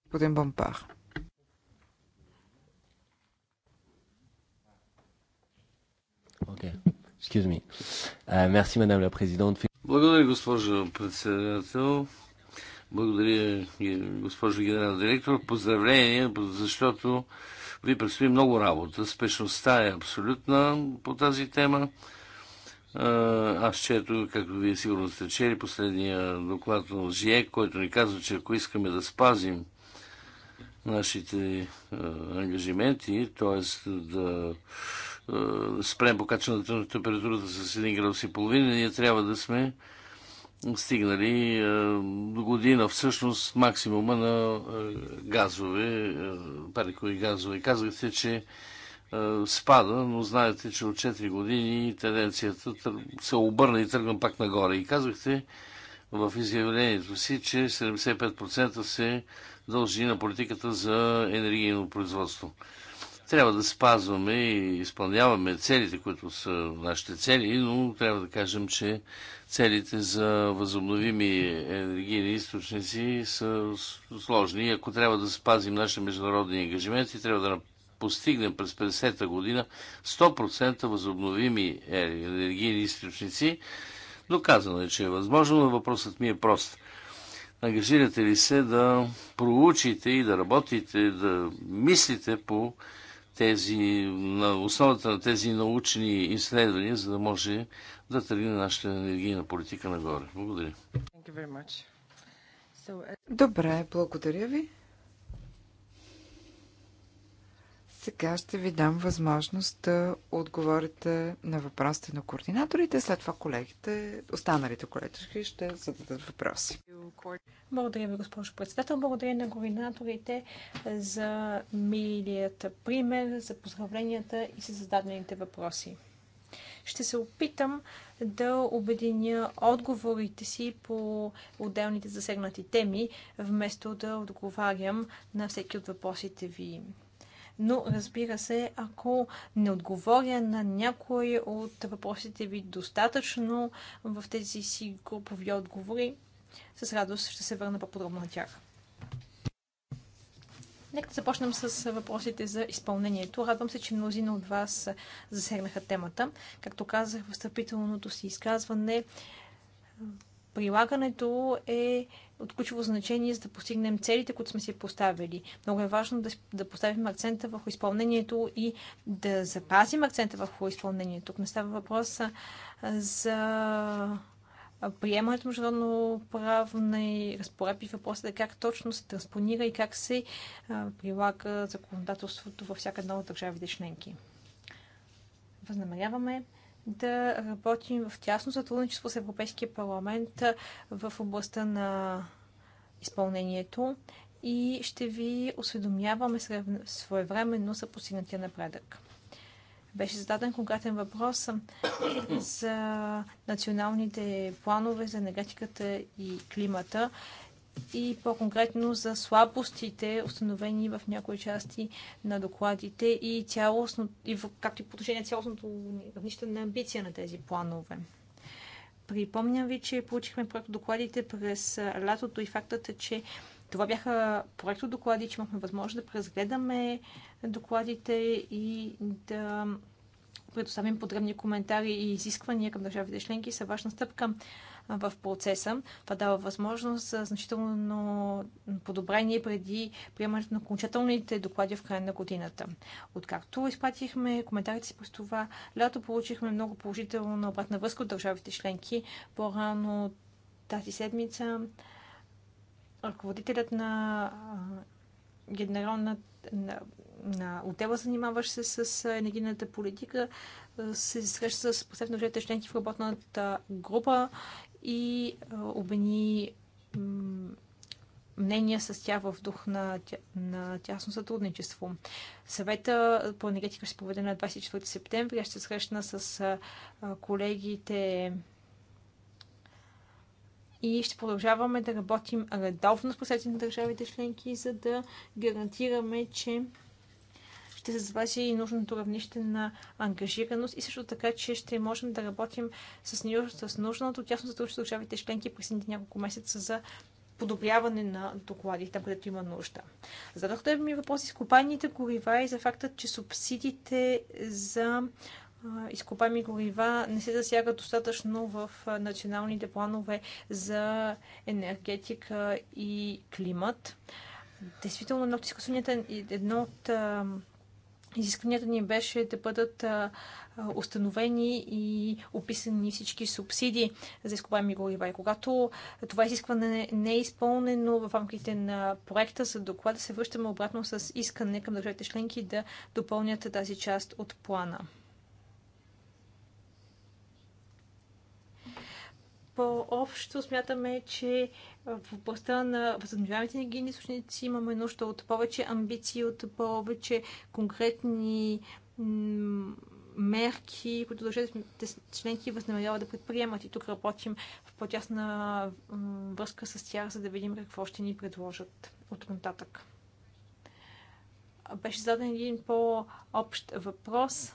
Господин Бомпах. Excuse me. Uh, merci, madame la Благодаря, госпожо председател. Благодаря, госпожо генерал директор. Поздравления, защото ви предстои много работа. Спешността е абсолютна по тази тема. Е, аз чето, както вие сигурно сте чели, последния доклад на ЖИЕ, който ни казва, че ако искаме да спазим нашите е, ангажименти, т.е. да е, спрем покачването на температурата с 1 градус и половина, ние трябва да сме стигнали е, до година всъщност максимума на е, газове, парикови газове. Казахте, че спада, но знаете, че от 4 години тенденцията се обърна и тръгна пак нагоре. И казахте в изявлението си, че 75% се дължи на политиката за енергийно производство. Трябва да спазваме и изпълняваме целите, които са нашите цели, но трябва да кажем, че целите за възобновими енергийни източници са сложни. Ако трябва да спазим нашите международни ангажименти, трябва да постигнем през 50-та година 100% възобновими е, енергийни източници. Доказано е, че е възможно, но въпросът ми е прост. Ангажирате ли се да проучите и да работите, да мислите по тези, на основата на тези научни изследвания, за да може да тръгне нашата енергийна политика нагоре. Благодаря. Добре, благодаря ви. Сега ще ви дам възможност да отговорите на въпросите на координаторите. След това колегите, останалите колеги ще зададат въпроси. Благодаря ви, госпожо председател. Благодаря на координаторите за милият пример, за поздравленията и за зададените въпроси. Ще се опитам да обединя отговорите си по отделните засегнати теми, вместо да отговарям на всеки от въпросите ви но разбира се, ако не отговоря на някой от въпросите ви достатъчно в тези си групови отговори, с радост ще се върна по-подробно на тях. Нека да започнем с въпросите за изпълнението. Радвам се, че мнозина от вас засегнаха темата. Както казах в встъпителното си изказване, прилагането е от ключово значение, за да постигнем целите, които сме си поставили. Много е важно да, да поставим акцента върху изпълнението и да запазим акцента върху изпълнението. Тук не става въпрос за приемането международно правни разпоредби. Въпросът е как точно се транспонира и как се прилага законодателството във всяка една от държавите членки. Възнамеряваме да работим в тясно сътрудничество с Европейския парламент в областта на изпълнението и ще ви осведомяваме своевременно за постигнатия напредък. Беше зададен конкретен въпрос за националните планове за енергетиката и климата и по-конкретно за слабостите, установени в някои части на докладите и, цялостно, и в, както и по отношение на цялостното равнище на амбиция на тези планове. Припомням ви, че получихме проект докладите през лятото и фактът е, че това бяха проекто доклади, че имахме възможност да преразгледаме докладите и да предоставим подребни коментари и изисквания към държавите членки са важна стъпка в процеса. Това дава възможност за значително подобрение преди приемането на окончателните доклади в края на годината. Откакто изпратихме коментарите си през това, лято получихме много положителна обратна връзка от държавите членки. По-рано тази седмица ръководителят на генерална на, на отдела, занимаващ се с енергийната политика, се среща с представителите членки в работната група и обени мнения с тях в дух на, на тясно сътрудничество. Съвета по енергетика ще поведе на 24 септември. Аз ще срещна с колегите и ще продължаваме да работим редовно с последните държавите членки, за да гарантираме, че ще се запази и нужното равнище на ангажираност и също така, че ще можем да работим с, нужд, с нужното тясно сътрудничество държавите членки през няколко месеца за подобряване на доклади, там където има нужда. Зададохте ми въпрос с копайните горива и за факта, че субсидиите за изкопаеми горива не се засягат достатъчно в националните планове за енергетика и климат. Действително, едно от е едно от Изискванията ни беше да бъдат установени и описани всички субсидии за изкопаеми горива. И когато това изискване не е изпълнено в рамките на проекта за доклада, се връщаме обратно с искане към държавите членки да допълнят тази част от плана. По-общо смятаме, че в областта на възобновяемите енергийни източници имаме нужда от повече амбиции, от повече конкретни мерки, които държавите членки възнамеряват да предприемат. И тук работим в по-тясна връзка с тях, за да видим какво ще ни предложат от нататък. Беше зададен един по-общ въпрос,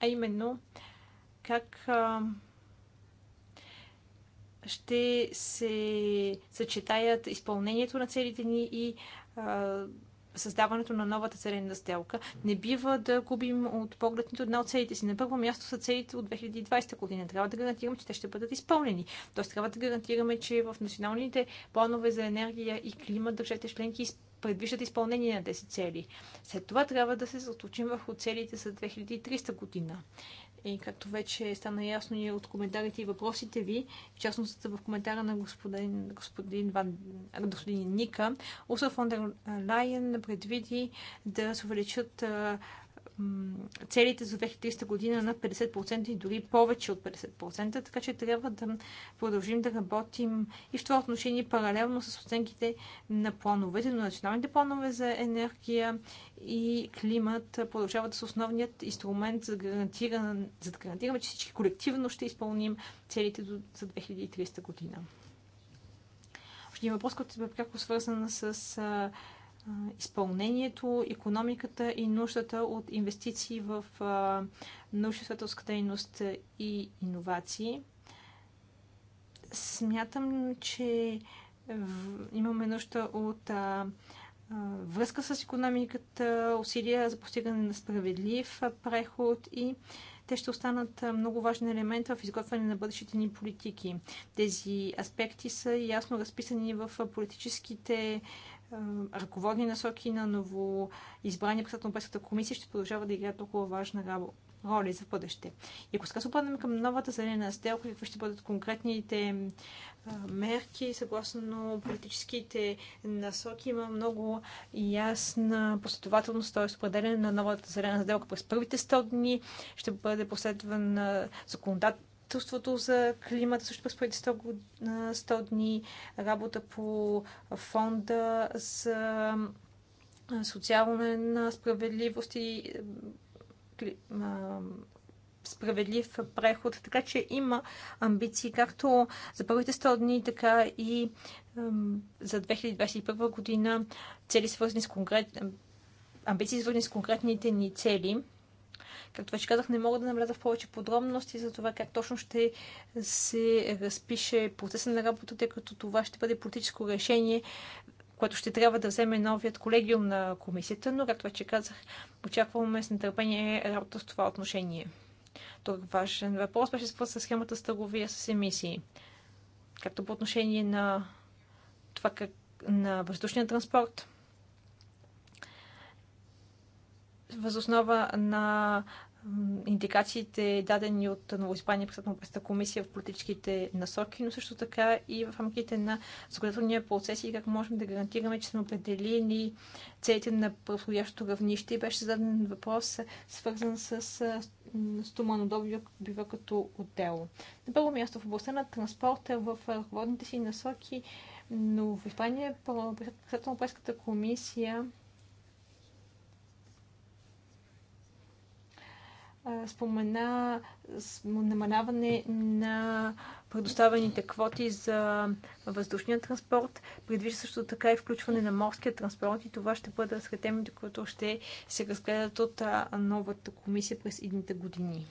а именно как ще се съчетаят изпълнението на целите ни и а, създаването на новата целенна сделка. Не бива да губим от поглед нито една от целите си. На първо място са целите от 2020 година. Трябва да гарантираме, че те ще бъдат изпълнени. Тоест трябва да гарантираме, че в националните планове за енергия и климат държавите членки предвиждат изпълнение на тези цели. След това трябва да се заточим върху целите за 2300 година. И както вече стана ясно и от коментарите и въпросите ви, в частност в коментара на господин, господин, Ван, господин Ника, Урсула Фондер Лайен предвиди да се увеличат целите за 2300 година на 50% и дори повече от 50%, така че трябва да продължим да работим и в това отношение паралелно с оценките на плановете, но националните планове за енергия и климат продължават да са основният инструмент за, гарантиран, за да гарантираме, че всички колективно ще изпълним целите за 2300 година. Още един въпрос, който е пряко свързан с изпълнението, економиката и нуждата от инвестиции в научно-изследователска дейност и иновации. Смятам, че имаме нужда от връзка с економиката, усилия за постигане на справедлив преход и те ще останат много важен елемент в изготвяне на бъдещите ни политики. Тези аспекти са ясно разписани в политическите ръководни насоки на ново избрание председател на Европейската комисия ще продължава да играе толкова важна роля за бъдеще. И ако сега се обърнем към новата зелена сделка, какви ще бъдат конкретните мерки, съгласно политическите насоки, има много ясна последователност, т.е. определен на новата зелена сделка през първите 100 дни, ще бъде последван законодателство законодателството за климата, също през преди 100, 100 дни, работа по фонда за социална справедливост и справедлив преход. Така че има амбиции както за първите 100 дни, така и за 2021 година цели свързани с конкрет... амбиции свързани с конкретните ни цели. Както вече казах, не мога да навляза в повече подробности за това как точно ще се разпише процеса на работа, тъй като това ще бъде политическо решение, което ще трябва да вземе новият колегиум на комисията, но, както вече казах, очакваме с нетърпение работа в това отношение. Друг важен въпрос беше свързан с схемата с търговия с емисии. Както по отношение на това как на въздушния транспорт, възоснова на индикациите, дадени от Новоиспания, председател комисия в политическите насоки, но също така и в рамките на законодателния процес и как можем да гарантираме, че сме определили целите на предстоящото равнище. Беше зададен въпрос, свързан с стоманодобио бива като отдел. На първо място в областта на транспорта в ръководните си насоки, но в Испания председателно Европейската комисия спомена намаляване на предоставените квоти за въздушния транспорт. Предвижда също така и включване на морския транспорт и това ще бъде сред темите, които ще се разгледат от новата комисия през идните години.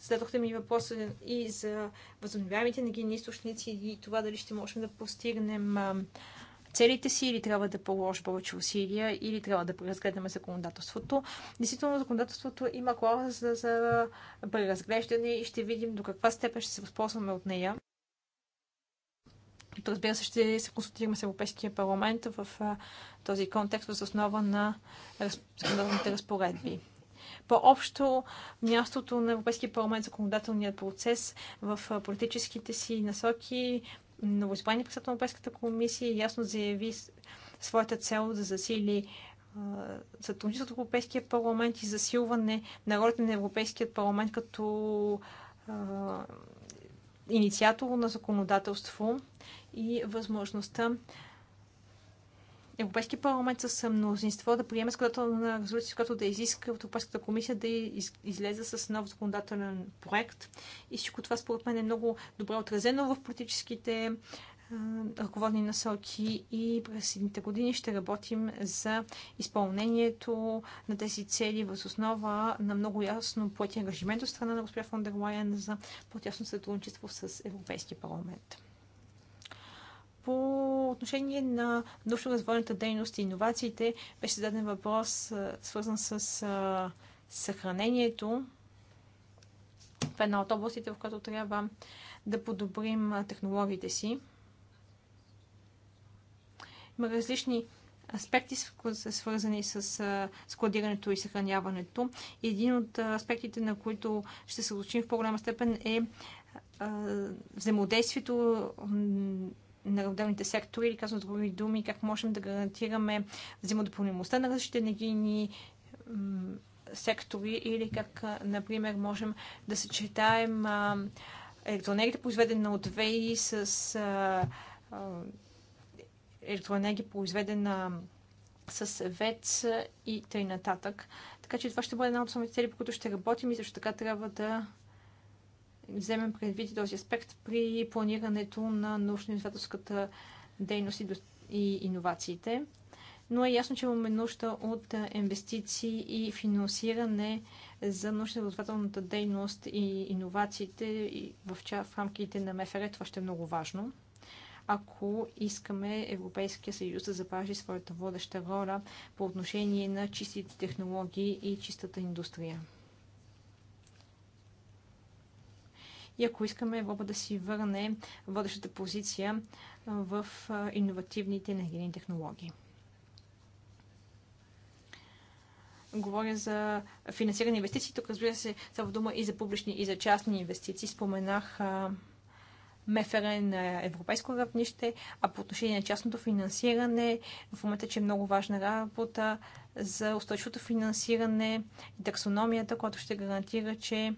Зададохте ми въпроса и за възобновяемите енергийни източници и това дали ще можем да постигнем целите си, или трябва да положи повече усилия, или трябва да преразгледаме законодателството. Действително, законодателството има клауза за, за преразглеждане и ще видим до каква степен ще се възползваме от нея. Като разбира се, ще се консултираме с Европейския парламент в този контекст, въз основа на законодателните разпоредби по-общо мястото на Европейския парламент, законодателният процес в политическите си насоки новоизбрани председател на Европейската комисия ясно заяви своята цел да засили сътрудничеството в Европейския парламент и засилване на ролята на Европейския парламент като а, инициатор на законодателство и възможността Европейски парламент с мнозинство да приеме законодателна резолюция, която да изиска от Европейската комисия да из, излезе с нов законодателен проект. И всичко това според мен е много добре отразено в политическите а, ръководни насоки и през следните години ще работим за изпълнението на тези цели въз основа на много ясно поети ангажимент от страна на госпожа Фондерлайен Лайен за по-тясно сътрудничество с Европейския парламент. По отношение на научно-развойната дейност и иновациите беше зададен въпрос, свързан с съхранението. в е една от областите, в която трябва да подобрим технологиите си. Има различни аспекти, свързани с складирането и съхраняването. Един от аспектите, на които ще се случим в по-голяма степен е взаимодействието на отделните сектори или казвам с други думи, как можем да гарантираме взаимодопълнимостта на различните енергийни сектори или как, например, можем да съчетаем електроенергията, произведена от ВЕИ, с а, електроенергия, произведена с ВЕЦ и т.н. Така че това ще бъде една от основните цели, по които ще работим и също така трябва да вземем предвид и този аспект при планирането на научно-изследователската дейност и иновациите. Но е ясно, че имаме нужда от инвестиции и финансиране за научно-изследователната дейност и иновациите и в, в рамките на МФР. Това ще е много важно ако искаме Европейския съюз да запази своята водеща роля по отношение на чистите технологии и чистата индустрия. и ако искаме Европа да си върне водещата позиция в иновативните енергийни технологии. говоря за финансиране инвестиции. Тук, разбира се, става дума и за публични, и за частни инвестиции. Споменах МФР на европейско равнище, а по отношение на частното финансиране, в момента, че е много важна работа за устойчивото финансиране и таксономията, която ще гарантира, че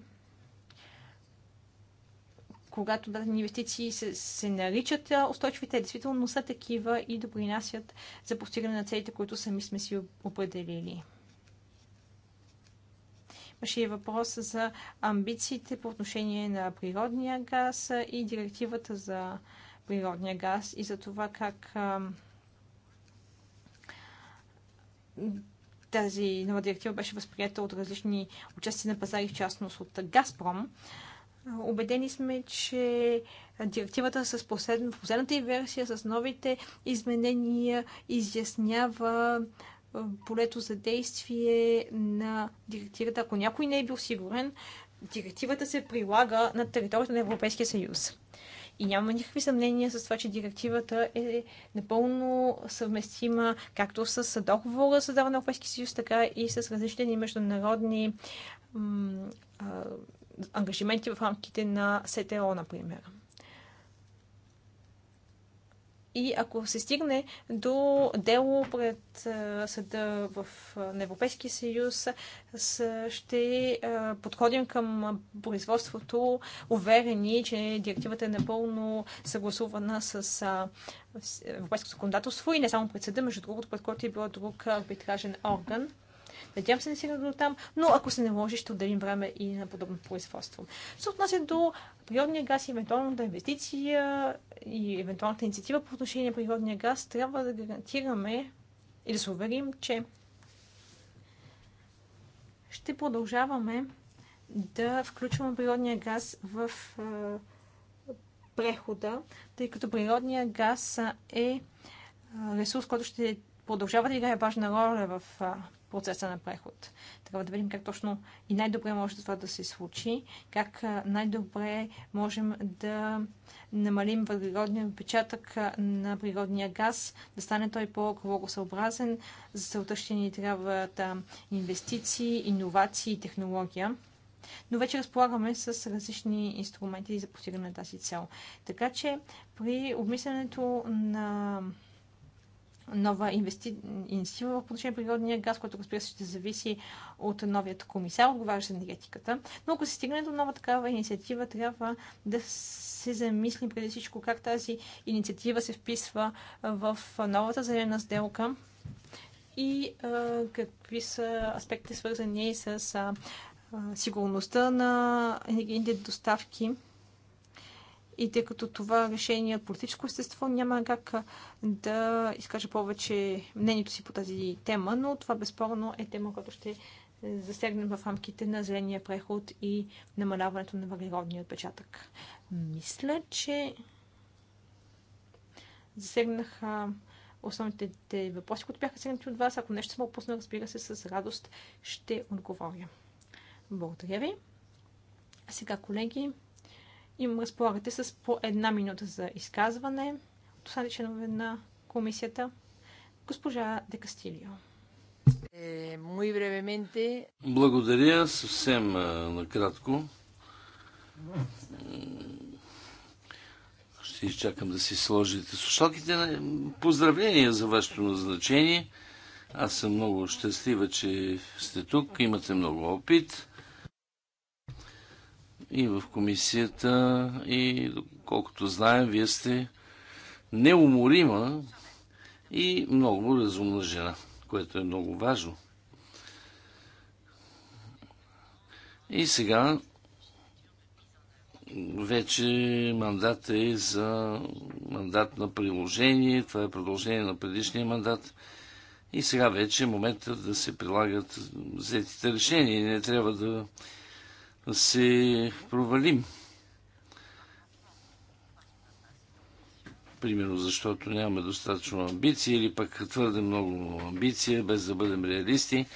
когато дадени инвестиции се, се наричат устойчиви, те действително са такива и допринасят за постигане на целите, които сами сме си определили. Имаше и въпрос за амбициите по отношение на природния газ и директивата за природния газ и за това как тази нова директива беше възприята от различни участи на пазари, в частност от Газпром. Обедени сме, че директивата с последната, последната и версия, с новите изменения, изяснява полето за действие на директивата. Ако някой не е бил сигурен, директивата се прилага на територията на Европейския съюз. И няма никакви съмнения с това, че директивата е напълно съвместима както с договора за на Европейския съюз, така и с различни международни ангажименти в рамките на СТО, например. И ако се стигне до дело пред съда в, Европейския съюз, ще подходим към производството уверени, че директивата е напълно съгласувана с европейското законодателство и не само пред съда, между другото, пред който е било друг арбитражен орган. Надявам се да си до там, но ако се не може, ще отделим време и на подобно производство. Се отнася до природния газ и евентуалната инвестиция и евентуалната инициатива по отношение на природния газ, трябва да гарантираме и да се уверим, че ще продължаваме да включваме природния газ в прехода, тъй като природния газ е ресурс, който ще продължава да играе важна роля в процеса на преход. Трябва да видим как точно и най-добре може това да се случи, как най-добре можем да намалим въглеродния отпечатък на природния газ, да стане той по кологосъобразен За целта ще ни трябва да инвестиции, иновации и технология. Но вече разполагаме с различни инструменти за постигане на тази цел. Така че при обмисленето на нова инвестиция в отношение на природния газ, който разбира се ще зависи от новият комисар, отговарящ за енергетиката. Но ако се стигне до нова такава инициатива, трябва да се замислим преди всичко как тази инициатива се вписва в новата зелена сделка и а, какви са аспекти свързани с а, сигурността на енергийните доставки и тъй като това решение е политическо естество, няма как да изкажа повече мнението си по тази тема, но това безспорно е тема, която ще засегнем в рамките на зеления преход и намаляването на въглеродния отпечатък. Мисля, че засегнах основните въпроси, които бяха сегнати от вас. Ако нещо съм опуснал, разбира се, с радост ще отговоря. Благодаря ви. А сега, колеги, им разполагате с по една минута за изказване от членове на комисията. Госпожа Де Кастилио. Е, Благодаря съвсем накратко. Ще изчакам да си сложите слушалките. Поздравления за вашето назначение. Аз съм много щастлива, че сте тук. Имате много опит и в комисията и колкото знаем, вие сте неуморима и много разумна жена, което е много важно. И сега вече мандат е за мандат на приложение. Това е продължение на предишния мандат. И сега вече е момента да се прилагат взетите решения. Не трябва да се провалим. Примерно защото нямаме достатъчно амбиции или пък твърде много амбиция, без да бъдем реалисти.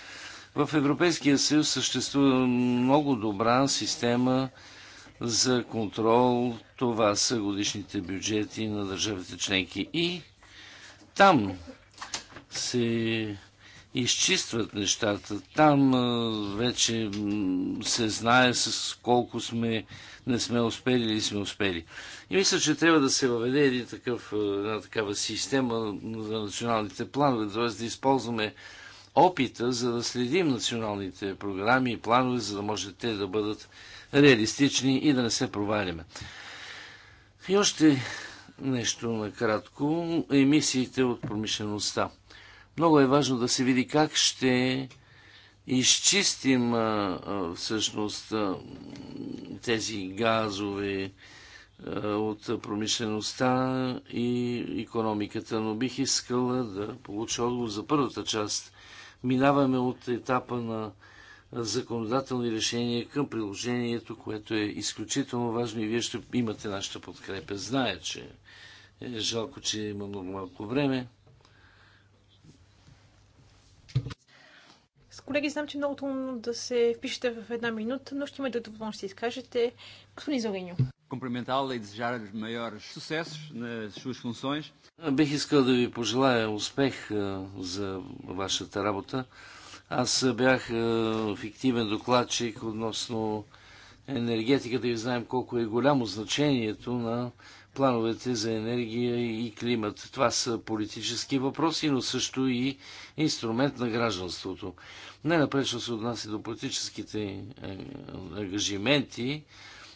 В Европейския съюз съществува много добра система за контрол. Това са годишните бюджети на държавите членки. И там се изчистват нещата. Там вече се знае с колко сме, не сме успели или сме успели. И мисля, че трябва да се въведе един такъв, една такава система за националните планове, т.е. да използваме опита, за да следим националните програми и планове, за да може те да бъдат реалистични и да не се проваляме. И още нещо накратко. Емисиите от промишлеността. Много е важно да се види как ще изчистим всъщност тези газове от промишлеността и економиката, но бих искала да получа отговор за първата част. Минаваме от етапа на законодателни решения към приложението, което е изключително важно и вие ще имате нашата подкрепа. Зная, че е жалко, че има много малко време. Колеги, знам, че е много трудно да се впишете в една минута, но ще имате да ще изкажете. Господин Зориньо. Комплиментал и e майор os на Шуш nas Бих искал да ви пожелая успех за вашата работа. Аз бях фиктивен докладчик относно енергетиката и знаем колко е голямо значението на плановете за енергия и климат. Това са политически въпроси, но също и инструмент на гражданството. Най-напред, що се отнася до политическите е, ангажименти,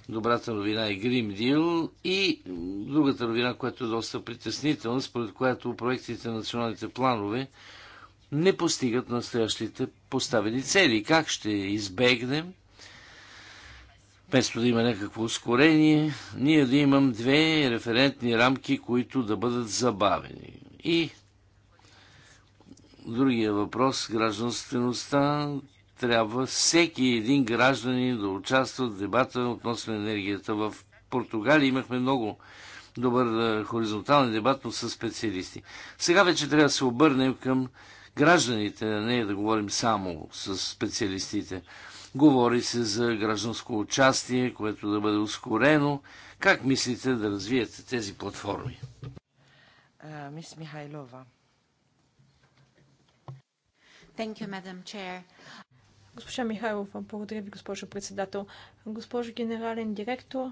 добрата новина е Грим Дил и другата новина, която е доста притеснителна, според която проектите на националните планове не постигат настоящите поставени цели. Как ще избегнем, вместо да има някакво ускорение, ние да имам две референтни рамки, които да бъдат забавени. И Другия въпрос, гражданствеността, трябва всеки един гражданин да участва в дебата относно енергията. В Португалия имахме много добър хоризонтален дебат, но с специалисти. Сега вече трябва да се обърнем към гражданите, а не да говорим само с специалистите. Говори се за гражданско участие, което да бъде ускорено. Как мислите да развиете тези платформи? мис Михайлова. Thank you, Madam Chair. Госпожа Михайлова, благодаря ви, госпожо председател. Госпожо генерален директор,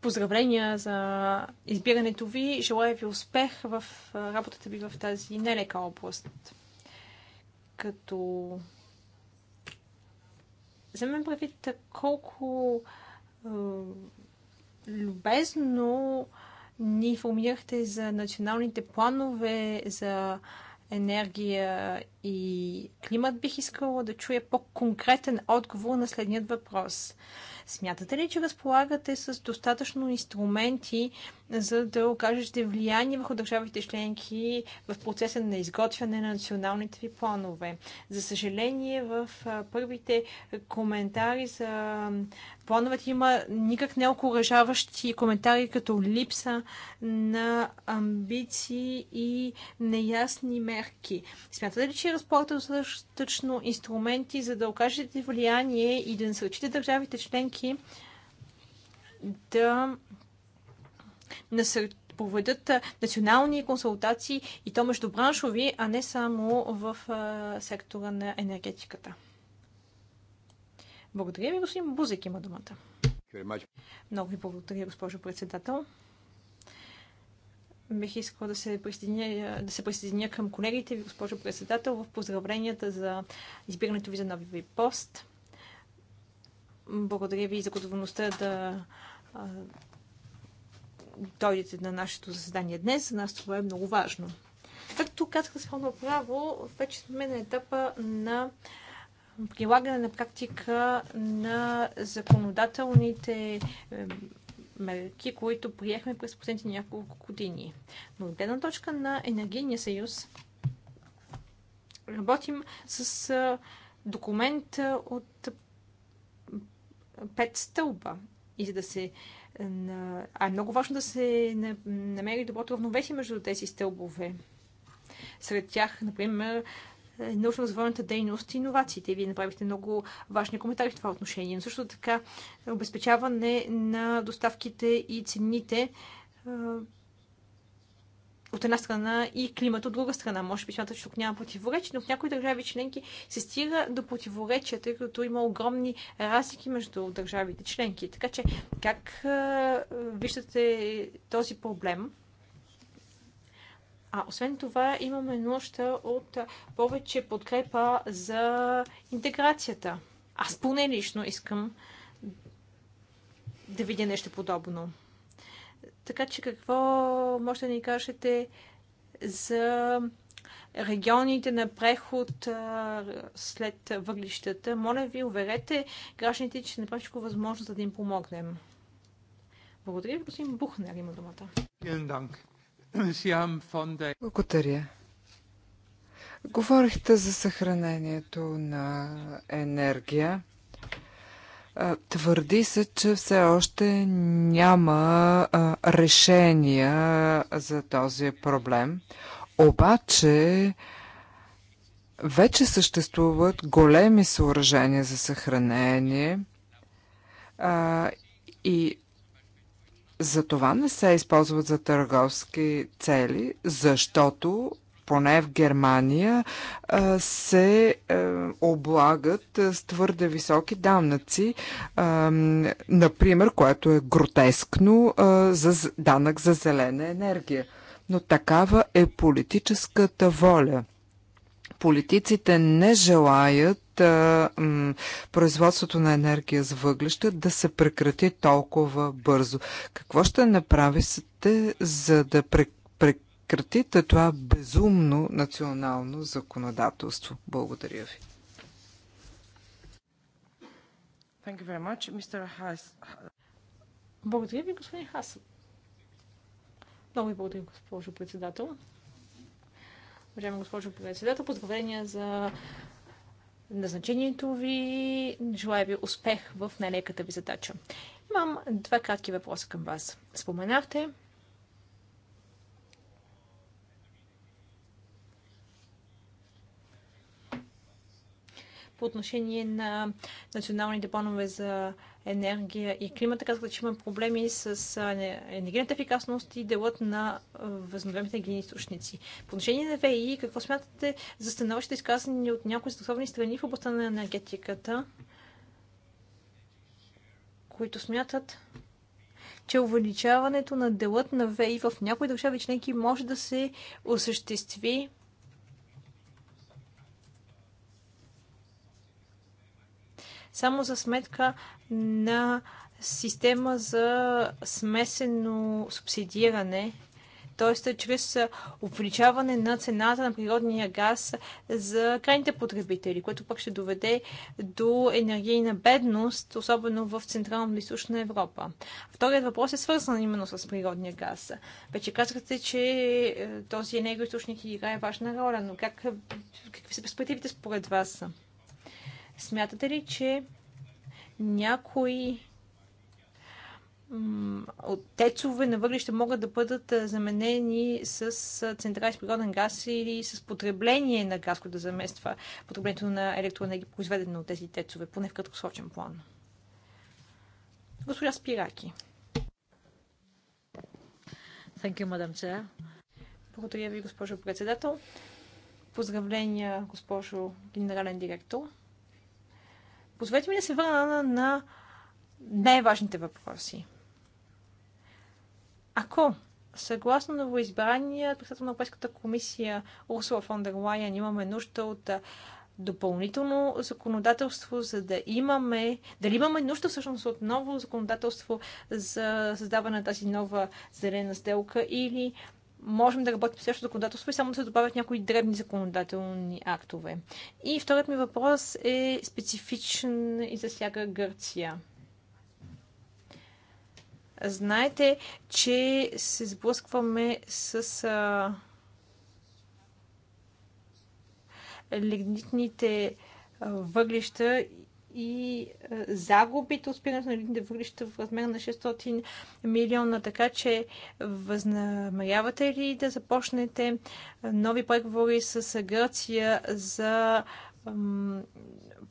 поздравления за избирането ви. Желая ви успех в работата ви в тази нелека област. Като мен правите колко е, любезно ни информирахте за националните планове, за е, енергия и климат, бих искала да чуя по-конкретен отговор на следният въпрос. Смятате ли, че разполагате с достатъчно инструменти, за да окажете влияние върху държавите членки в процеса на изготвяне на националните ви планове. За съжаление, в първите коментари за плановете има никак не окоръжаващи коментари като липса на амбиции и неясни мерки. Смятате ли, че е разполагате достатъчно инструменти, за да окажете влияние и да насърчите държавите членки да се проведат национални консултации и то между браншови, а не само в сектора на енергетиката. Благодаря ви, господин Бузик има думата. Много ви благодаря, госпожо председател. Бих искал да се, присъединя, да се присъединя към колегите ви, госпожо председател, в поздравленията за избирането ви за нови ви пост. Благодаря ви за готовността да дойдете на нашето заседание днес. За нас това е много важно. Както казах с право, вече сме на етапа на прилагане на практика на законодателните е, мерки, които приехме през последните няколко години. Но от гледна точка на Енергийния съюз работим с е, документ е, от пет стълба. И за да се на... А е много важно да се намери доброто равновесие между тези стълбове. Сред тях, например, е, научно-развойната дейност и иновациите. Вие направихте много важни коментари в това отношение. Но също така обезпечаване на доставките и цените от една страна и климата от друга страна. Може би смятат, че тук няма противоречие, но в някои държави членки се стига до противоречия, тъй като има огромни разлики между държавите членки. Така че как а, виждате този проблем? А освен това имаме нужда от повече подкрепа за интеграцията. Аз поне лично искам да видя нещо подобно. Така че какво може да ни кажете за регионите на преход а, след въглищата. Моля ви, уверете гражданите, че ще направим всичко възможно, за да им помогнем. Благодаря ви, господин Бухнер има думата. Благодаря. Говорихте за съхранението на енергия. Твърди се, че все още няма решения за този проблем. Обаче вече съществуват големи съоръжения за съхранение а, и за това не се използват за търговски цели, защото поне в Германия, се е, облагат е, с твърде високи данъци, например, което е гротескно за данък за зелена енергия. Но такава е политическата воля. Политиците не желаят производството на енергия с въглища да се прекрати толкова бързо. Какво ще направите, за да прекратите прекратите това безумно национално законодателство. Благодаря ви. Благодаря ви, господин Хас. Много ви благодаря, госпожо председател. Уважаема госпожо председател, поздравления за назначението ви. Желая ви успех в най-леката ви задача. Имам два кратки въпроса към вас. Споменахте, по отношение на националните планове за енергия и климата. Казах, че има проблеми с енергийната ефикасност и делът на възобновяемите енергийни източници. По отношение на ВИ, какво смятате за становища, изказани от някои здравословни страни в областта на енергетиката, които смятат, че увеличаването на делът на ВИ в някои държави членки може да се осъществи само за сметка на система за смесено субсидиране, т.е. чрез увеличаване на цената на природния газ за крайните потребители, което пък ще доведе до енергийна бедност, особено в Централна и Източна Европа. Вторият въпрос е свързан именно с природния газ. Вече казахте, че е, този енергоисточник играе важна роля, но как, е, какви са перспективите според вас? Смятате ли, че някои от тецове на въглища могат да бъдат заменени с централи с природен газ или с потребление на газ, което да замества потреблението на електроенергия, произведено от тези тецове, поне в краткосрочен план. Госпожа Спираки. Thank you, Madam Chair. Благодаря ви, госпожо председател. Поздравления, госпожо генерален директор. Позволете ми да се върна на най-важните въпроси. Ако съгласно новоизбрания председател на Европейската комисия Урсула фон дер Лайен имаме нужда от допълнително законодателство, за да имаме, дали имаме нужда всъщност от ново законодателство за създаване на тази нова зелена сделка или можем да работим също законодателство и само да се добавят някои дребни законодателни актове. И вторият ми въпрос е специфичен и засяга Гърция. Знаете, че се сблъскваме с а, лигнитните въглища и е, загубите от спирането на лигните въглища в размер на 600 милиона. Така че възнамерявате ли да започнете е, нови преговори с е, Гърция за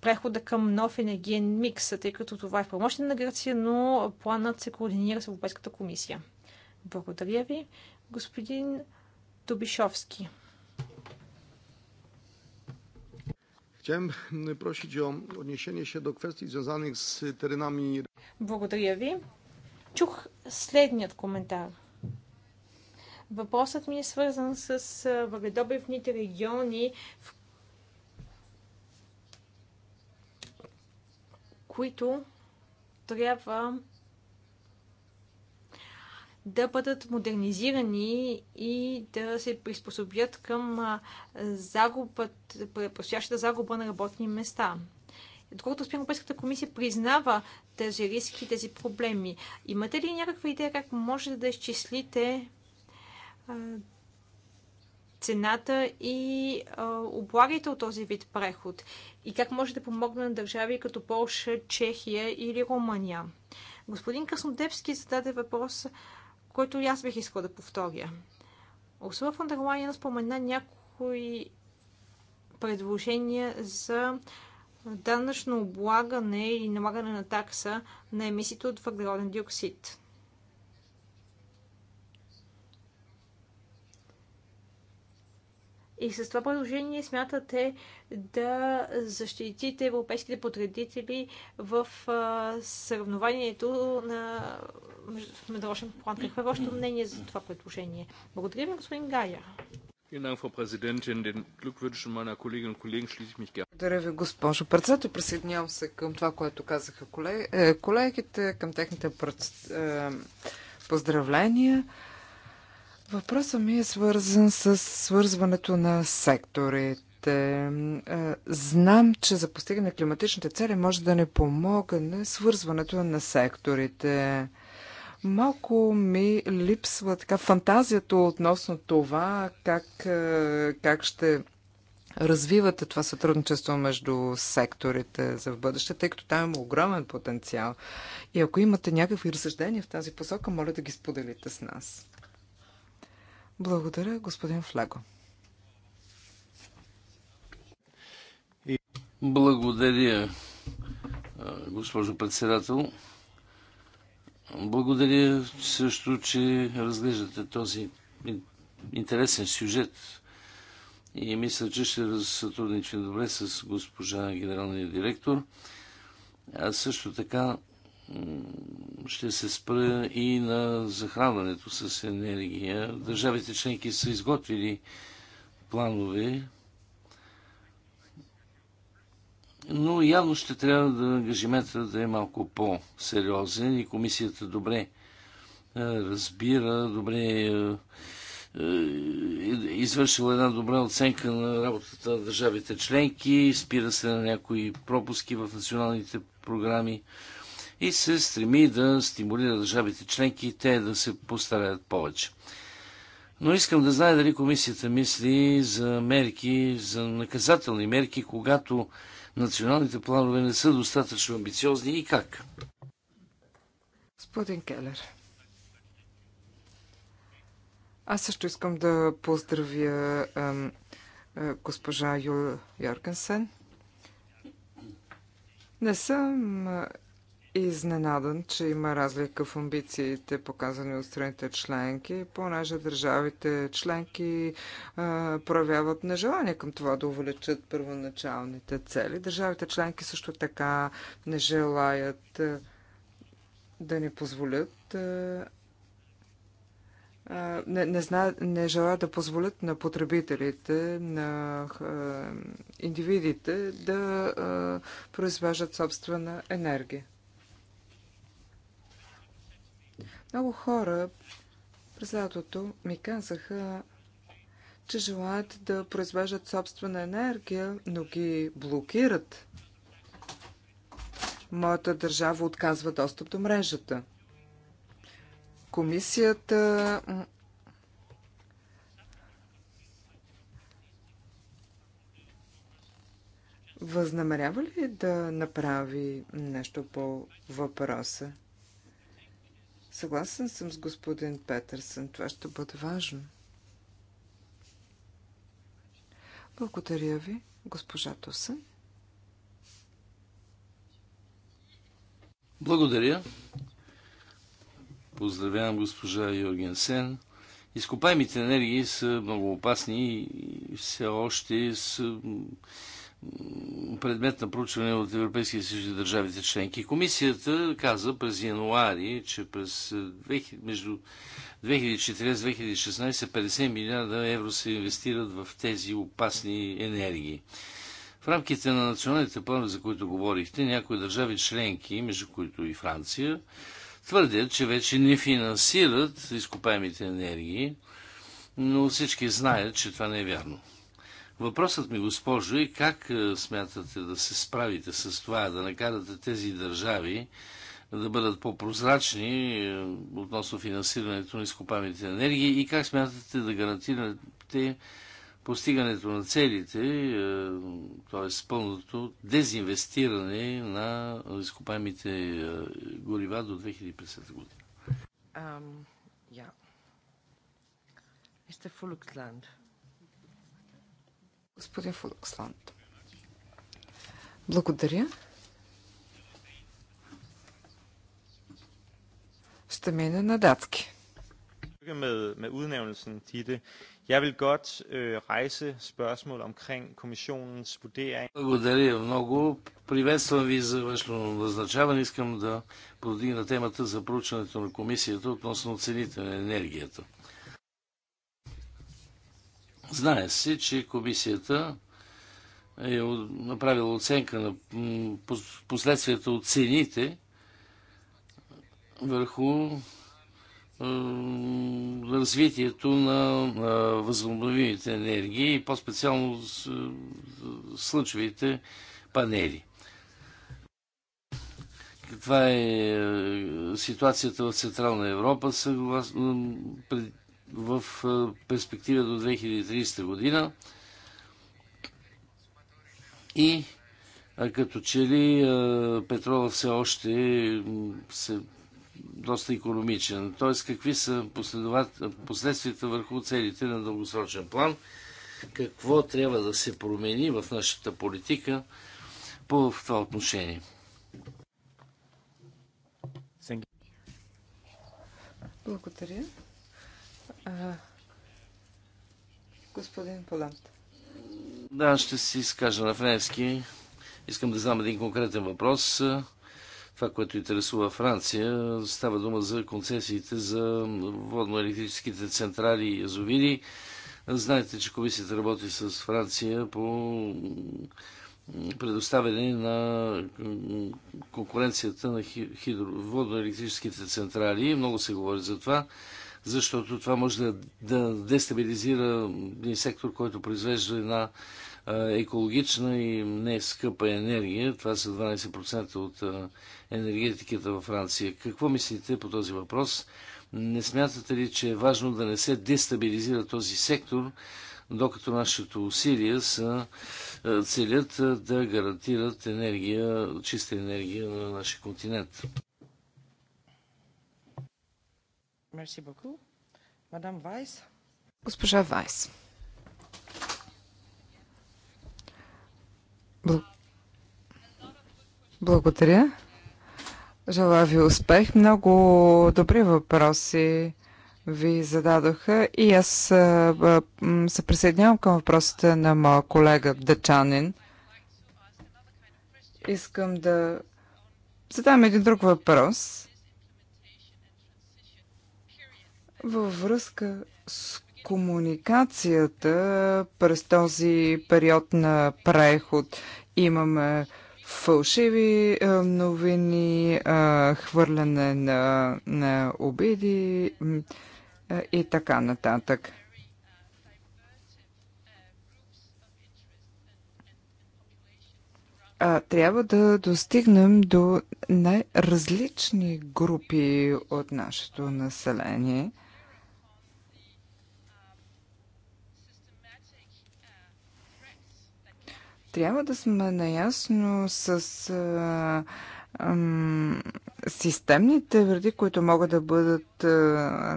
прехода към нов енергиен микс, тъй като това е в на Гърция, но планът се координира с Европейската комисия. Благодаря ви, господин Тобишовски. Chciałem prosić o odniesienie się do kwestii związanych z terenami. Благодаря ви. Чух следният коментар. Въпросът ми е свързан с въгледобивните региони, в които трябва да бъдат модернизирани и да се приспособят към загубът, загуба на работни места. Доколкото спрямо Европейската комисия признава тези риски, тези проблеми, имате ли някаква идея как може да изчислите цената и а, облагите от този вид преход? И как може да помогне на държави като Полша, Чехия или Румъния? Господин Краснодепски зададе въпрос което и аз бих искала да повторя. Урсула фон дер Лайен спомена някои предложения за данъчно облагане и налагане на такса на емисиите от въглероден диоксид. И с това предложение смятате да защитите европейските потребители в съревнованието на международен план. Какво е вашето мнение за това предложение? Благодаря ви, господин Гая. Благодаря ви, госпожо председател. Присъединявам се към това, което казаха е, колегите, към техните е, поздравления. Въпросът ми е свързан с свързването на секторите е, Знам, че за постигане на климатичните цели може да не помогне свързването на секторите. Малко ми липсва така фантазията относно това как, е, как ще развивате това сътрудничество между секторите за в бъдеще, тъй като там има огромен потенциал. И ако имате някакви разсъждения в тази посока, моля да ги споделите с нас. Благодаря, господин Флаго. Благодаря, госпожо председател. Благодаря също, че разглеждате този интересен сюжет. И мисля, че ще сътрудничим добре с госпожа генералния директор. А също така ще се спра и на захранването с енергия. Държавите членки са изготвили планове, но явно ще трябва да ангажиментът да е малко по-сериозен и комисията добре е, разбира, добре е, е, извършила една добра оценка на работата на държавите членки, спира се на някои пропуски в националните програми и се стреми да стимулира държавите членки и те да се постараят повече. Но искам да знае дали комисията мисли за мерки, за наказателни мерки, когато националните планове не са достатъчно амбициозни и как. Господин Келер. Аз също искам да поздравя ам, а, госпожа Юл Йоргенсен. Не съм изненадан, че има разлика в амбициите, показани от страните членки, понеже държавите членки а, проявяват нежелание към това да увеличат първоначалните цели. Държавите членки също така не желаят а, да ни позволят. А, не, не, зна, не желаят да позволят на потребителите, на индивидите да а, произвеждат собствена енергия. Много хора през лятото ми казаха, че желаят да произвеждат собствена енергия, но ги блокират. Моята държава отказва достъп до мрежата. Комисията възнамерява ли да направи нещо по въпроса? Съгласен съм с господин Петърсън. Това ще бъде важно. Благодаря ви, госпожа Тосън. Благодаря. Поздравявам госпожа Йорген Сен. Изкопаемите енергии са много опасни и все още са предмет на проучване от Европейския съюз и държавите членки. Комисията каза през януари, че през 2000, е, между 2014-2016 50 милиарда евро се инвестират в тези опасни енергии. В рамките на националните планове, за които говорихте, някои държави членки, между които и Франция, твърдят, че вече не финансират изкопаемите енергии, но всички знаят, че това не е вярно. Въпросът ми, госпожо, е как е, смятате да се справите с това, да накарате тези държави да бъдат по-прозрачни е, относно финансирането на изкопаемите енергии и как смятате да гарантирате постигането на целите, е, т.е. пълното дезинвестиране на изкопаемите горива до 2050 година? Um, yeah господин Фолксланд. Благодаря. Ще мина на датски. Med, med udnævnelsen, Ditte. Jeg vil godt øh, rejse spørgsmål omkring kommissionens vurdering. Благодаря много. Приветствам ви за външно назначаване. Искам да подигна темата за проучването на комисията относно цените на енергията. Знае се, че комисията е направила оценка на последствията от цените върху развитието на възобновимите енергии и по-специално слънчевите панели. Каква е ситуацията в Централна Европа, съгласно в е, перспектива до 2030 година. И като че ли е, петрола все още е доста економичен. Т.е. какви са последствията върху целите на дългосрочен план, какво трябва да се промени в нашата политика по в това отношение. Благодаря господин Полант. Да, ще си изкажа на френски. Искам да знам един конкретен въпрос. Това, което интересува Франция, става дума за концесиите за водно-електрическите централи и язовири. Знаете, че комисията работи с Франция по предоставяне на конкуренцията на водно-електрическите централи. Много се говори за това защото това може да, да дестабилизира един сектор, който произвежда една екологична и не скъпа енергия. Това са 12% от енергетиката във Франция. Какво мислите по този въпрос? Не смятате ли, че е важно да не се дестабилизира този сектор, докато нашите усилия са, целят да гарантират енергия, чиста енергия на нашия континент? Merci beaucoup. Госпожа Вайс. Благодаря. Желая ви успех. Много добри въпроси ви зададоха и аз се присъединявам към въпросите на моя колега Дачанин. Искам да задам един друг въпрос Във връзка с комуникацията през този период на преход имаме фалшиви е, новини, е, хвърляне на, на обиди е, и така нататък. а, трябва да достигнем до най-различни групи от нашето население – Трябва да сме наясно с а, ам, системните вреди, които могат да бъдат а,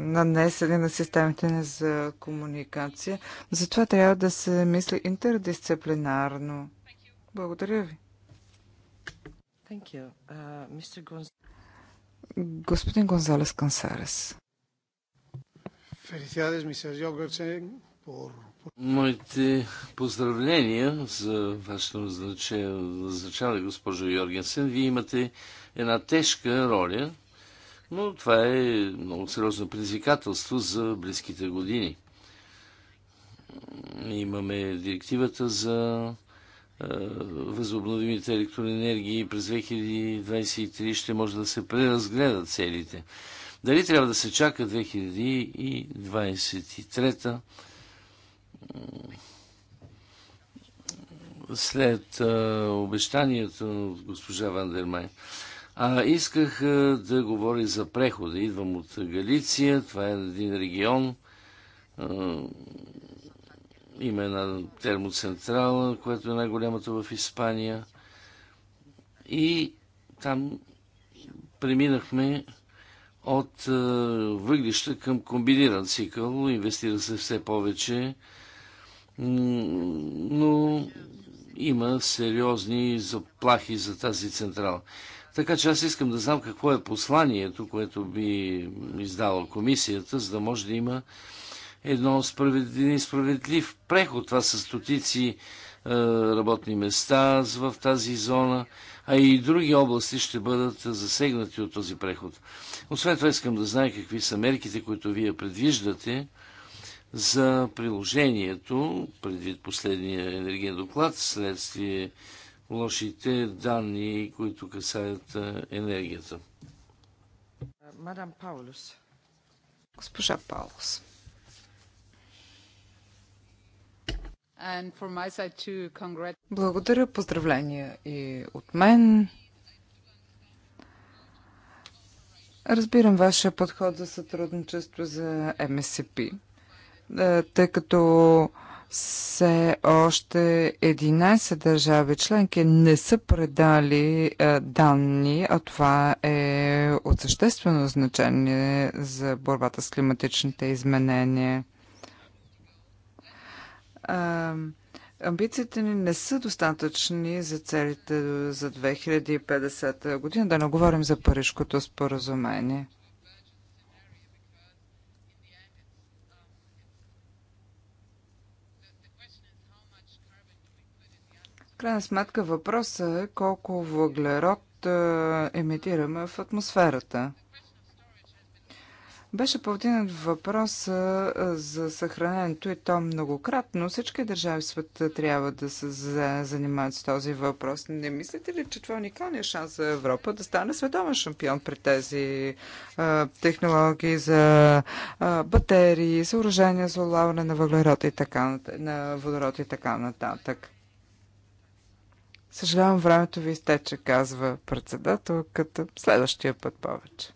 нанесени на системите ни за комуникация. Затова трябва да се мисли интердисциплинарно. Благодаря ви. Uh, Господин Гонзалес Кансарес. Felicidades, Mr. Jorgensen, por Моите поздравления за вашето назначаване, госпожо Йоргенсен. Вие имате една тежка роля, но това е много сериозно предизвикателство за близките години. Имаме директивата за е, възобновимите електроенергии през 2023 ще може да се преразгледат целите. Дали трябва да се чака 2023 след а, обещанието от госпожа Вандермайн. А, исках а, да говоря за прехода. Идвам от Галиция, това е един регион. А, има една термоцентрала, която е най-голямата в Испания. И там преминахме от а, въглища към комбиниран цикъл. Инвестира се все повече. А, но има сериозни заплахи за тази централа. Така че аз искам да знам какво е посланието, което би издала комисията, за да може да има едно справедлив, справедлив преход. Това са стотици е, работни места в тази зона, а и други области ще бъдат засегнати от този преход. Освен това искам да знае какви са мерките, които вие предвиждате, за приложението, предвид последния енергиен доклад, следствие лошите данни, които касаят енергията. Мадам Паулус. Госпожа Паулус. Благодаря, поздравления и от мен. Разбирам вашия подход за сътрудничество за МСП. Е, тъй като все още 11 държави членки не са предали е, данни, а това е от съществено значение за борбата с климатичните изменения. Е, амбициите ни не са достатъчни за целите за 2050 година, да не говорим за Парижкото споразумение. крайна сметка въпросът е колко въглерод е, емитираме в атмосферата. Беше повдигнат въпрос е, за съхранението и то многократно. Всички държави в света трябва да се занимават с този въпрос. Не мислите ли, че това е уникалният шанс за Европа да стане световен шампион при тези а, е, технологии за а, батерии, съоръжения за улавяне на въглерод и така, на водород и така нататък? Съжалявам, времето ви изтече, казва председателката. Следващия път повече.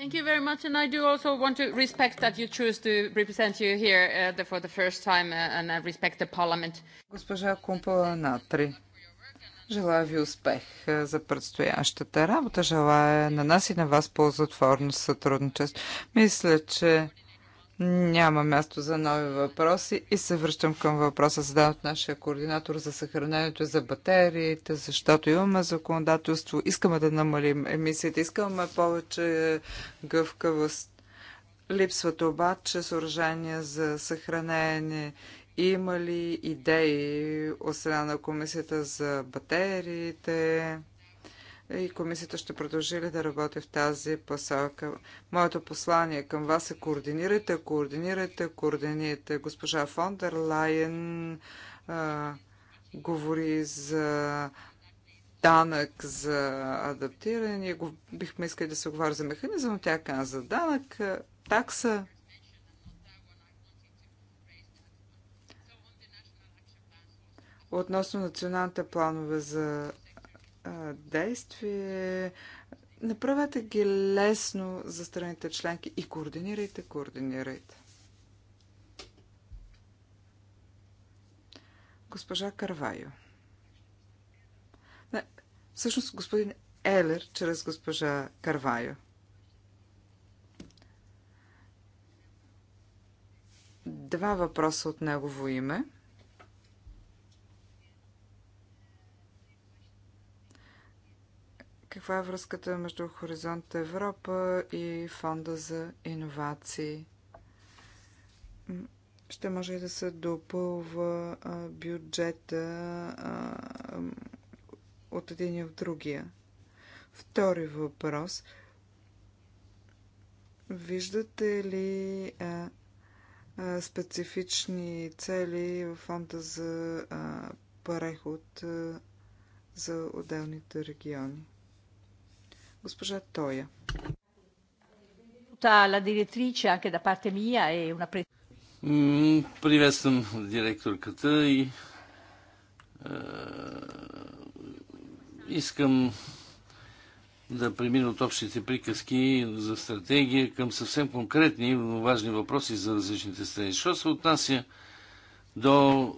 Thank you very much, and I do also want to respect that you choose to represent you here uh, for the first time, uh, and I respect the parliament. Госпожа Кумпала Натри, желая ви успех uh, за предстоящата работа. Желая на нас и на вас ползотворно сътрудничество. Мисля, че няма място за нови въпроси и се връщам към въпроса задан от нашия координатор за съхранението за батериите, защото имаме законодателство, искаме да намалим емисиите, искаме повече гъвкавост. Липсват обаче съоръжения за съхранение. Има ли идеи от страна на комисията за батериите? и комисията ще продължи ли да работи в тази посока. Моето послание към вас е координирайте, координирайте, координирайте. Госпожа Фондер Лайен а, говори за данък за адаптиране. Го, бихме искали да се говори за механизъм. Тя каза данък, такса. Относно националните планове за действие. Направете ги лесно за страните членки и координирайте, координирайте. Госпожа Карвайо. Не, всъщност господин Елер чрез госпожа Карвайо. Два въпроса от негово име – Каква е връзката между Хоризонт Европа и Фонда за иновации? Ще може да се допълва бюджета от един в другия. Втори въпрос. Виждате ли специфични цели в фонда за преход за отделните региони? Госпожа Тоя. Е приветствам директорката и е, искам да премина от общите приказки за стратегия към съвсем конкретни, но важни въпроси за различните страни. Що се отнася до е,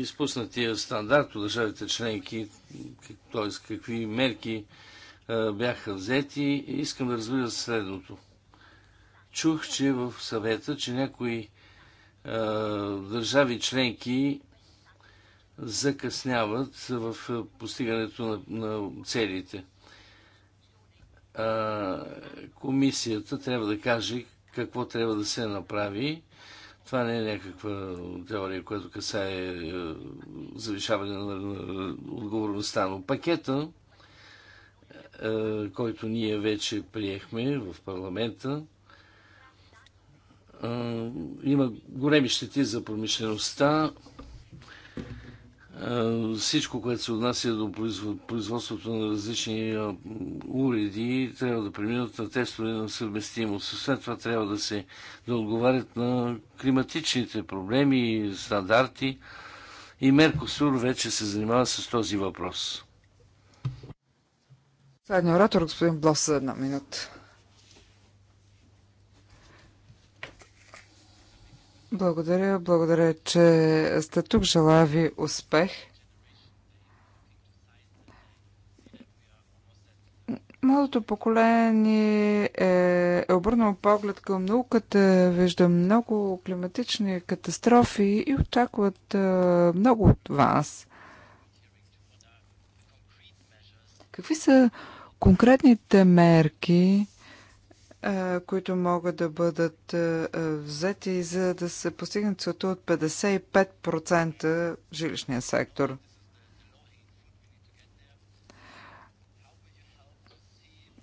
изпуснатия стандарт от държавите членки, т.е. какви мерки е, бяха взети. и Искам да разбира следното. Чух, че в съвета, че някои а, е, държави членки закъсняват в постигането на, на целите. А, е, комисията трябва да каже какво трябва да се направи. Това не е някаква теория, която касае завишаване на отговорността, но пакета е, който ние вече приехме в парламента. Е, има големи щети за промишлеността. Е, всичко, което се отнася до производството на различни уреди, трябва да преминат на тестове на съвместимост. След това трябва да се да отговарят на климатичните проблеми, стандарти. И Меркосур вече се занимава с този въпрос. Последния е оратор, господин Блос, за една минута. Благодаря, благодаря, че сте тук. Желая ви успех. Младото поколение е, е обърнало поглед към науката, вижда много климатични катастрофи и очакват е, много от вас. Какви са Конкретните мерки, които могат да бъдат взети, за да се постигне целта от 55% жилищния сектор.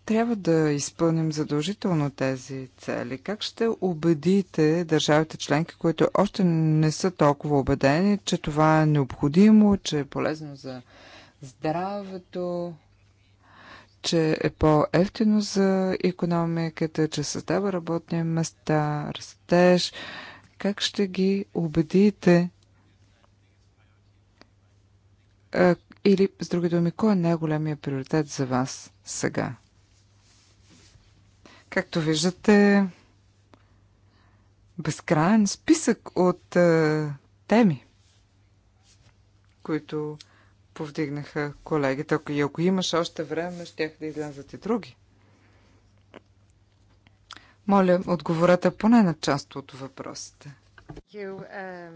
трябва да изпълним задължително тези цели? Как ще убедите държавите членки, които още не са толкова убедени, че това е необходимо, че е полезно за здравето? че е по-ефтино за економиката, че създава работни места, растеж. Как ще ги убедите? Или, с други думи, кой е най-големия приоритет за вас сега? Както виждате, безкраен списък от теми, които повдигнаха колегите. и ако имаш още време, щях да излязат и други. Моля, отговорете поне на част от въпросите. Um,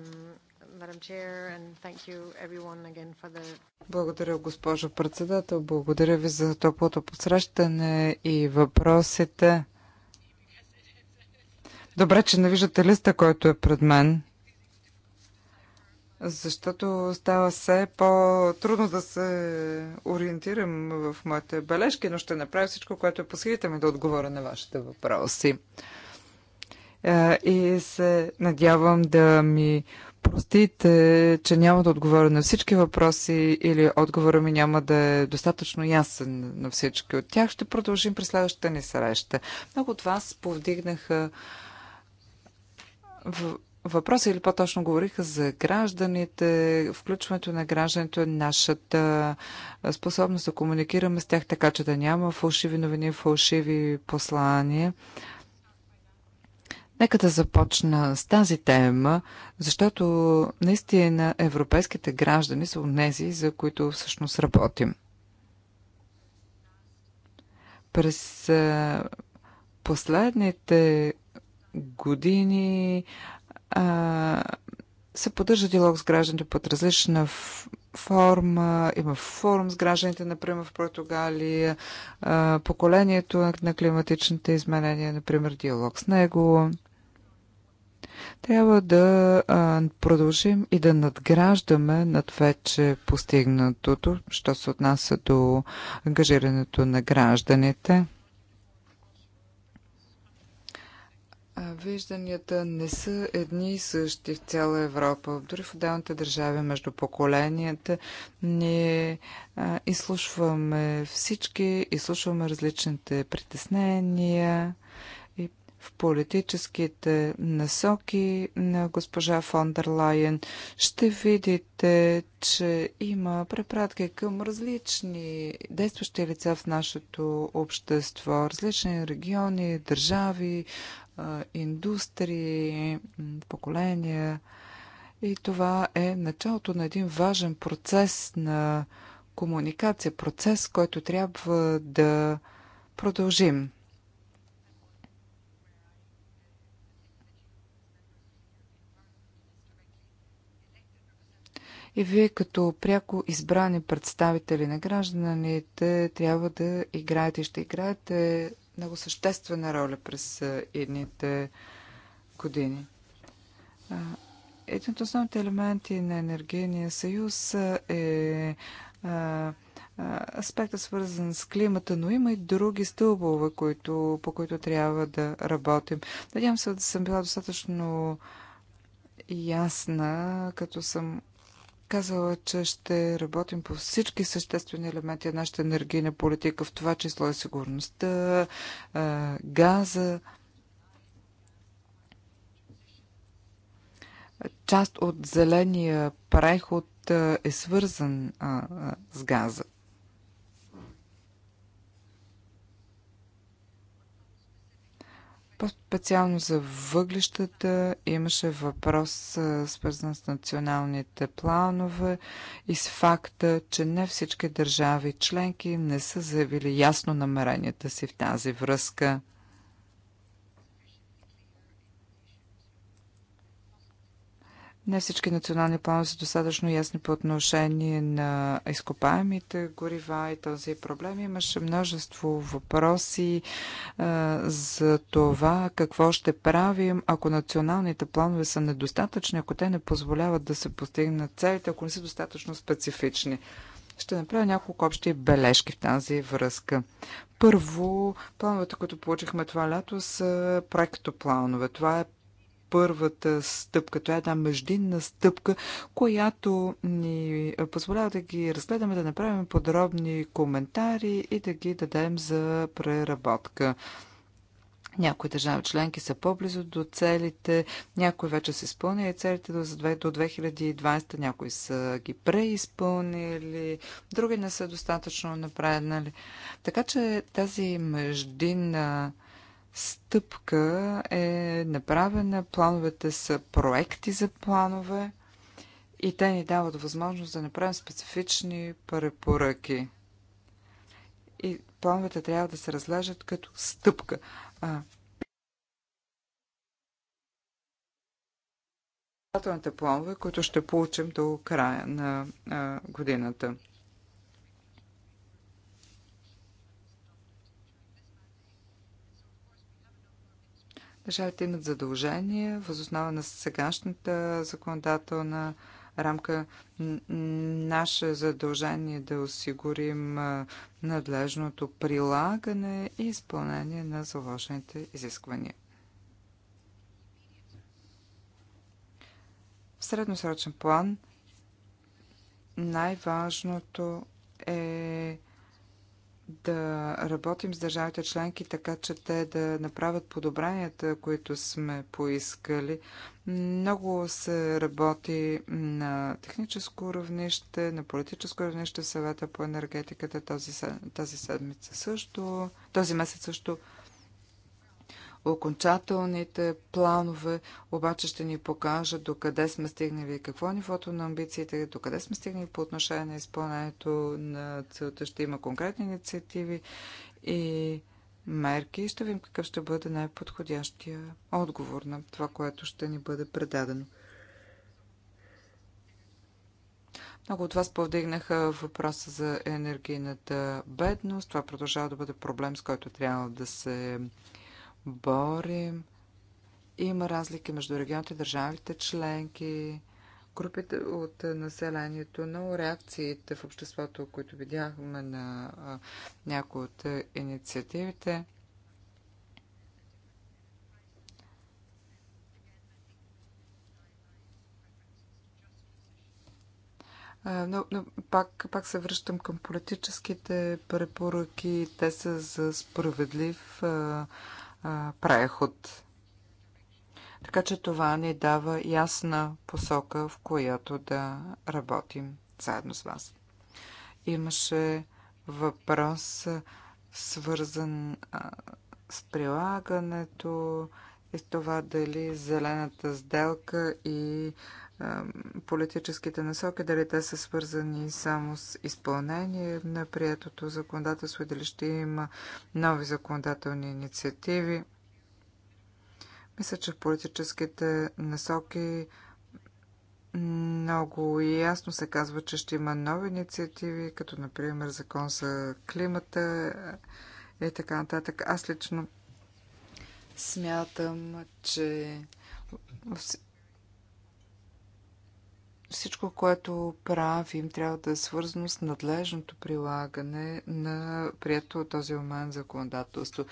Благодаря, госпожо председател. Благодаря ви за топлото посрещане и въпросите. Добре, че не виждате листа, който е пред мен защото става все по-трудно да се ориентирам в моите бележки, но ще направя всичко, което е по силите ми да отговоря на вашите въпроси. Е, и се надявам да ми простите, че няма да отговоря на всички въпроси или отговора ми няма да е достатъчно ясен на всички от тях. Ще продължим при следващата ни среща. Много от вас повдигнаха в въпроса или по-точно говориха за гражданите, включването на гражданите, нашата способност да комуникираме с тях така, че да няма фалшиви новини, фалшиви послания. Нека да започна с тази тема, защото наистина европейските граждани са унези, за които всъщност работим. През последните години се поддържа диалог с гражданите под различна форма. Има форум с гражданите, например, в Португалия. Поколението е на климатичните изменения, например, диалог с него. Трябва да продължим и да надграждаме над вече постигнатото, що се отнася до ангажирането на гражданите. вижданията не са едни и същи в цяла Европа. Дори в отделните държави между поколенията ние а, изслушваме всички, изслушваме различните притеснения и в политическите насоки на госпожа фон дер Лайен ще видите, че има препратки към различни действащи лица в нашето общество, различни региони, държави, индустрии, поколения. И това е началото на един важен процес на комуникация, процес, който трябва да продължим. И вие като пряко избрани представители на гражданите трябва да играете и ще играете много съществена роля през едните години. Един от основните елементи на енергийния съюз е аспекта свързан с климата, но има и други стълбове, които, по които трябва да работим. Надявам се да съм била достатъчно ясна, като съм казала, че ще работим по всички съществени елементи на нашата енергийна политика, в това число и сигурността, газа, част от зеления преход е свързан с газа. По-специално за въглищата имаше въпрос свързан с националните планове и с факта, че не всички държави членки не са заявили ясно намеренията си в тази връзка. Не всички национални планове са достатъчно ясни по отношение на изкопаемите горива и този проблем. Имаше множество въпроси а, за това какво ще правим, ако националните планове са недостатъчни, ако те не позволяват да се постигнат целите, ако не са достатъчно специфични. Ще направя няколко общи бележки в тази връзка. Първо, плановете, които получихме това лято, са проектопланове. Това е първата стъпка. Това е една междинна стъпка, която ни позволява да ги разгледаме, да направим подробни коментари и да ги дадем за преработка. Някои държави членки са по-близо до целите, някои вече са изпълнили целите до 2020, някои са ги преизпълнили, други не са достатъчно направени. Така че тази междинна стъпка е направена, плановете са проекти за планове и те ни дават възможност да направим специфични препоръки. И плановете трябва да се разглеждат като стъпка. планове, които ще получим до края на годината. Държавите имат задължения възоснова на сегашната законодателна рамка. Наше задължение е да осигурим надлежното прилагане и изпълнение на заложените изисквания. В средносрочен план най-важното е да работим с държавите членки така, че те да направят подобранията, които сме поискали. Много се работи на техническо равнище, на политическо равнище в съвета по енергетиката тази, тази седмица също, този месец също. Окончателните планове обаче ще ни покажат до къде сме стигнали, какво е нивото на амбициите, до къде сме стигнали по отношение на изпълнението на целта. Ще има конкретни инициативи и мерки ще видим какъв ще бъде най-подходящия отговор на това, което ще ни бъде предадено. Много от вас повдигнаха въпроса за енергийната бедност. Това продължава да бъде проблем, с който трябва да се борим. Има разлики между регионите, държавите членки, групите от населението, но реакциите в обществото, които видяхме на някои от инициативите. Но, но пак, пак се връщам към политическите препоръки. Те са за справедлив а, преход. Така че това ни дава ясна посока, в която да работим заедно с вас. Имаше въпрос, свързан с прилагането и с това дали зелената сделка и политическите насоки, дали те са свързани само с изпълнение на приятото законодателство, дали ще има нови законодателни инициативи. Мисля, че в политическите насоки много ясно се казва, че ще има нови инициативи, като например закон за климата и така нататък. Аз лично смятам, че всичко, което правим, трябва да е свързано с надлежното прилагане на прието от този момент законодателство.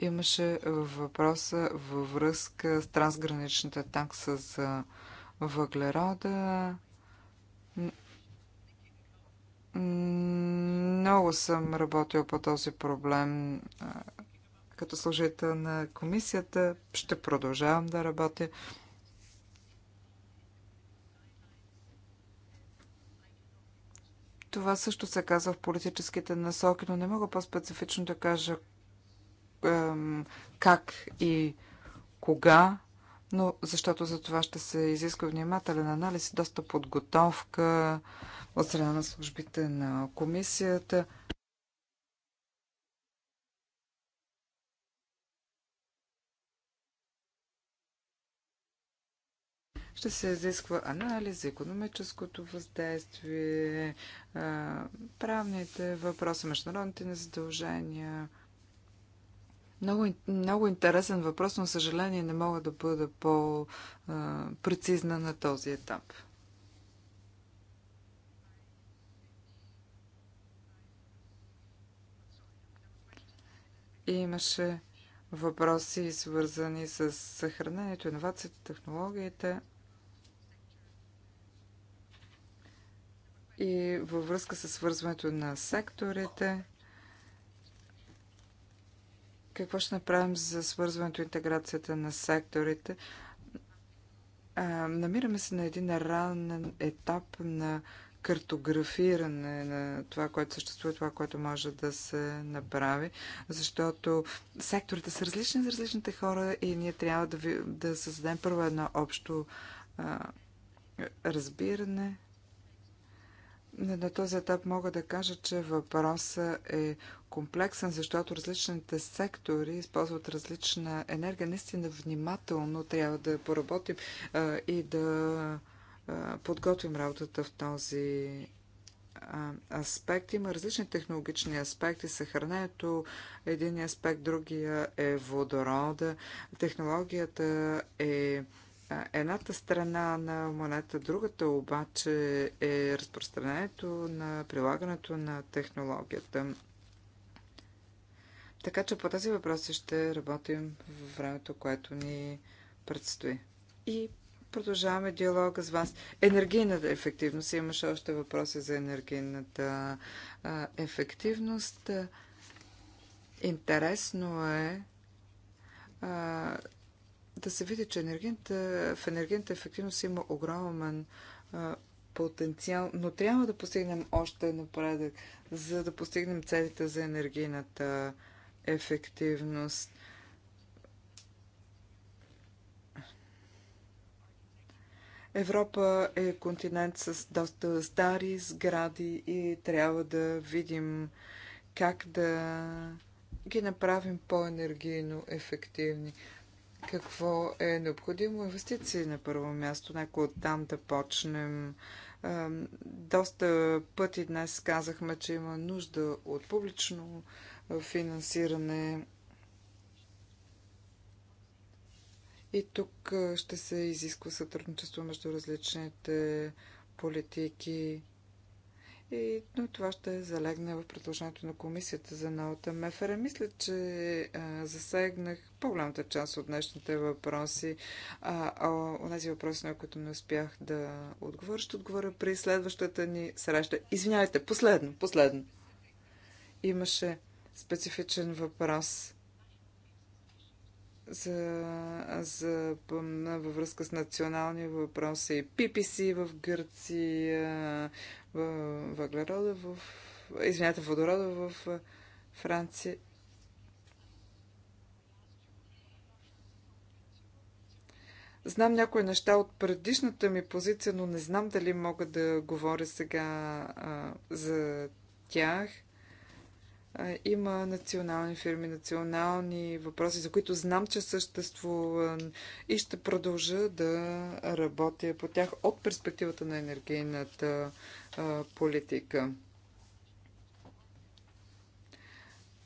Имаше въпроса във връзка с трансграничната такса за въглерода. Много съм работил по този проблем като служител на комисията. Ще продължавам да работя. Това също се казва в политическите насоки, но не мога по-специфично да кажа как и кога, но защото за това ще се изисква внимателен анализ и доста подготовка от страна на службите на комисията. Ще се изисква анализ, економическото въздействие, правните въпроси, международните ни задължения. Много, много интересен въпрос, но съжаление не мога да бъда по-прецизна на този етап. И имаше въпроси, свързани с съхранението, инновациите, технологиите. и във връзка с свързването на секторите. Какво ще направим за свързването и интеграцията на секторите? намираме се на един ранен етап на картографиране на това, което съществува, това, което може да се направи, защото секторите са различни за различните хора и ние трябва да, ви, да създадем първо едно общо а, разбиране на този етап мога да кажа, че въпросът е комплексен, защото различните сектори използват различна енергия. Наистина внимателно трябва да поработим а, и да а, подготвим работата в този а, аспект. Има различни технологични аспекти. Съхранението един аспект, другия е водорода. Технологията е едната страна на монета, другата обаче е разпространението на прилагането на технологията. Така че по тези въпроси ще работим в времето, което ни предстои. И продължаваме диалога с вас. Енергийната ефективност. Имаше още въпроси за енергийната ефективност. Интересно е да се види, че енергията, в енергийната ефективност има огромен а, потенциал, но трябва да постигнем още напредък, за да постигнем целите за енергийната ефективност. Европа е континент с доста стари сгради и трябва да видим как да ги направим по-енергийно ефективни какво е необходимо. Инвестиции на първо място. Нека оттам да почнем. Доста пъти днес казахме, че има нужда от публично финансиране. И тук ще се изисква сътрудничество между различните политики. И, но това ще залегне в предложението на комисията за новата МФР. Мисля, че а, засегнах по-голямата част от днешните въпроси, а, а тези въпроси, на които не успях да отговоря, ще отговоря при следващата ни среща. Извинявайте, последно, последно. Имаше специфичен въпрос за, за, във връзка с национални въпроси. PPC в Гърция, въглерода в... Извинете, водорода в Франция. Знам някои неща от предишната ми позиция, но не знам дали мога да говоря сега а, за тях. Има национални фирми, национални въпроси, за които знам, че съществувам и ще продължа да работя по тях от перспективата на енергийната политика.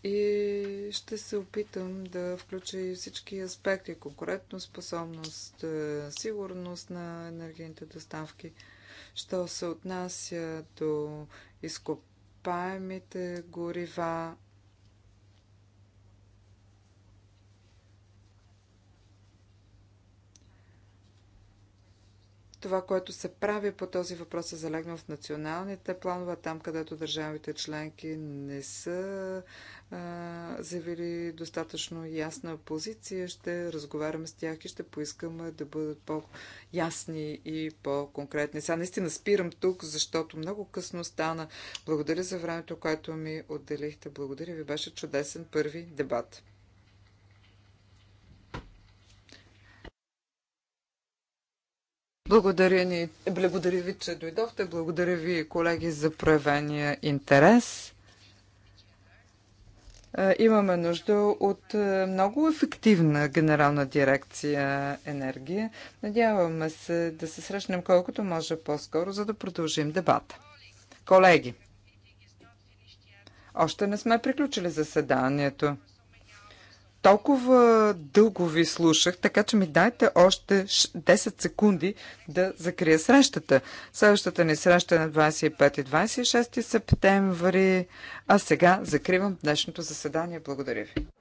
И ще се опитам да включа всички аспекти конкурентно способност, сигурност на енергийните доставки. Що се отнася до изкуп изкопаемите горива, това, което се прави по този въпрос е залегнал в националните планове, там където държавите членки не са а, заявили достатъчно ясна позиция, ще разговаряме с тях и ще поискаме да бъдат по-ясни и по-конкретни. Сега наистина спирам тук, защото много късно стана. Благодаря за времето, което ми отделихте. Благодаря ви, беше чудесен първи дебат. Благодаря, ни, благодаря ви, че дойдохте. Благодаря ви, колеги, за проявения интерес. Е, имаме нужда от е, много ефективна генерална дирекция енергия. Надяваме се да се срещнем колкото може по-скоро, за да продължим дебата. Колеги, още не сме приключили заседанието. Толкова дълго ви слушах, така че ми дайте още 10 секунди да закрия срещата. Следващата ни среща е на 25 и 26 септември, а сега закривам днешното заседание. Благодаря ви.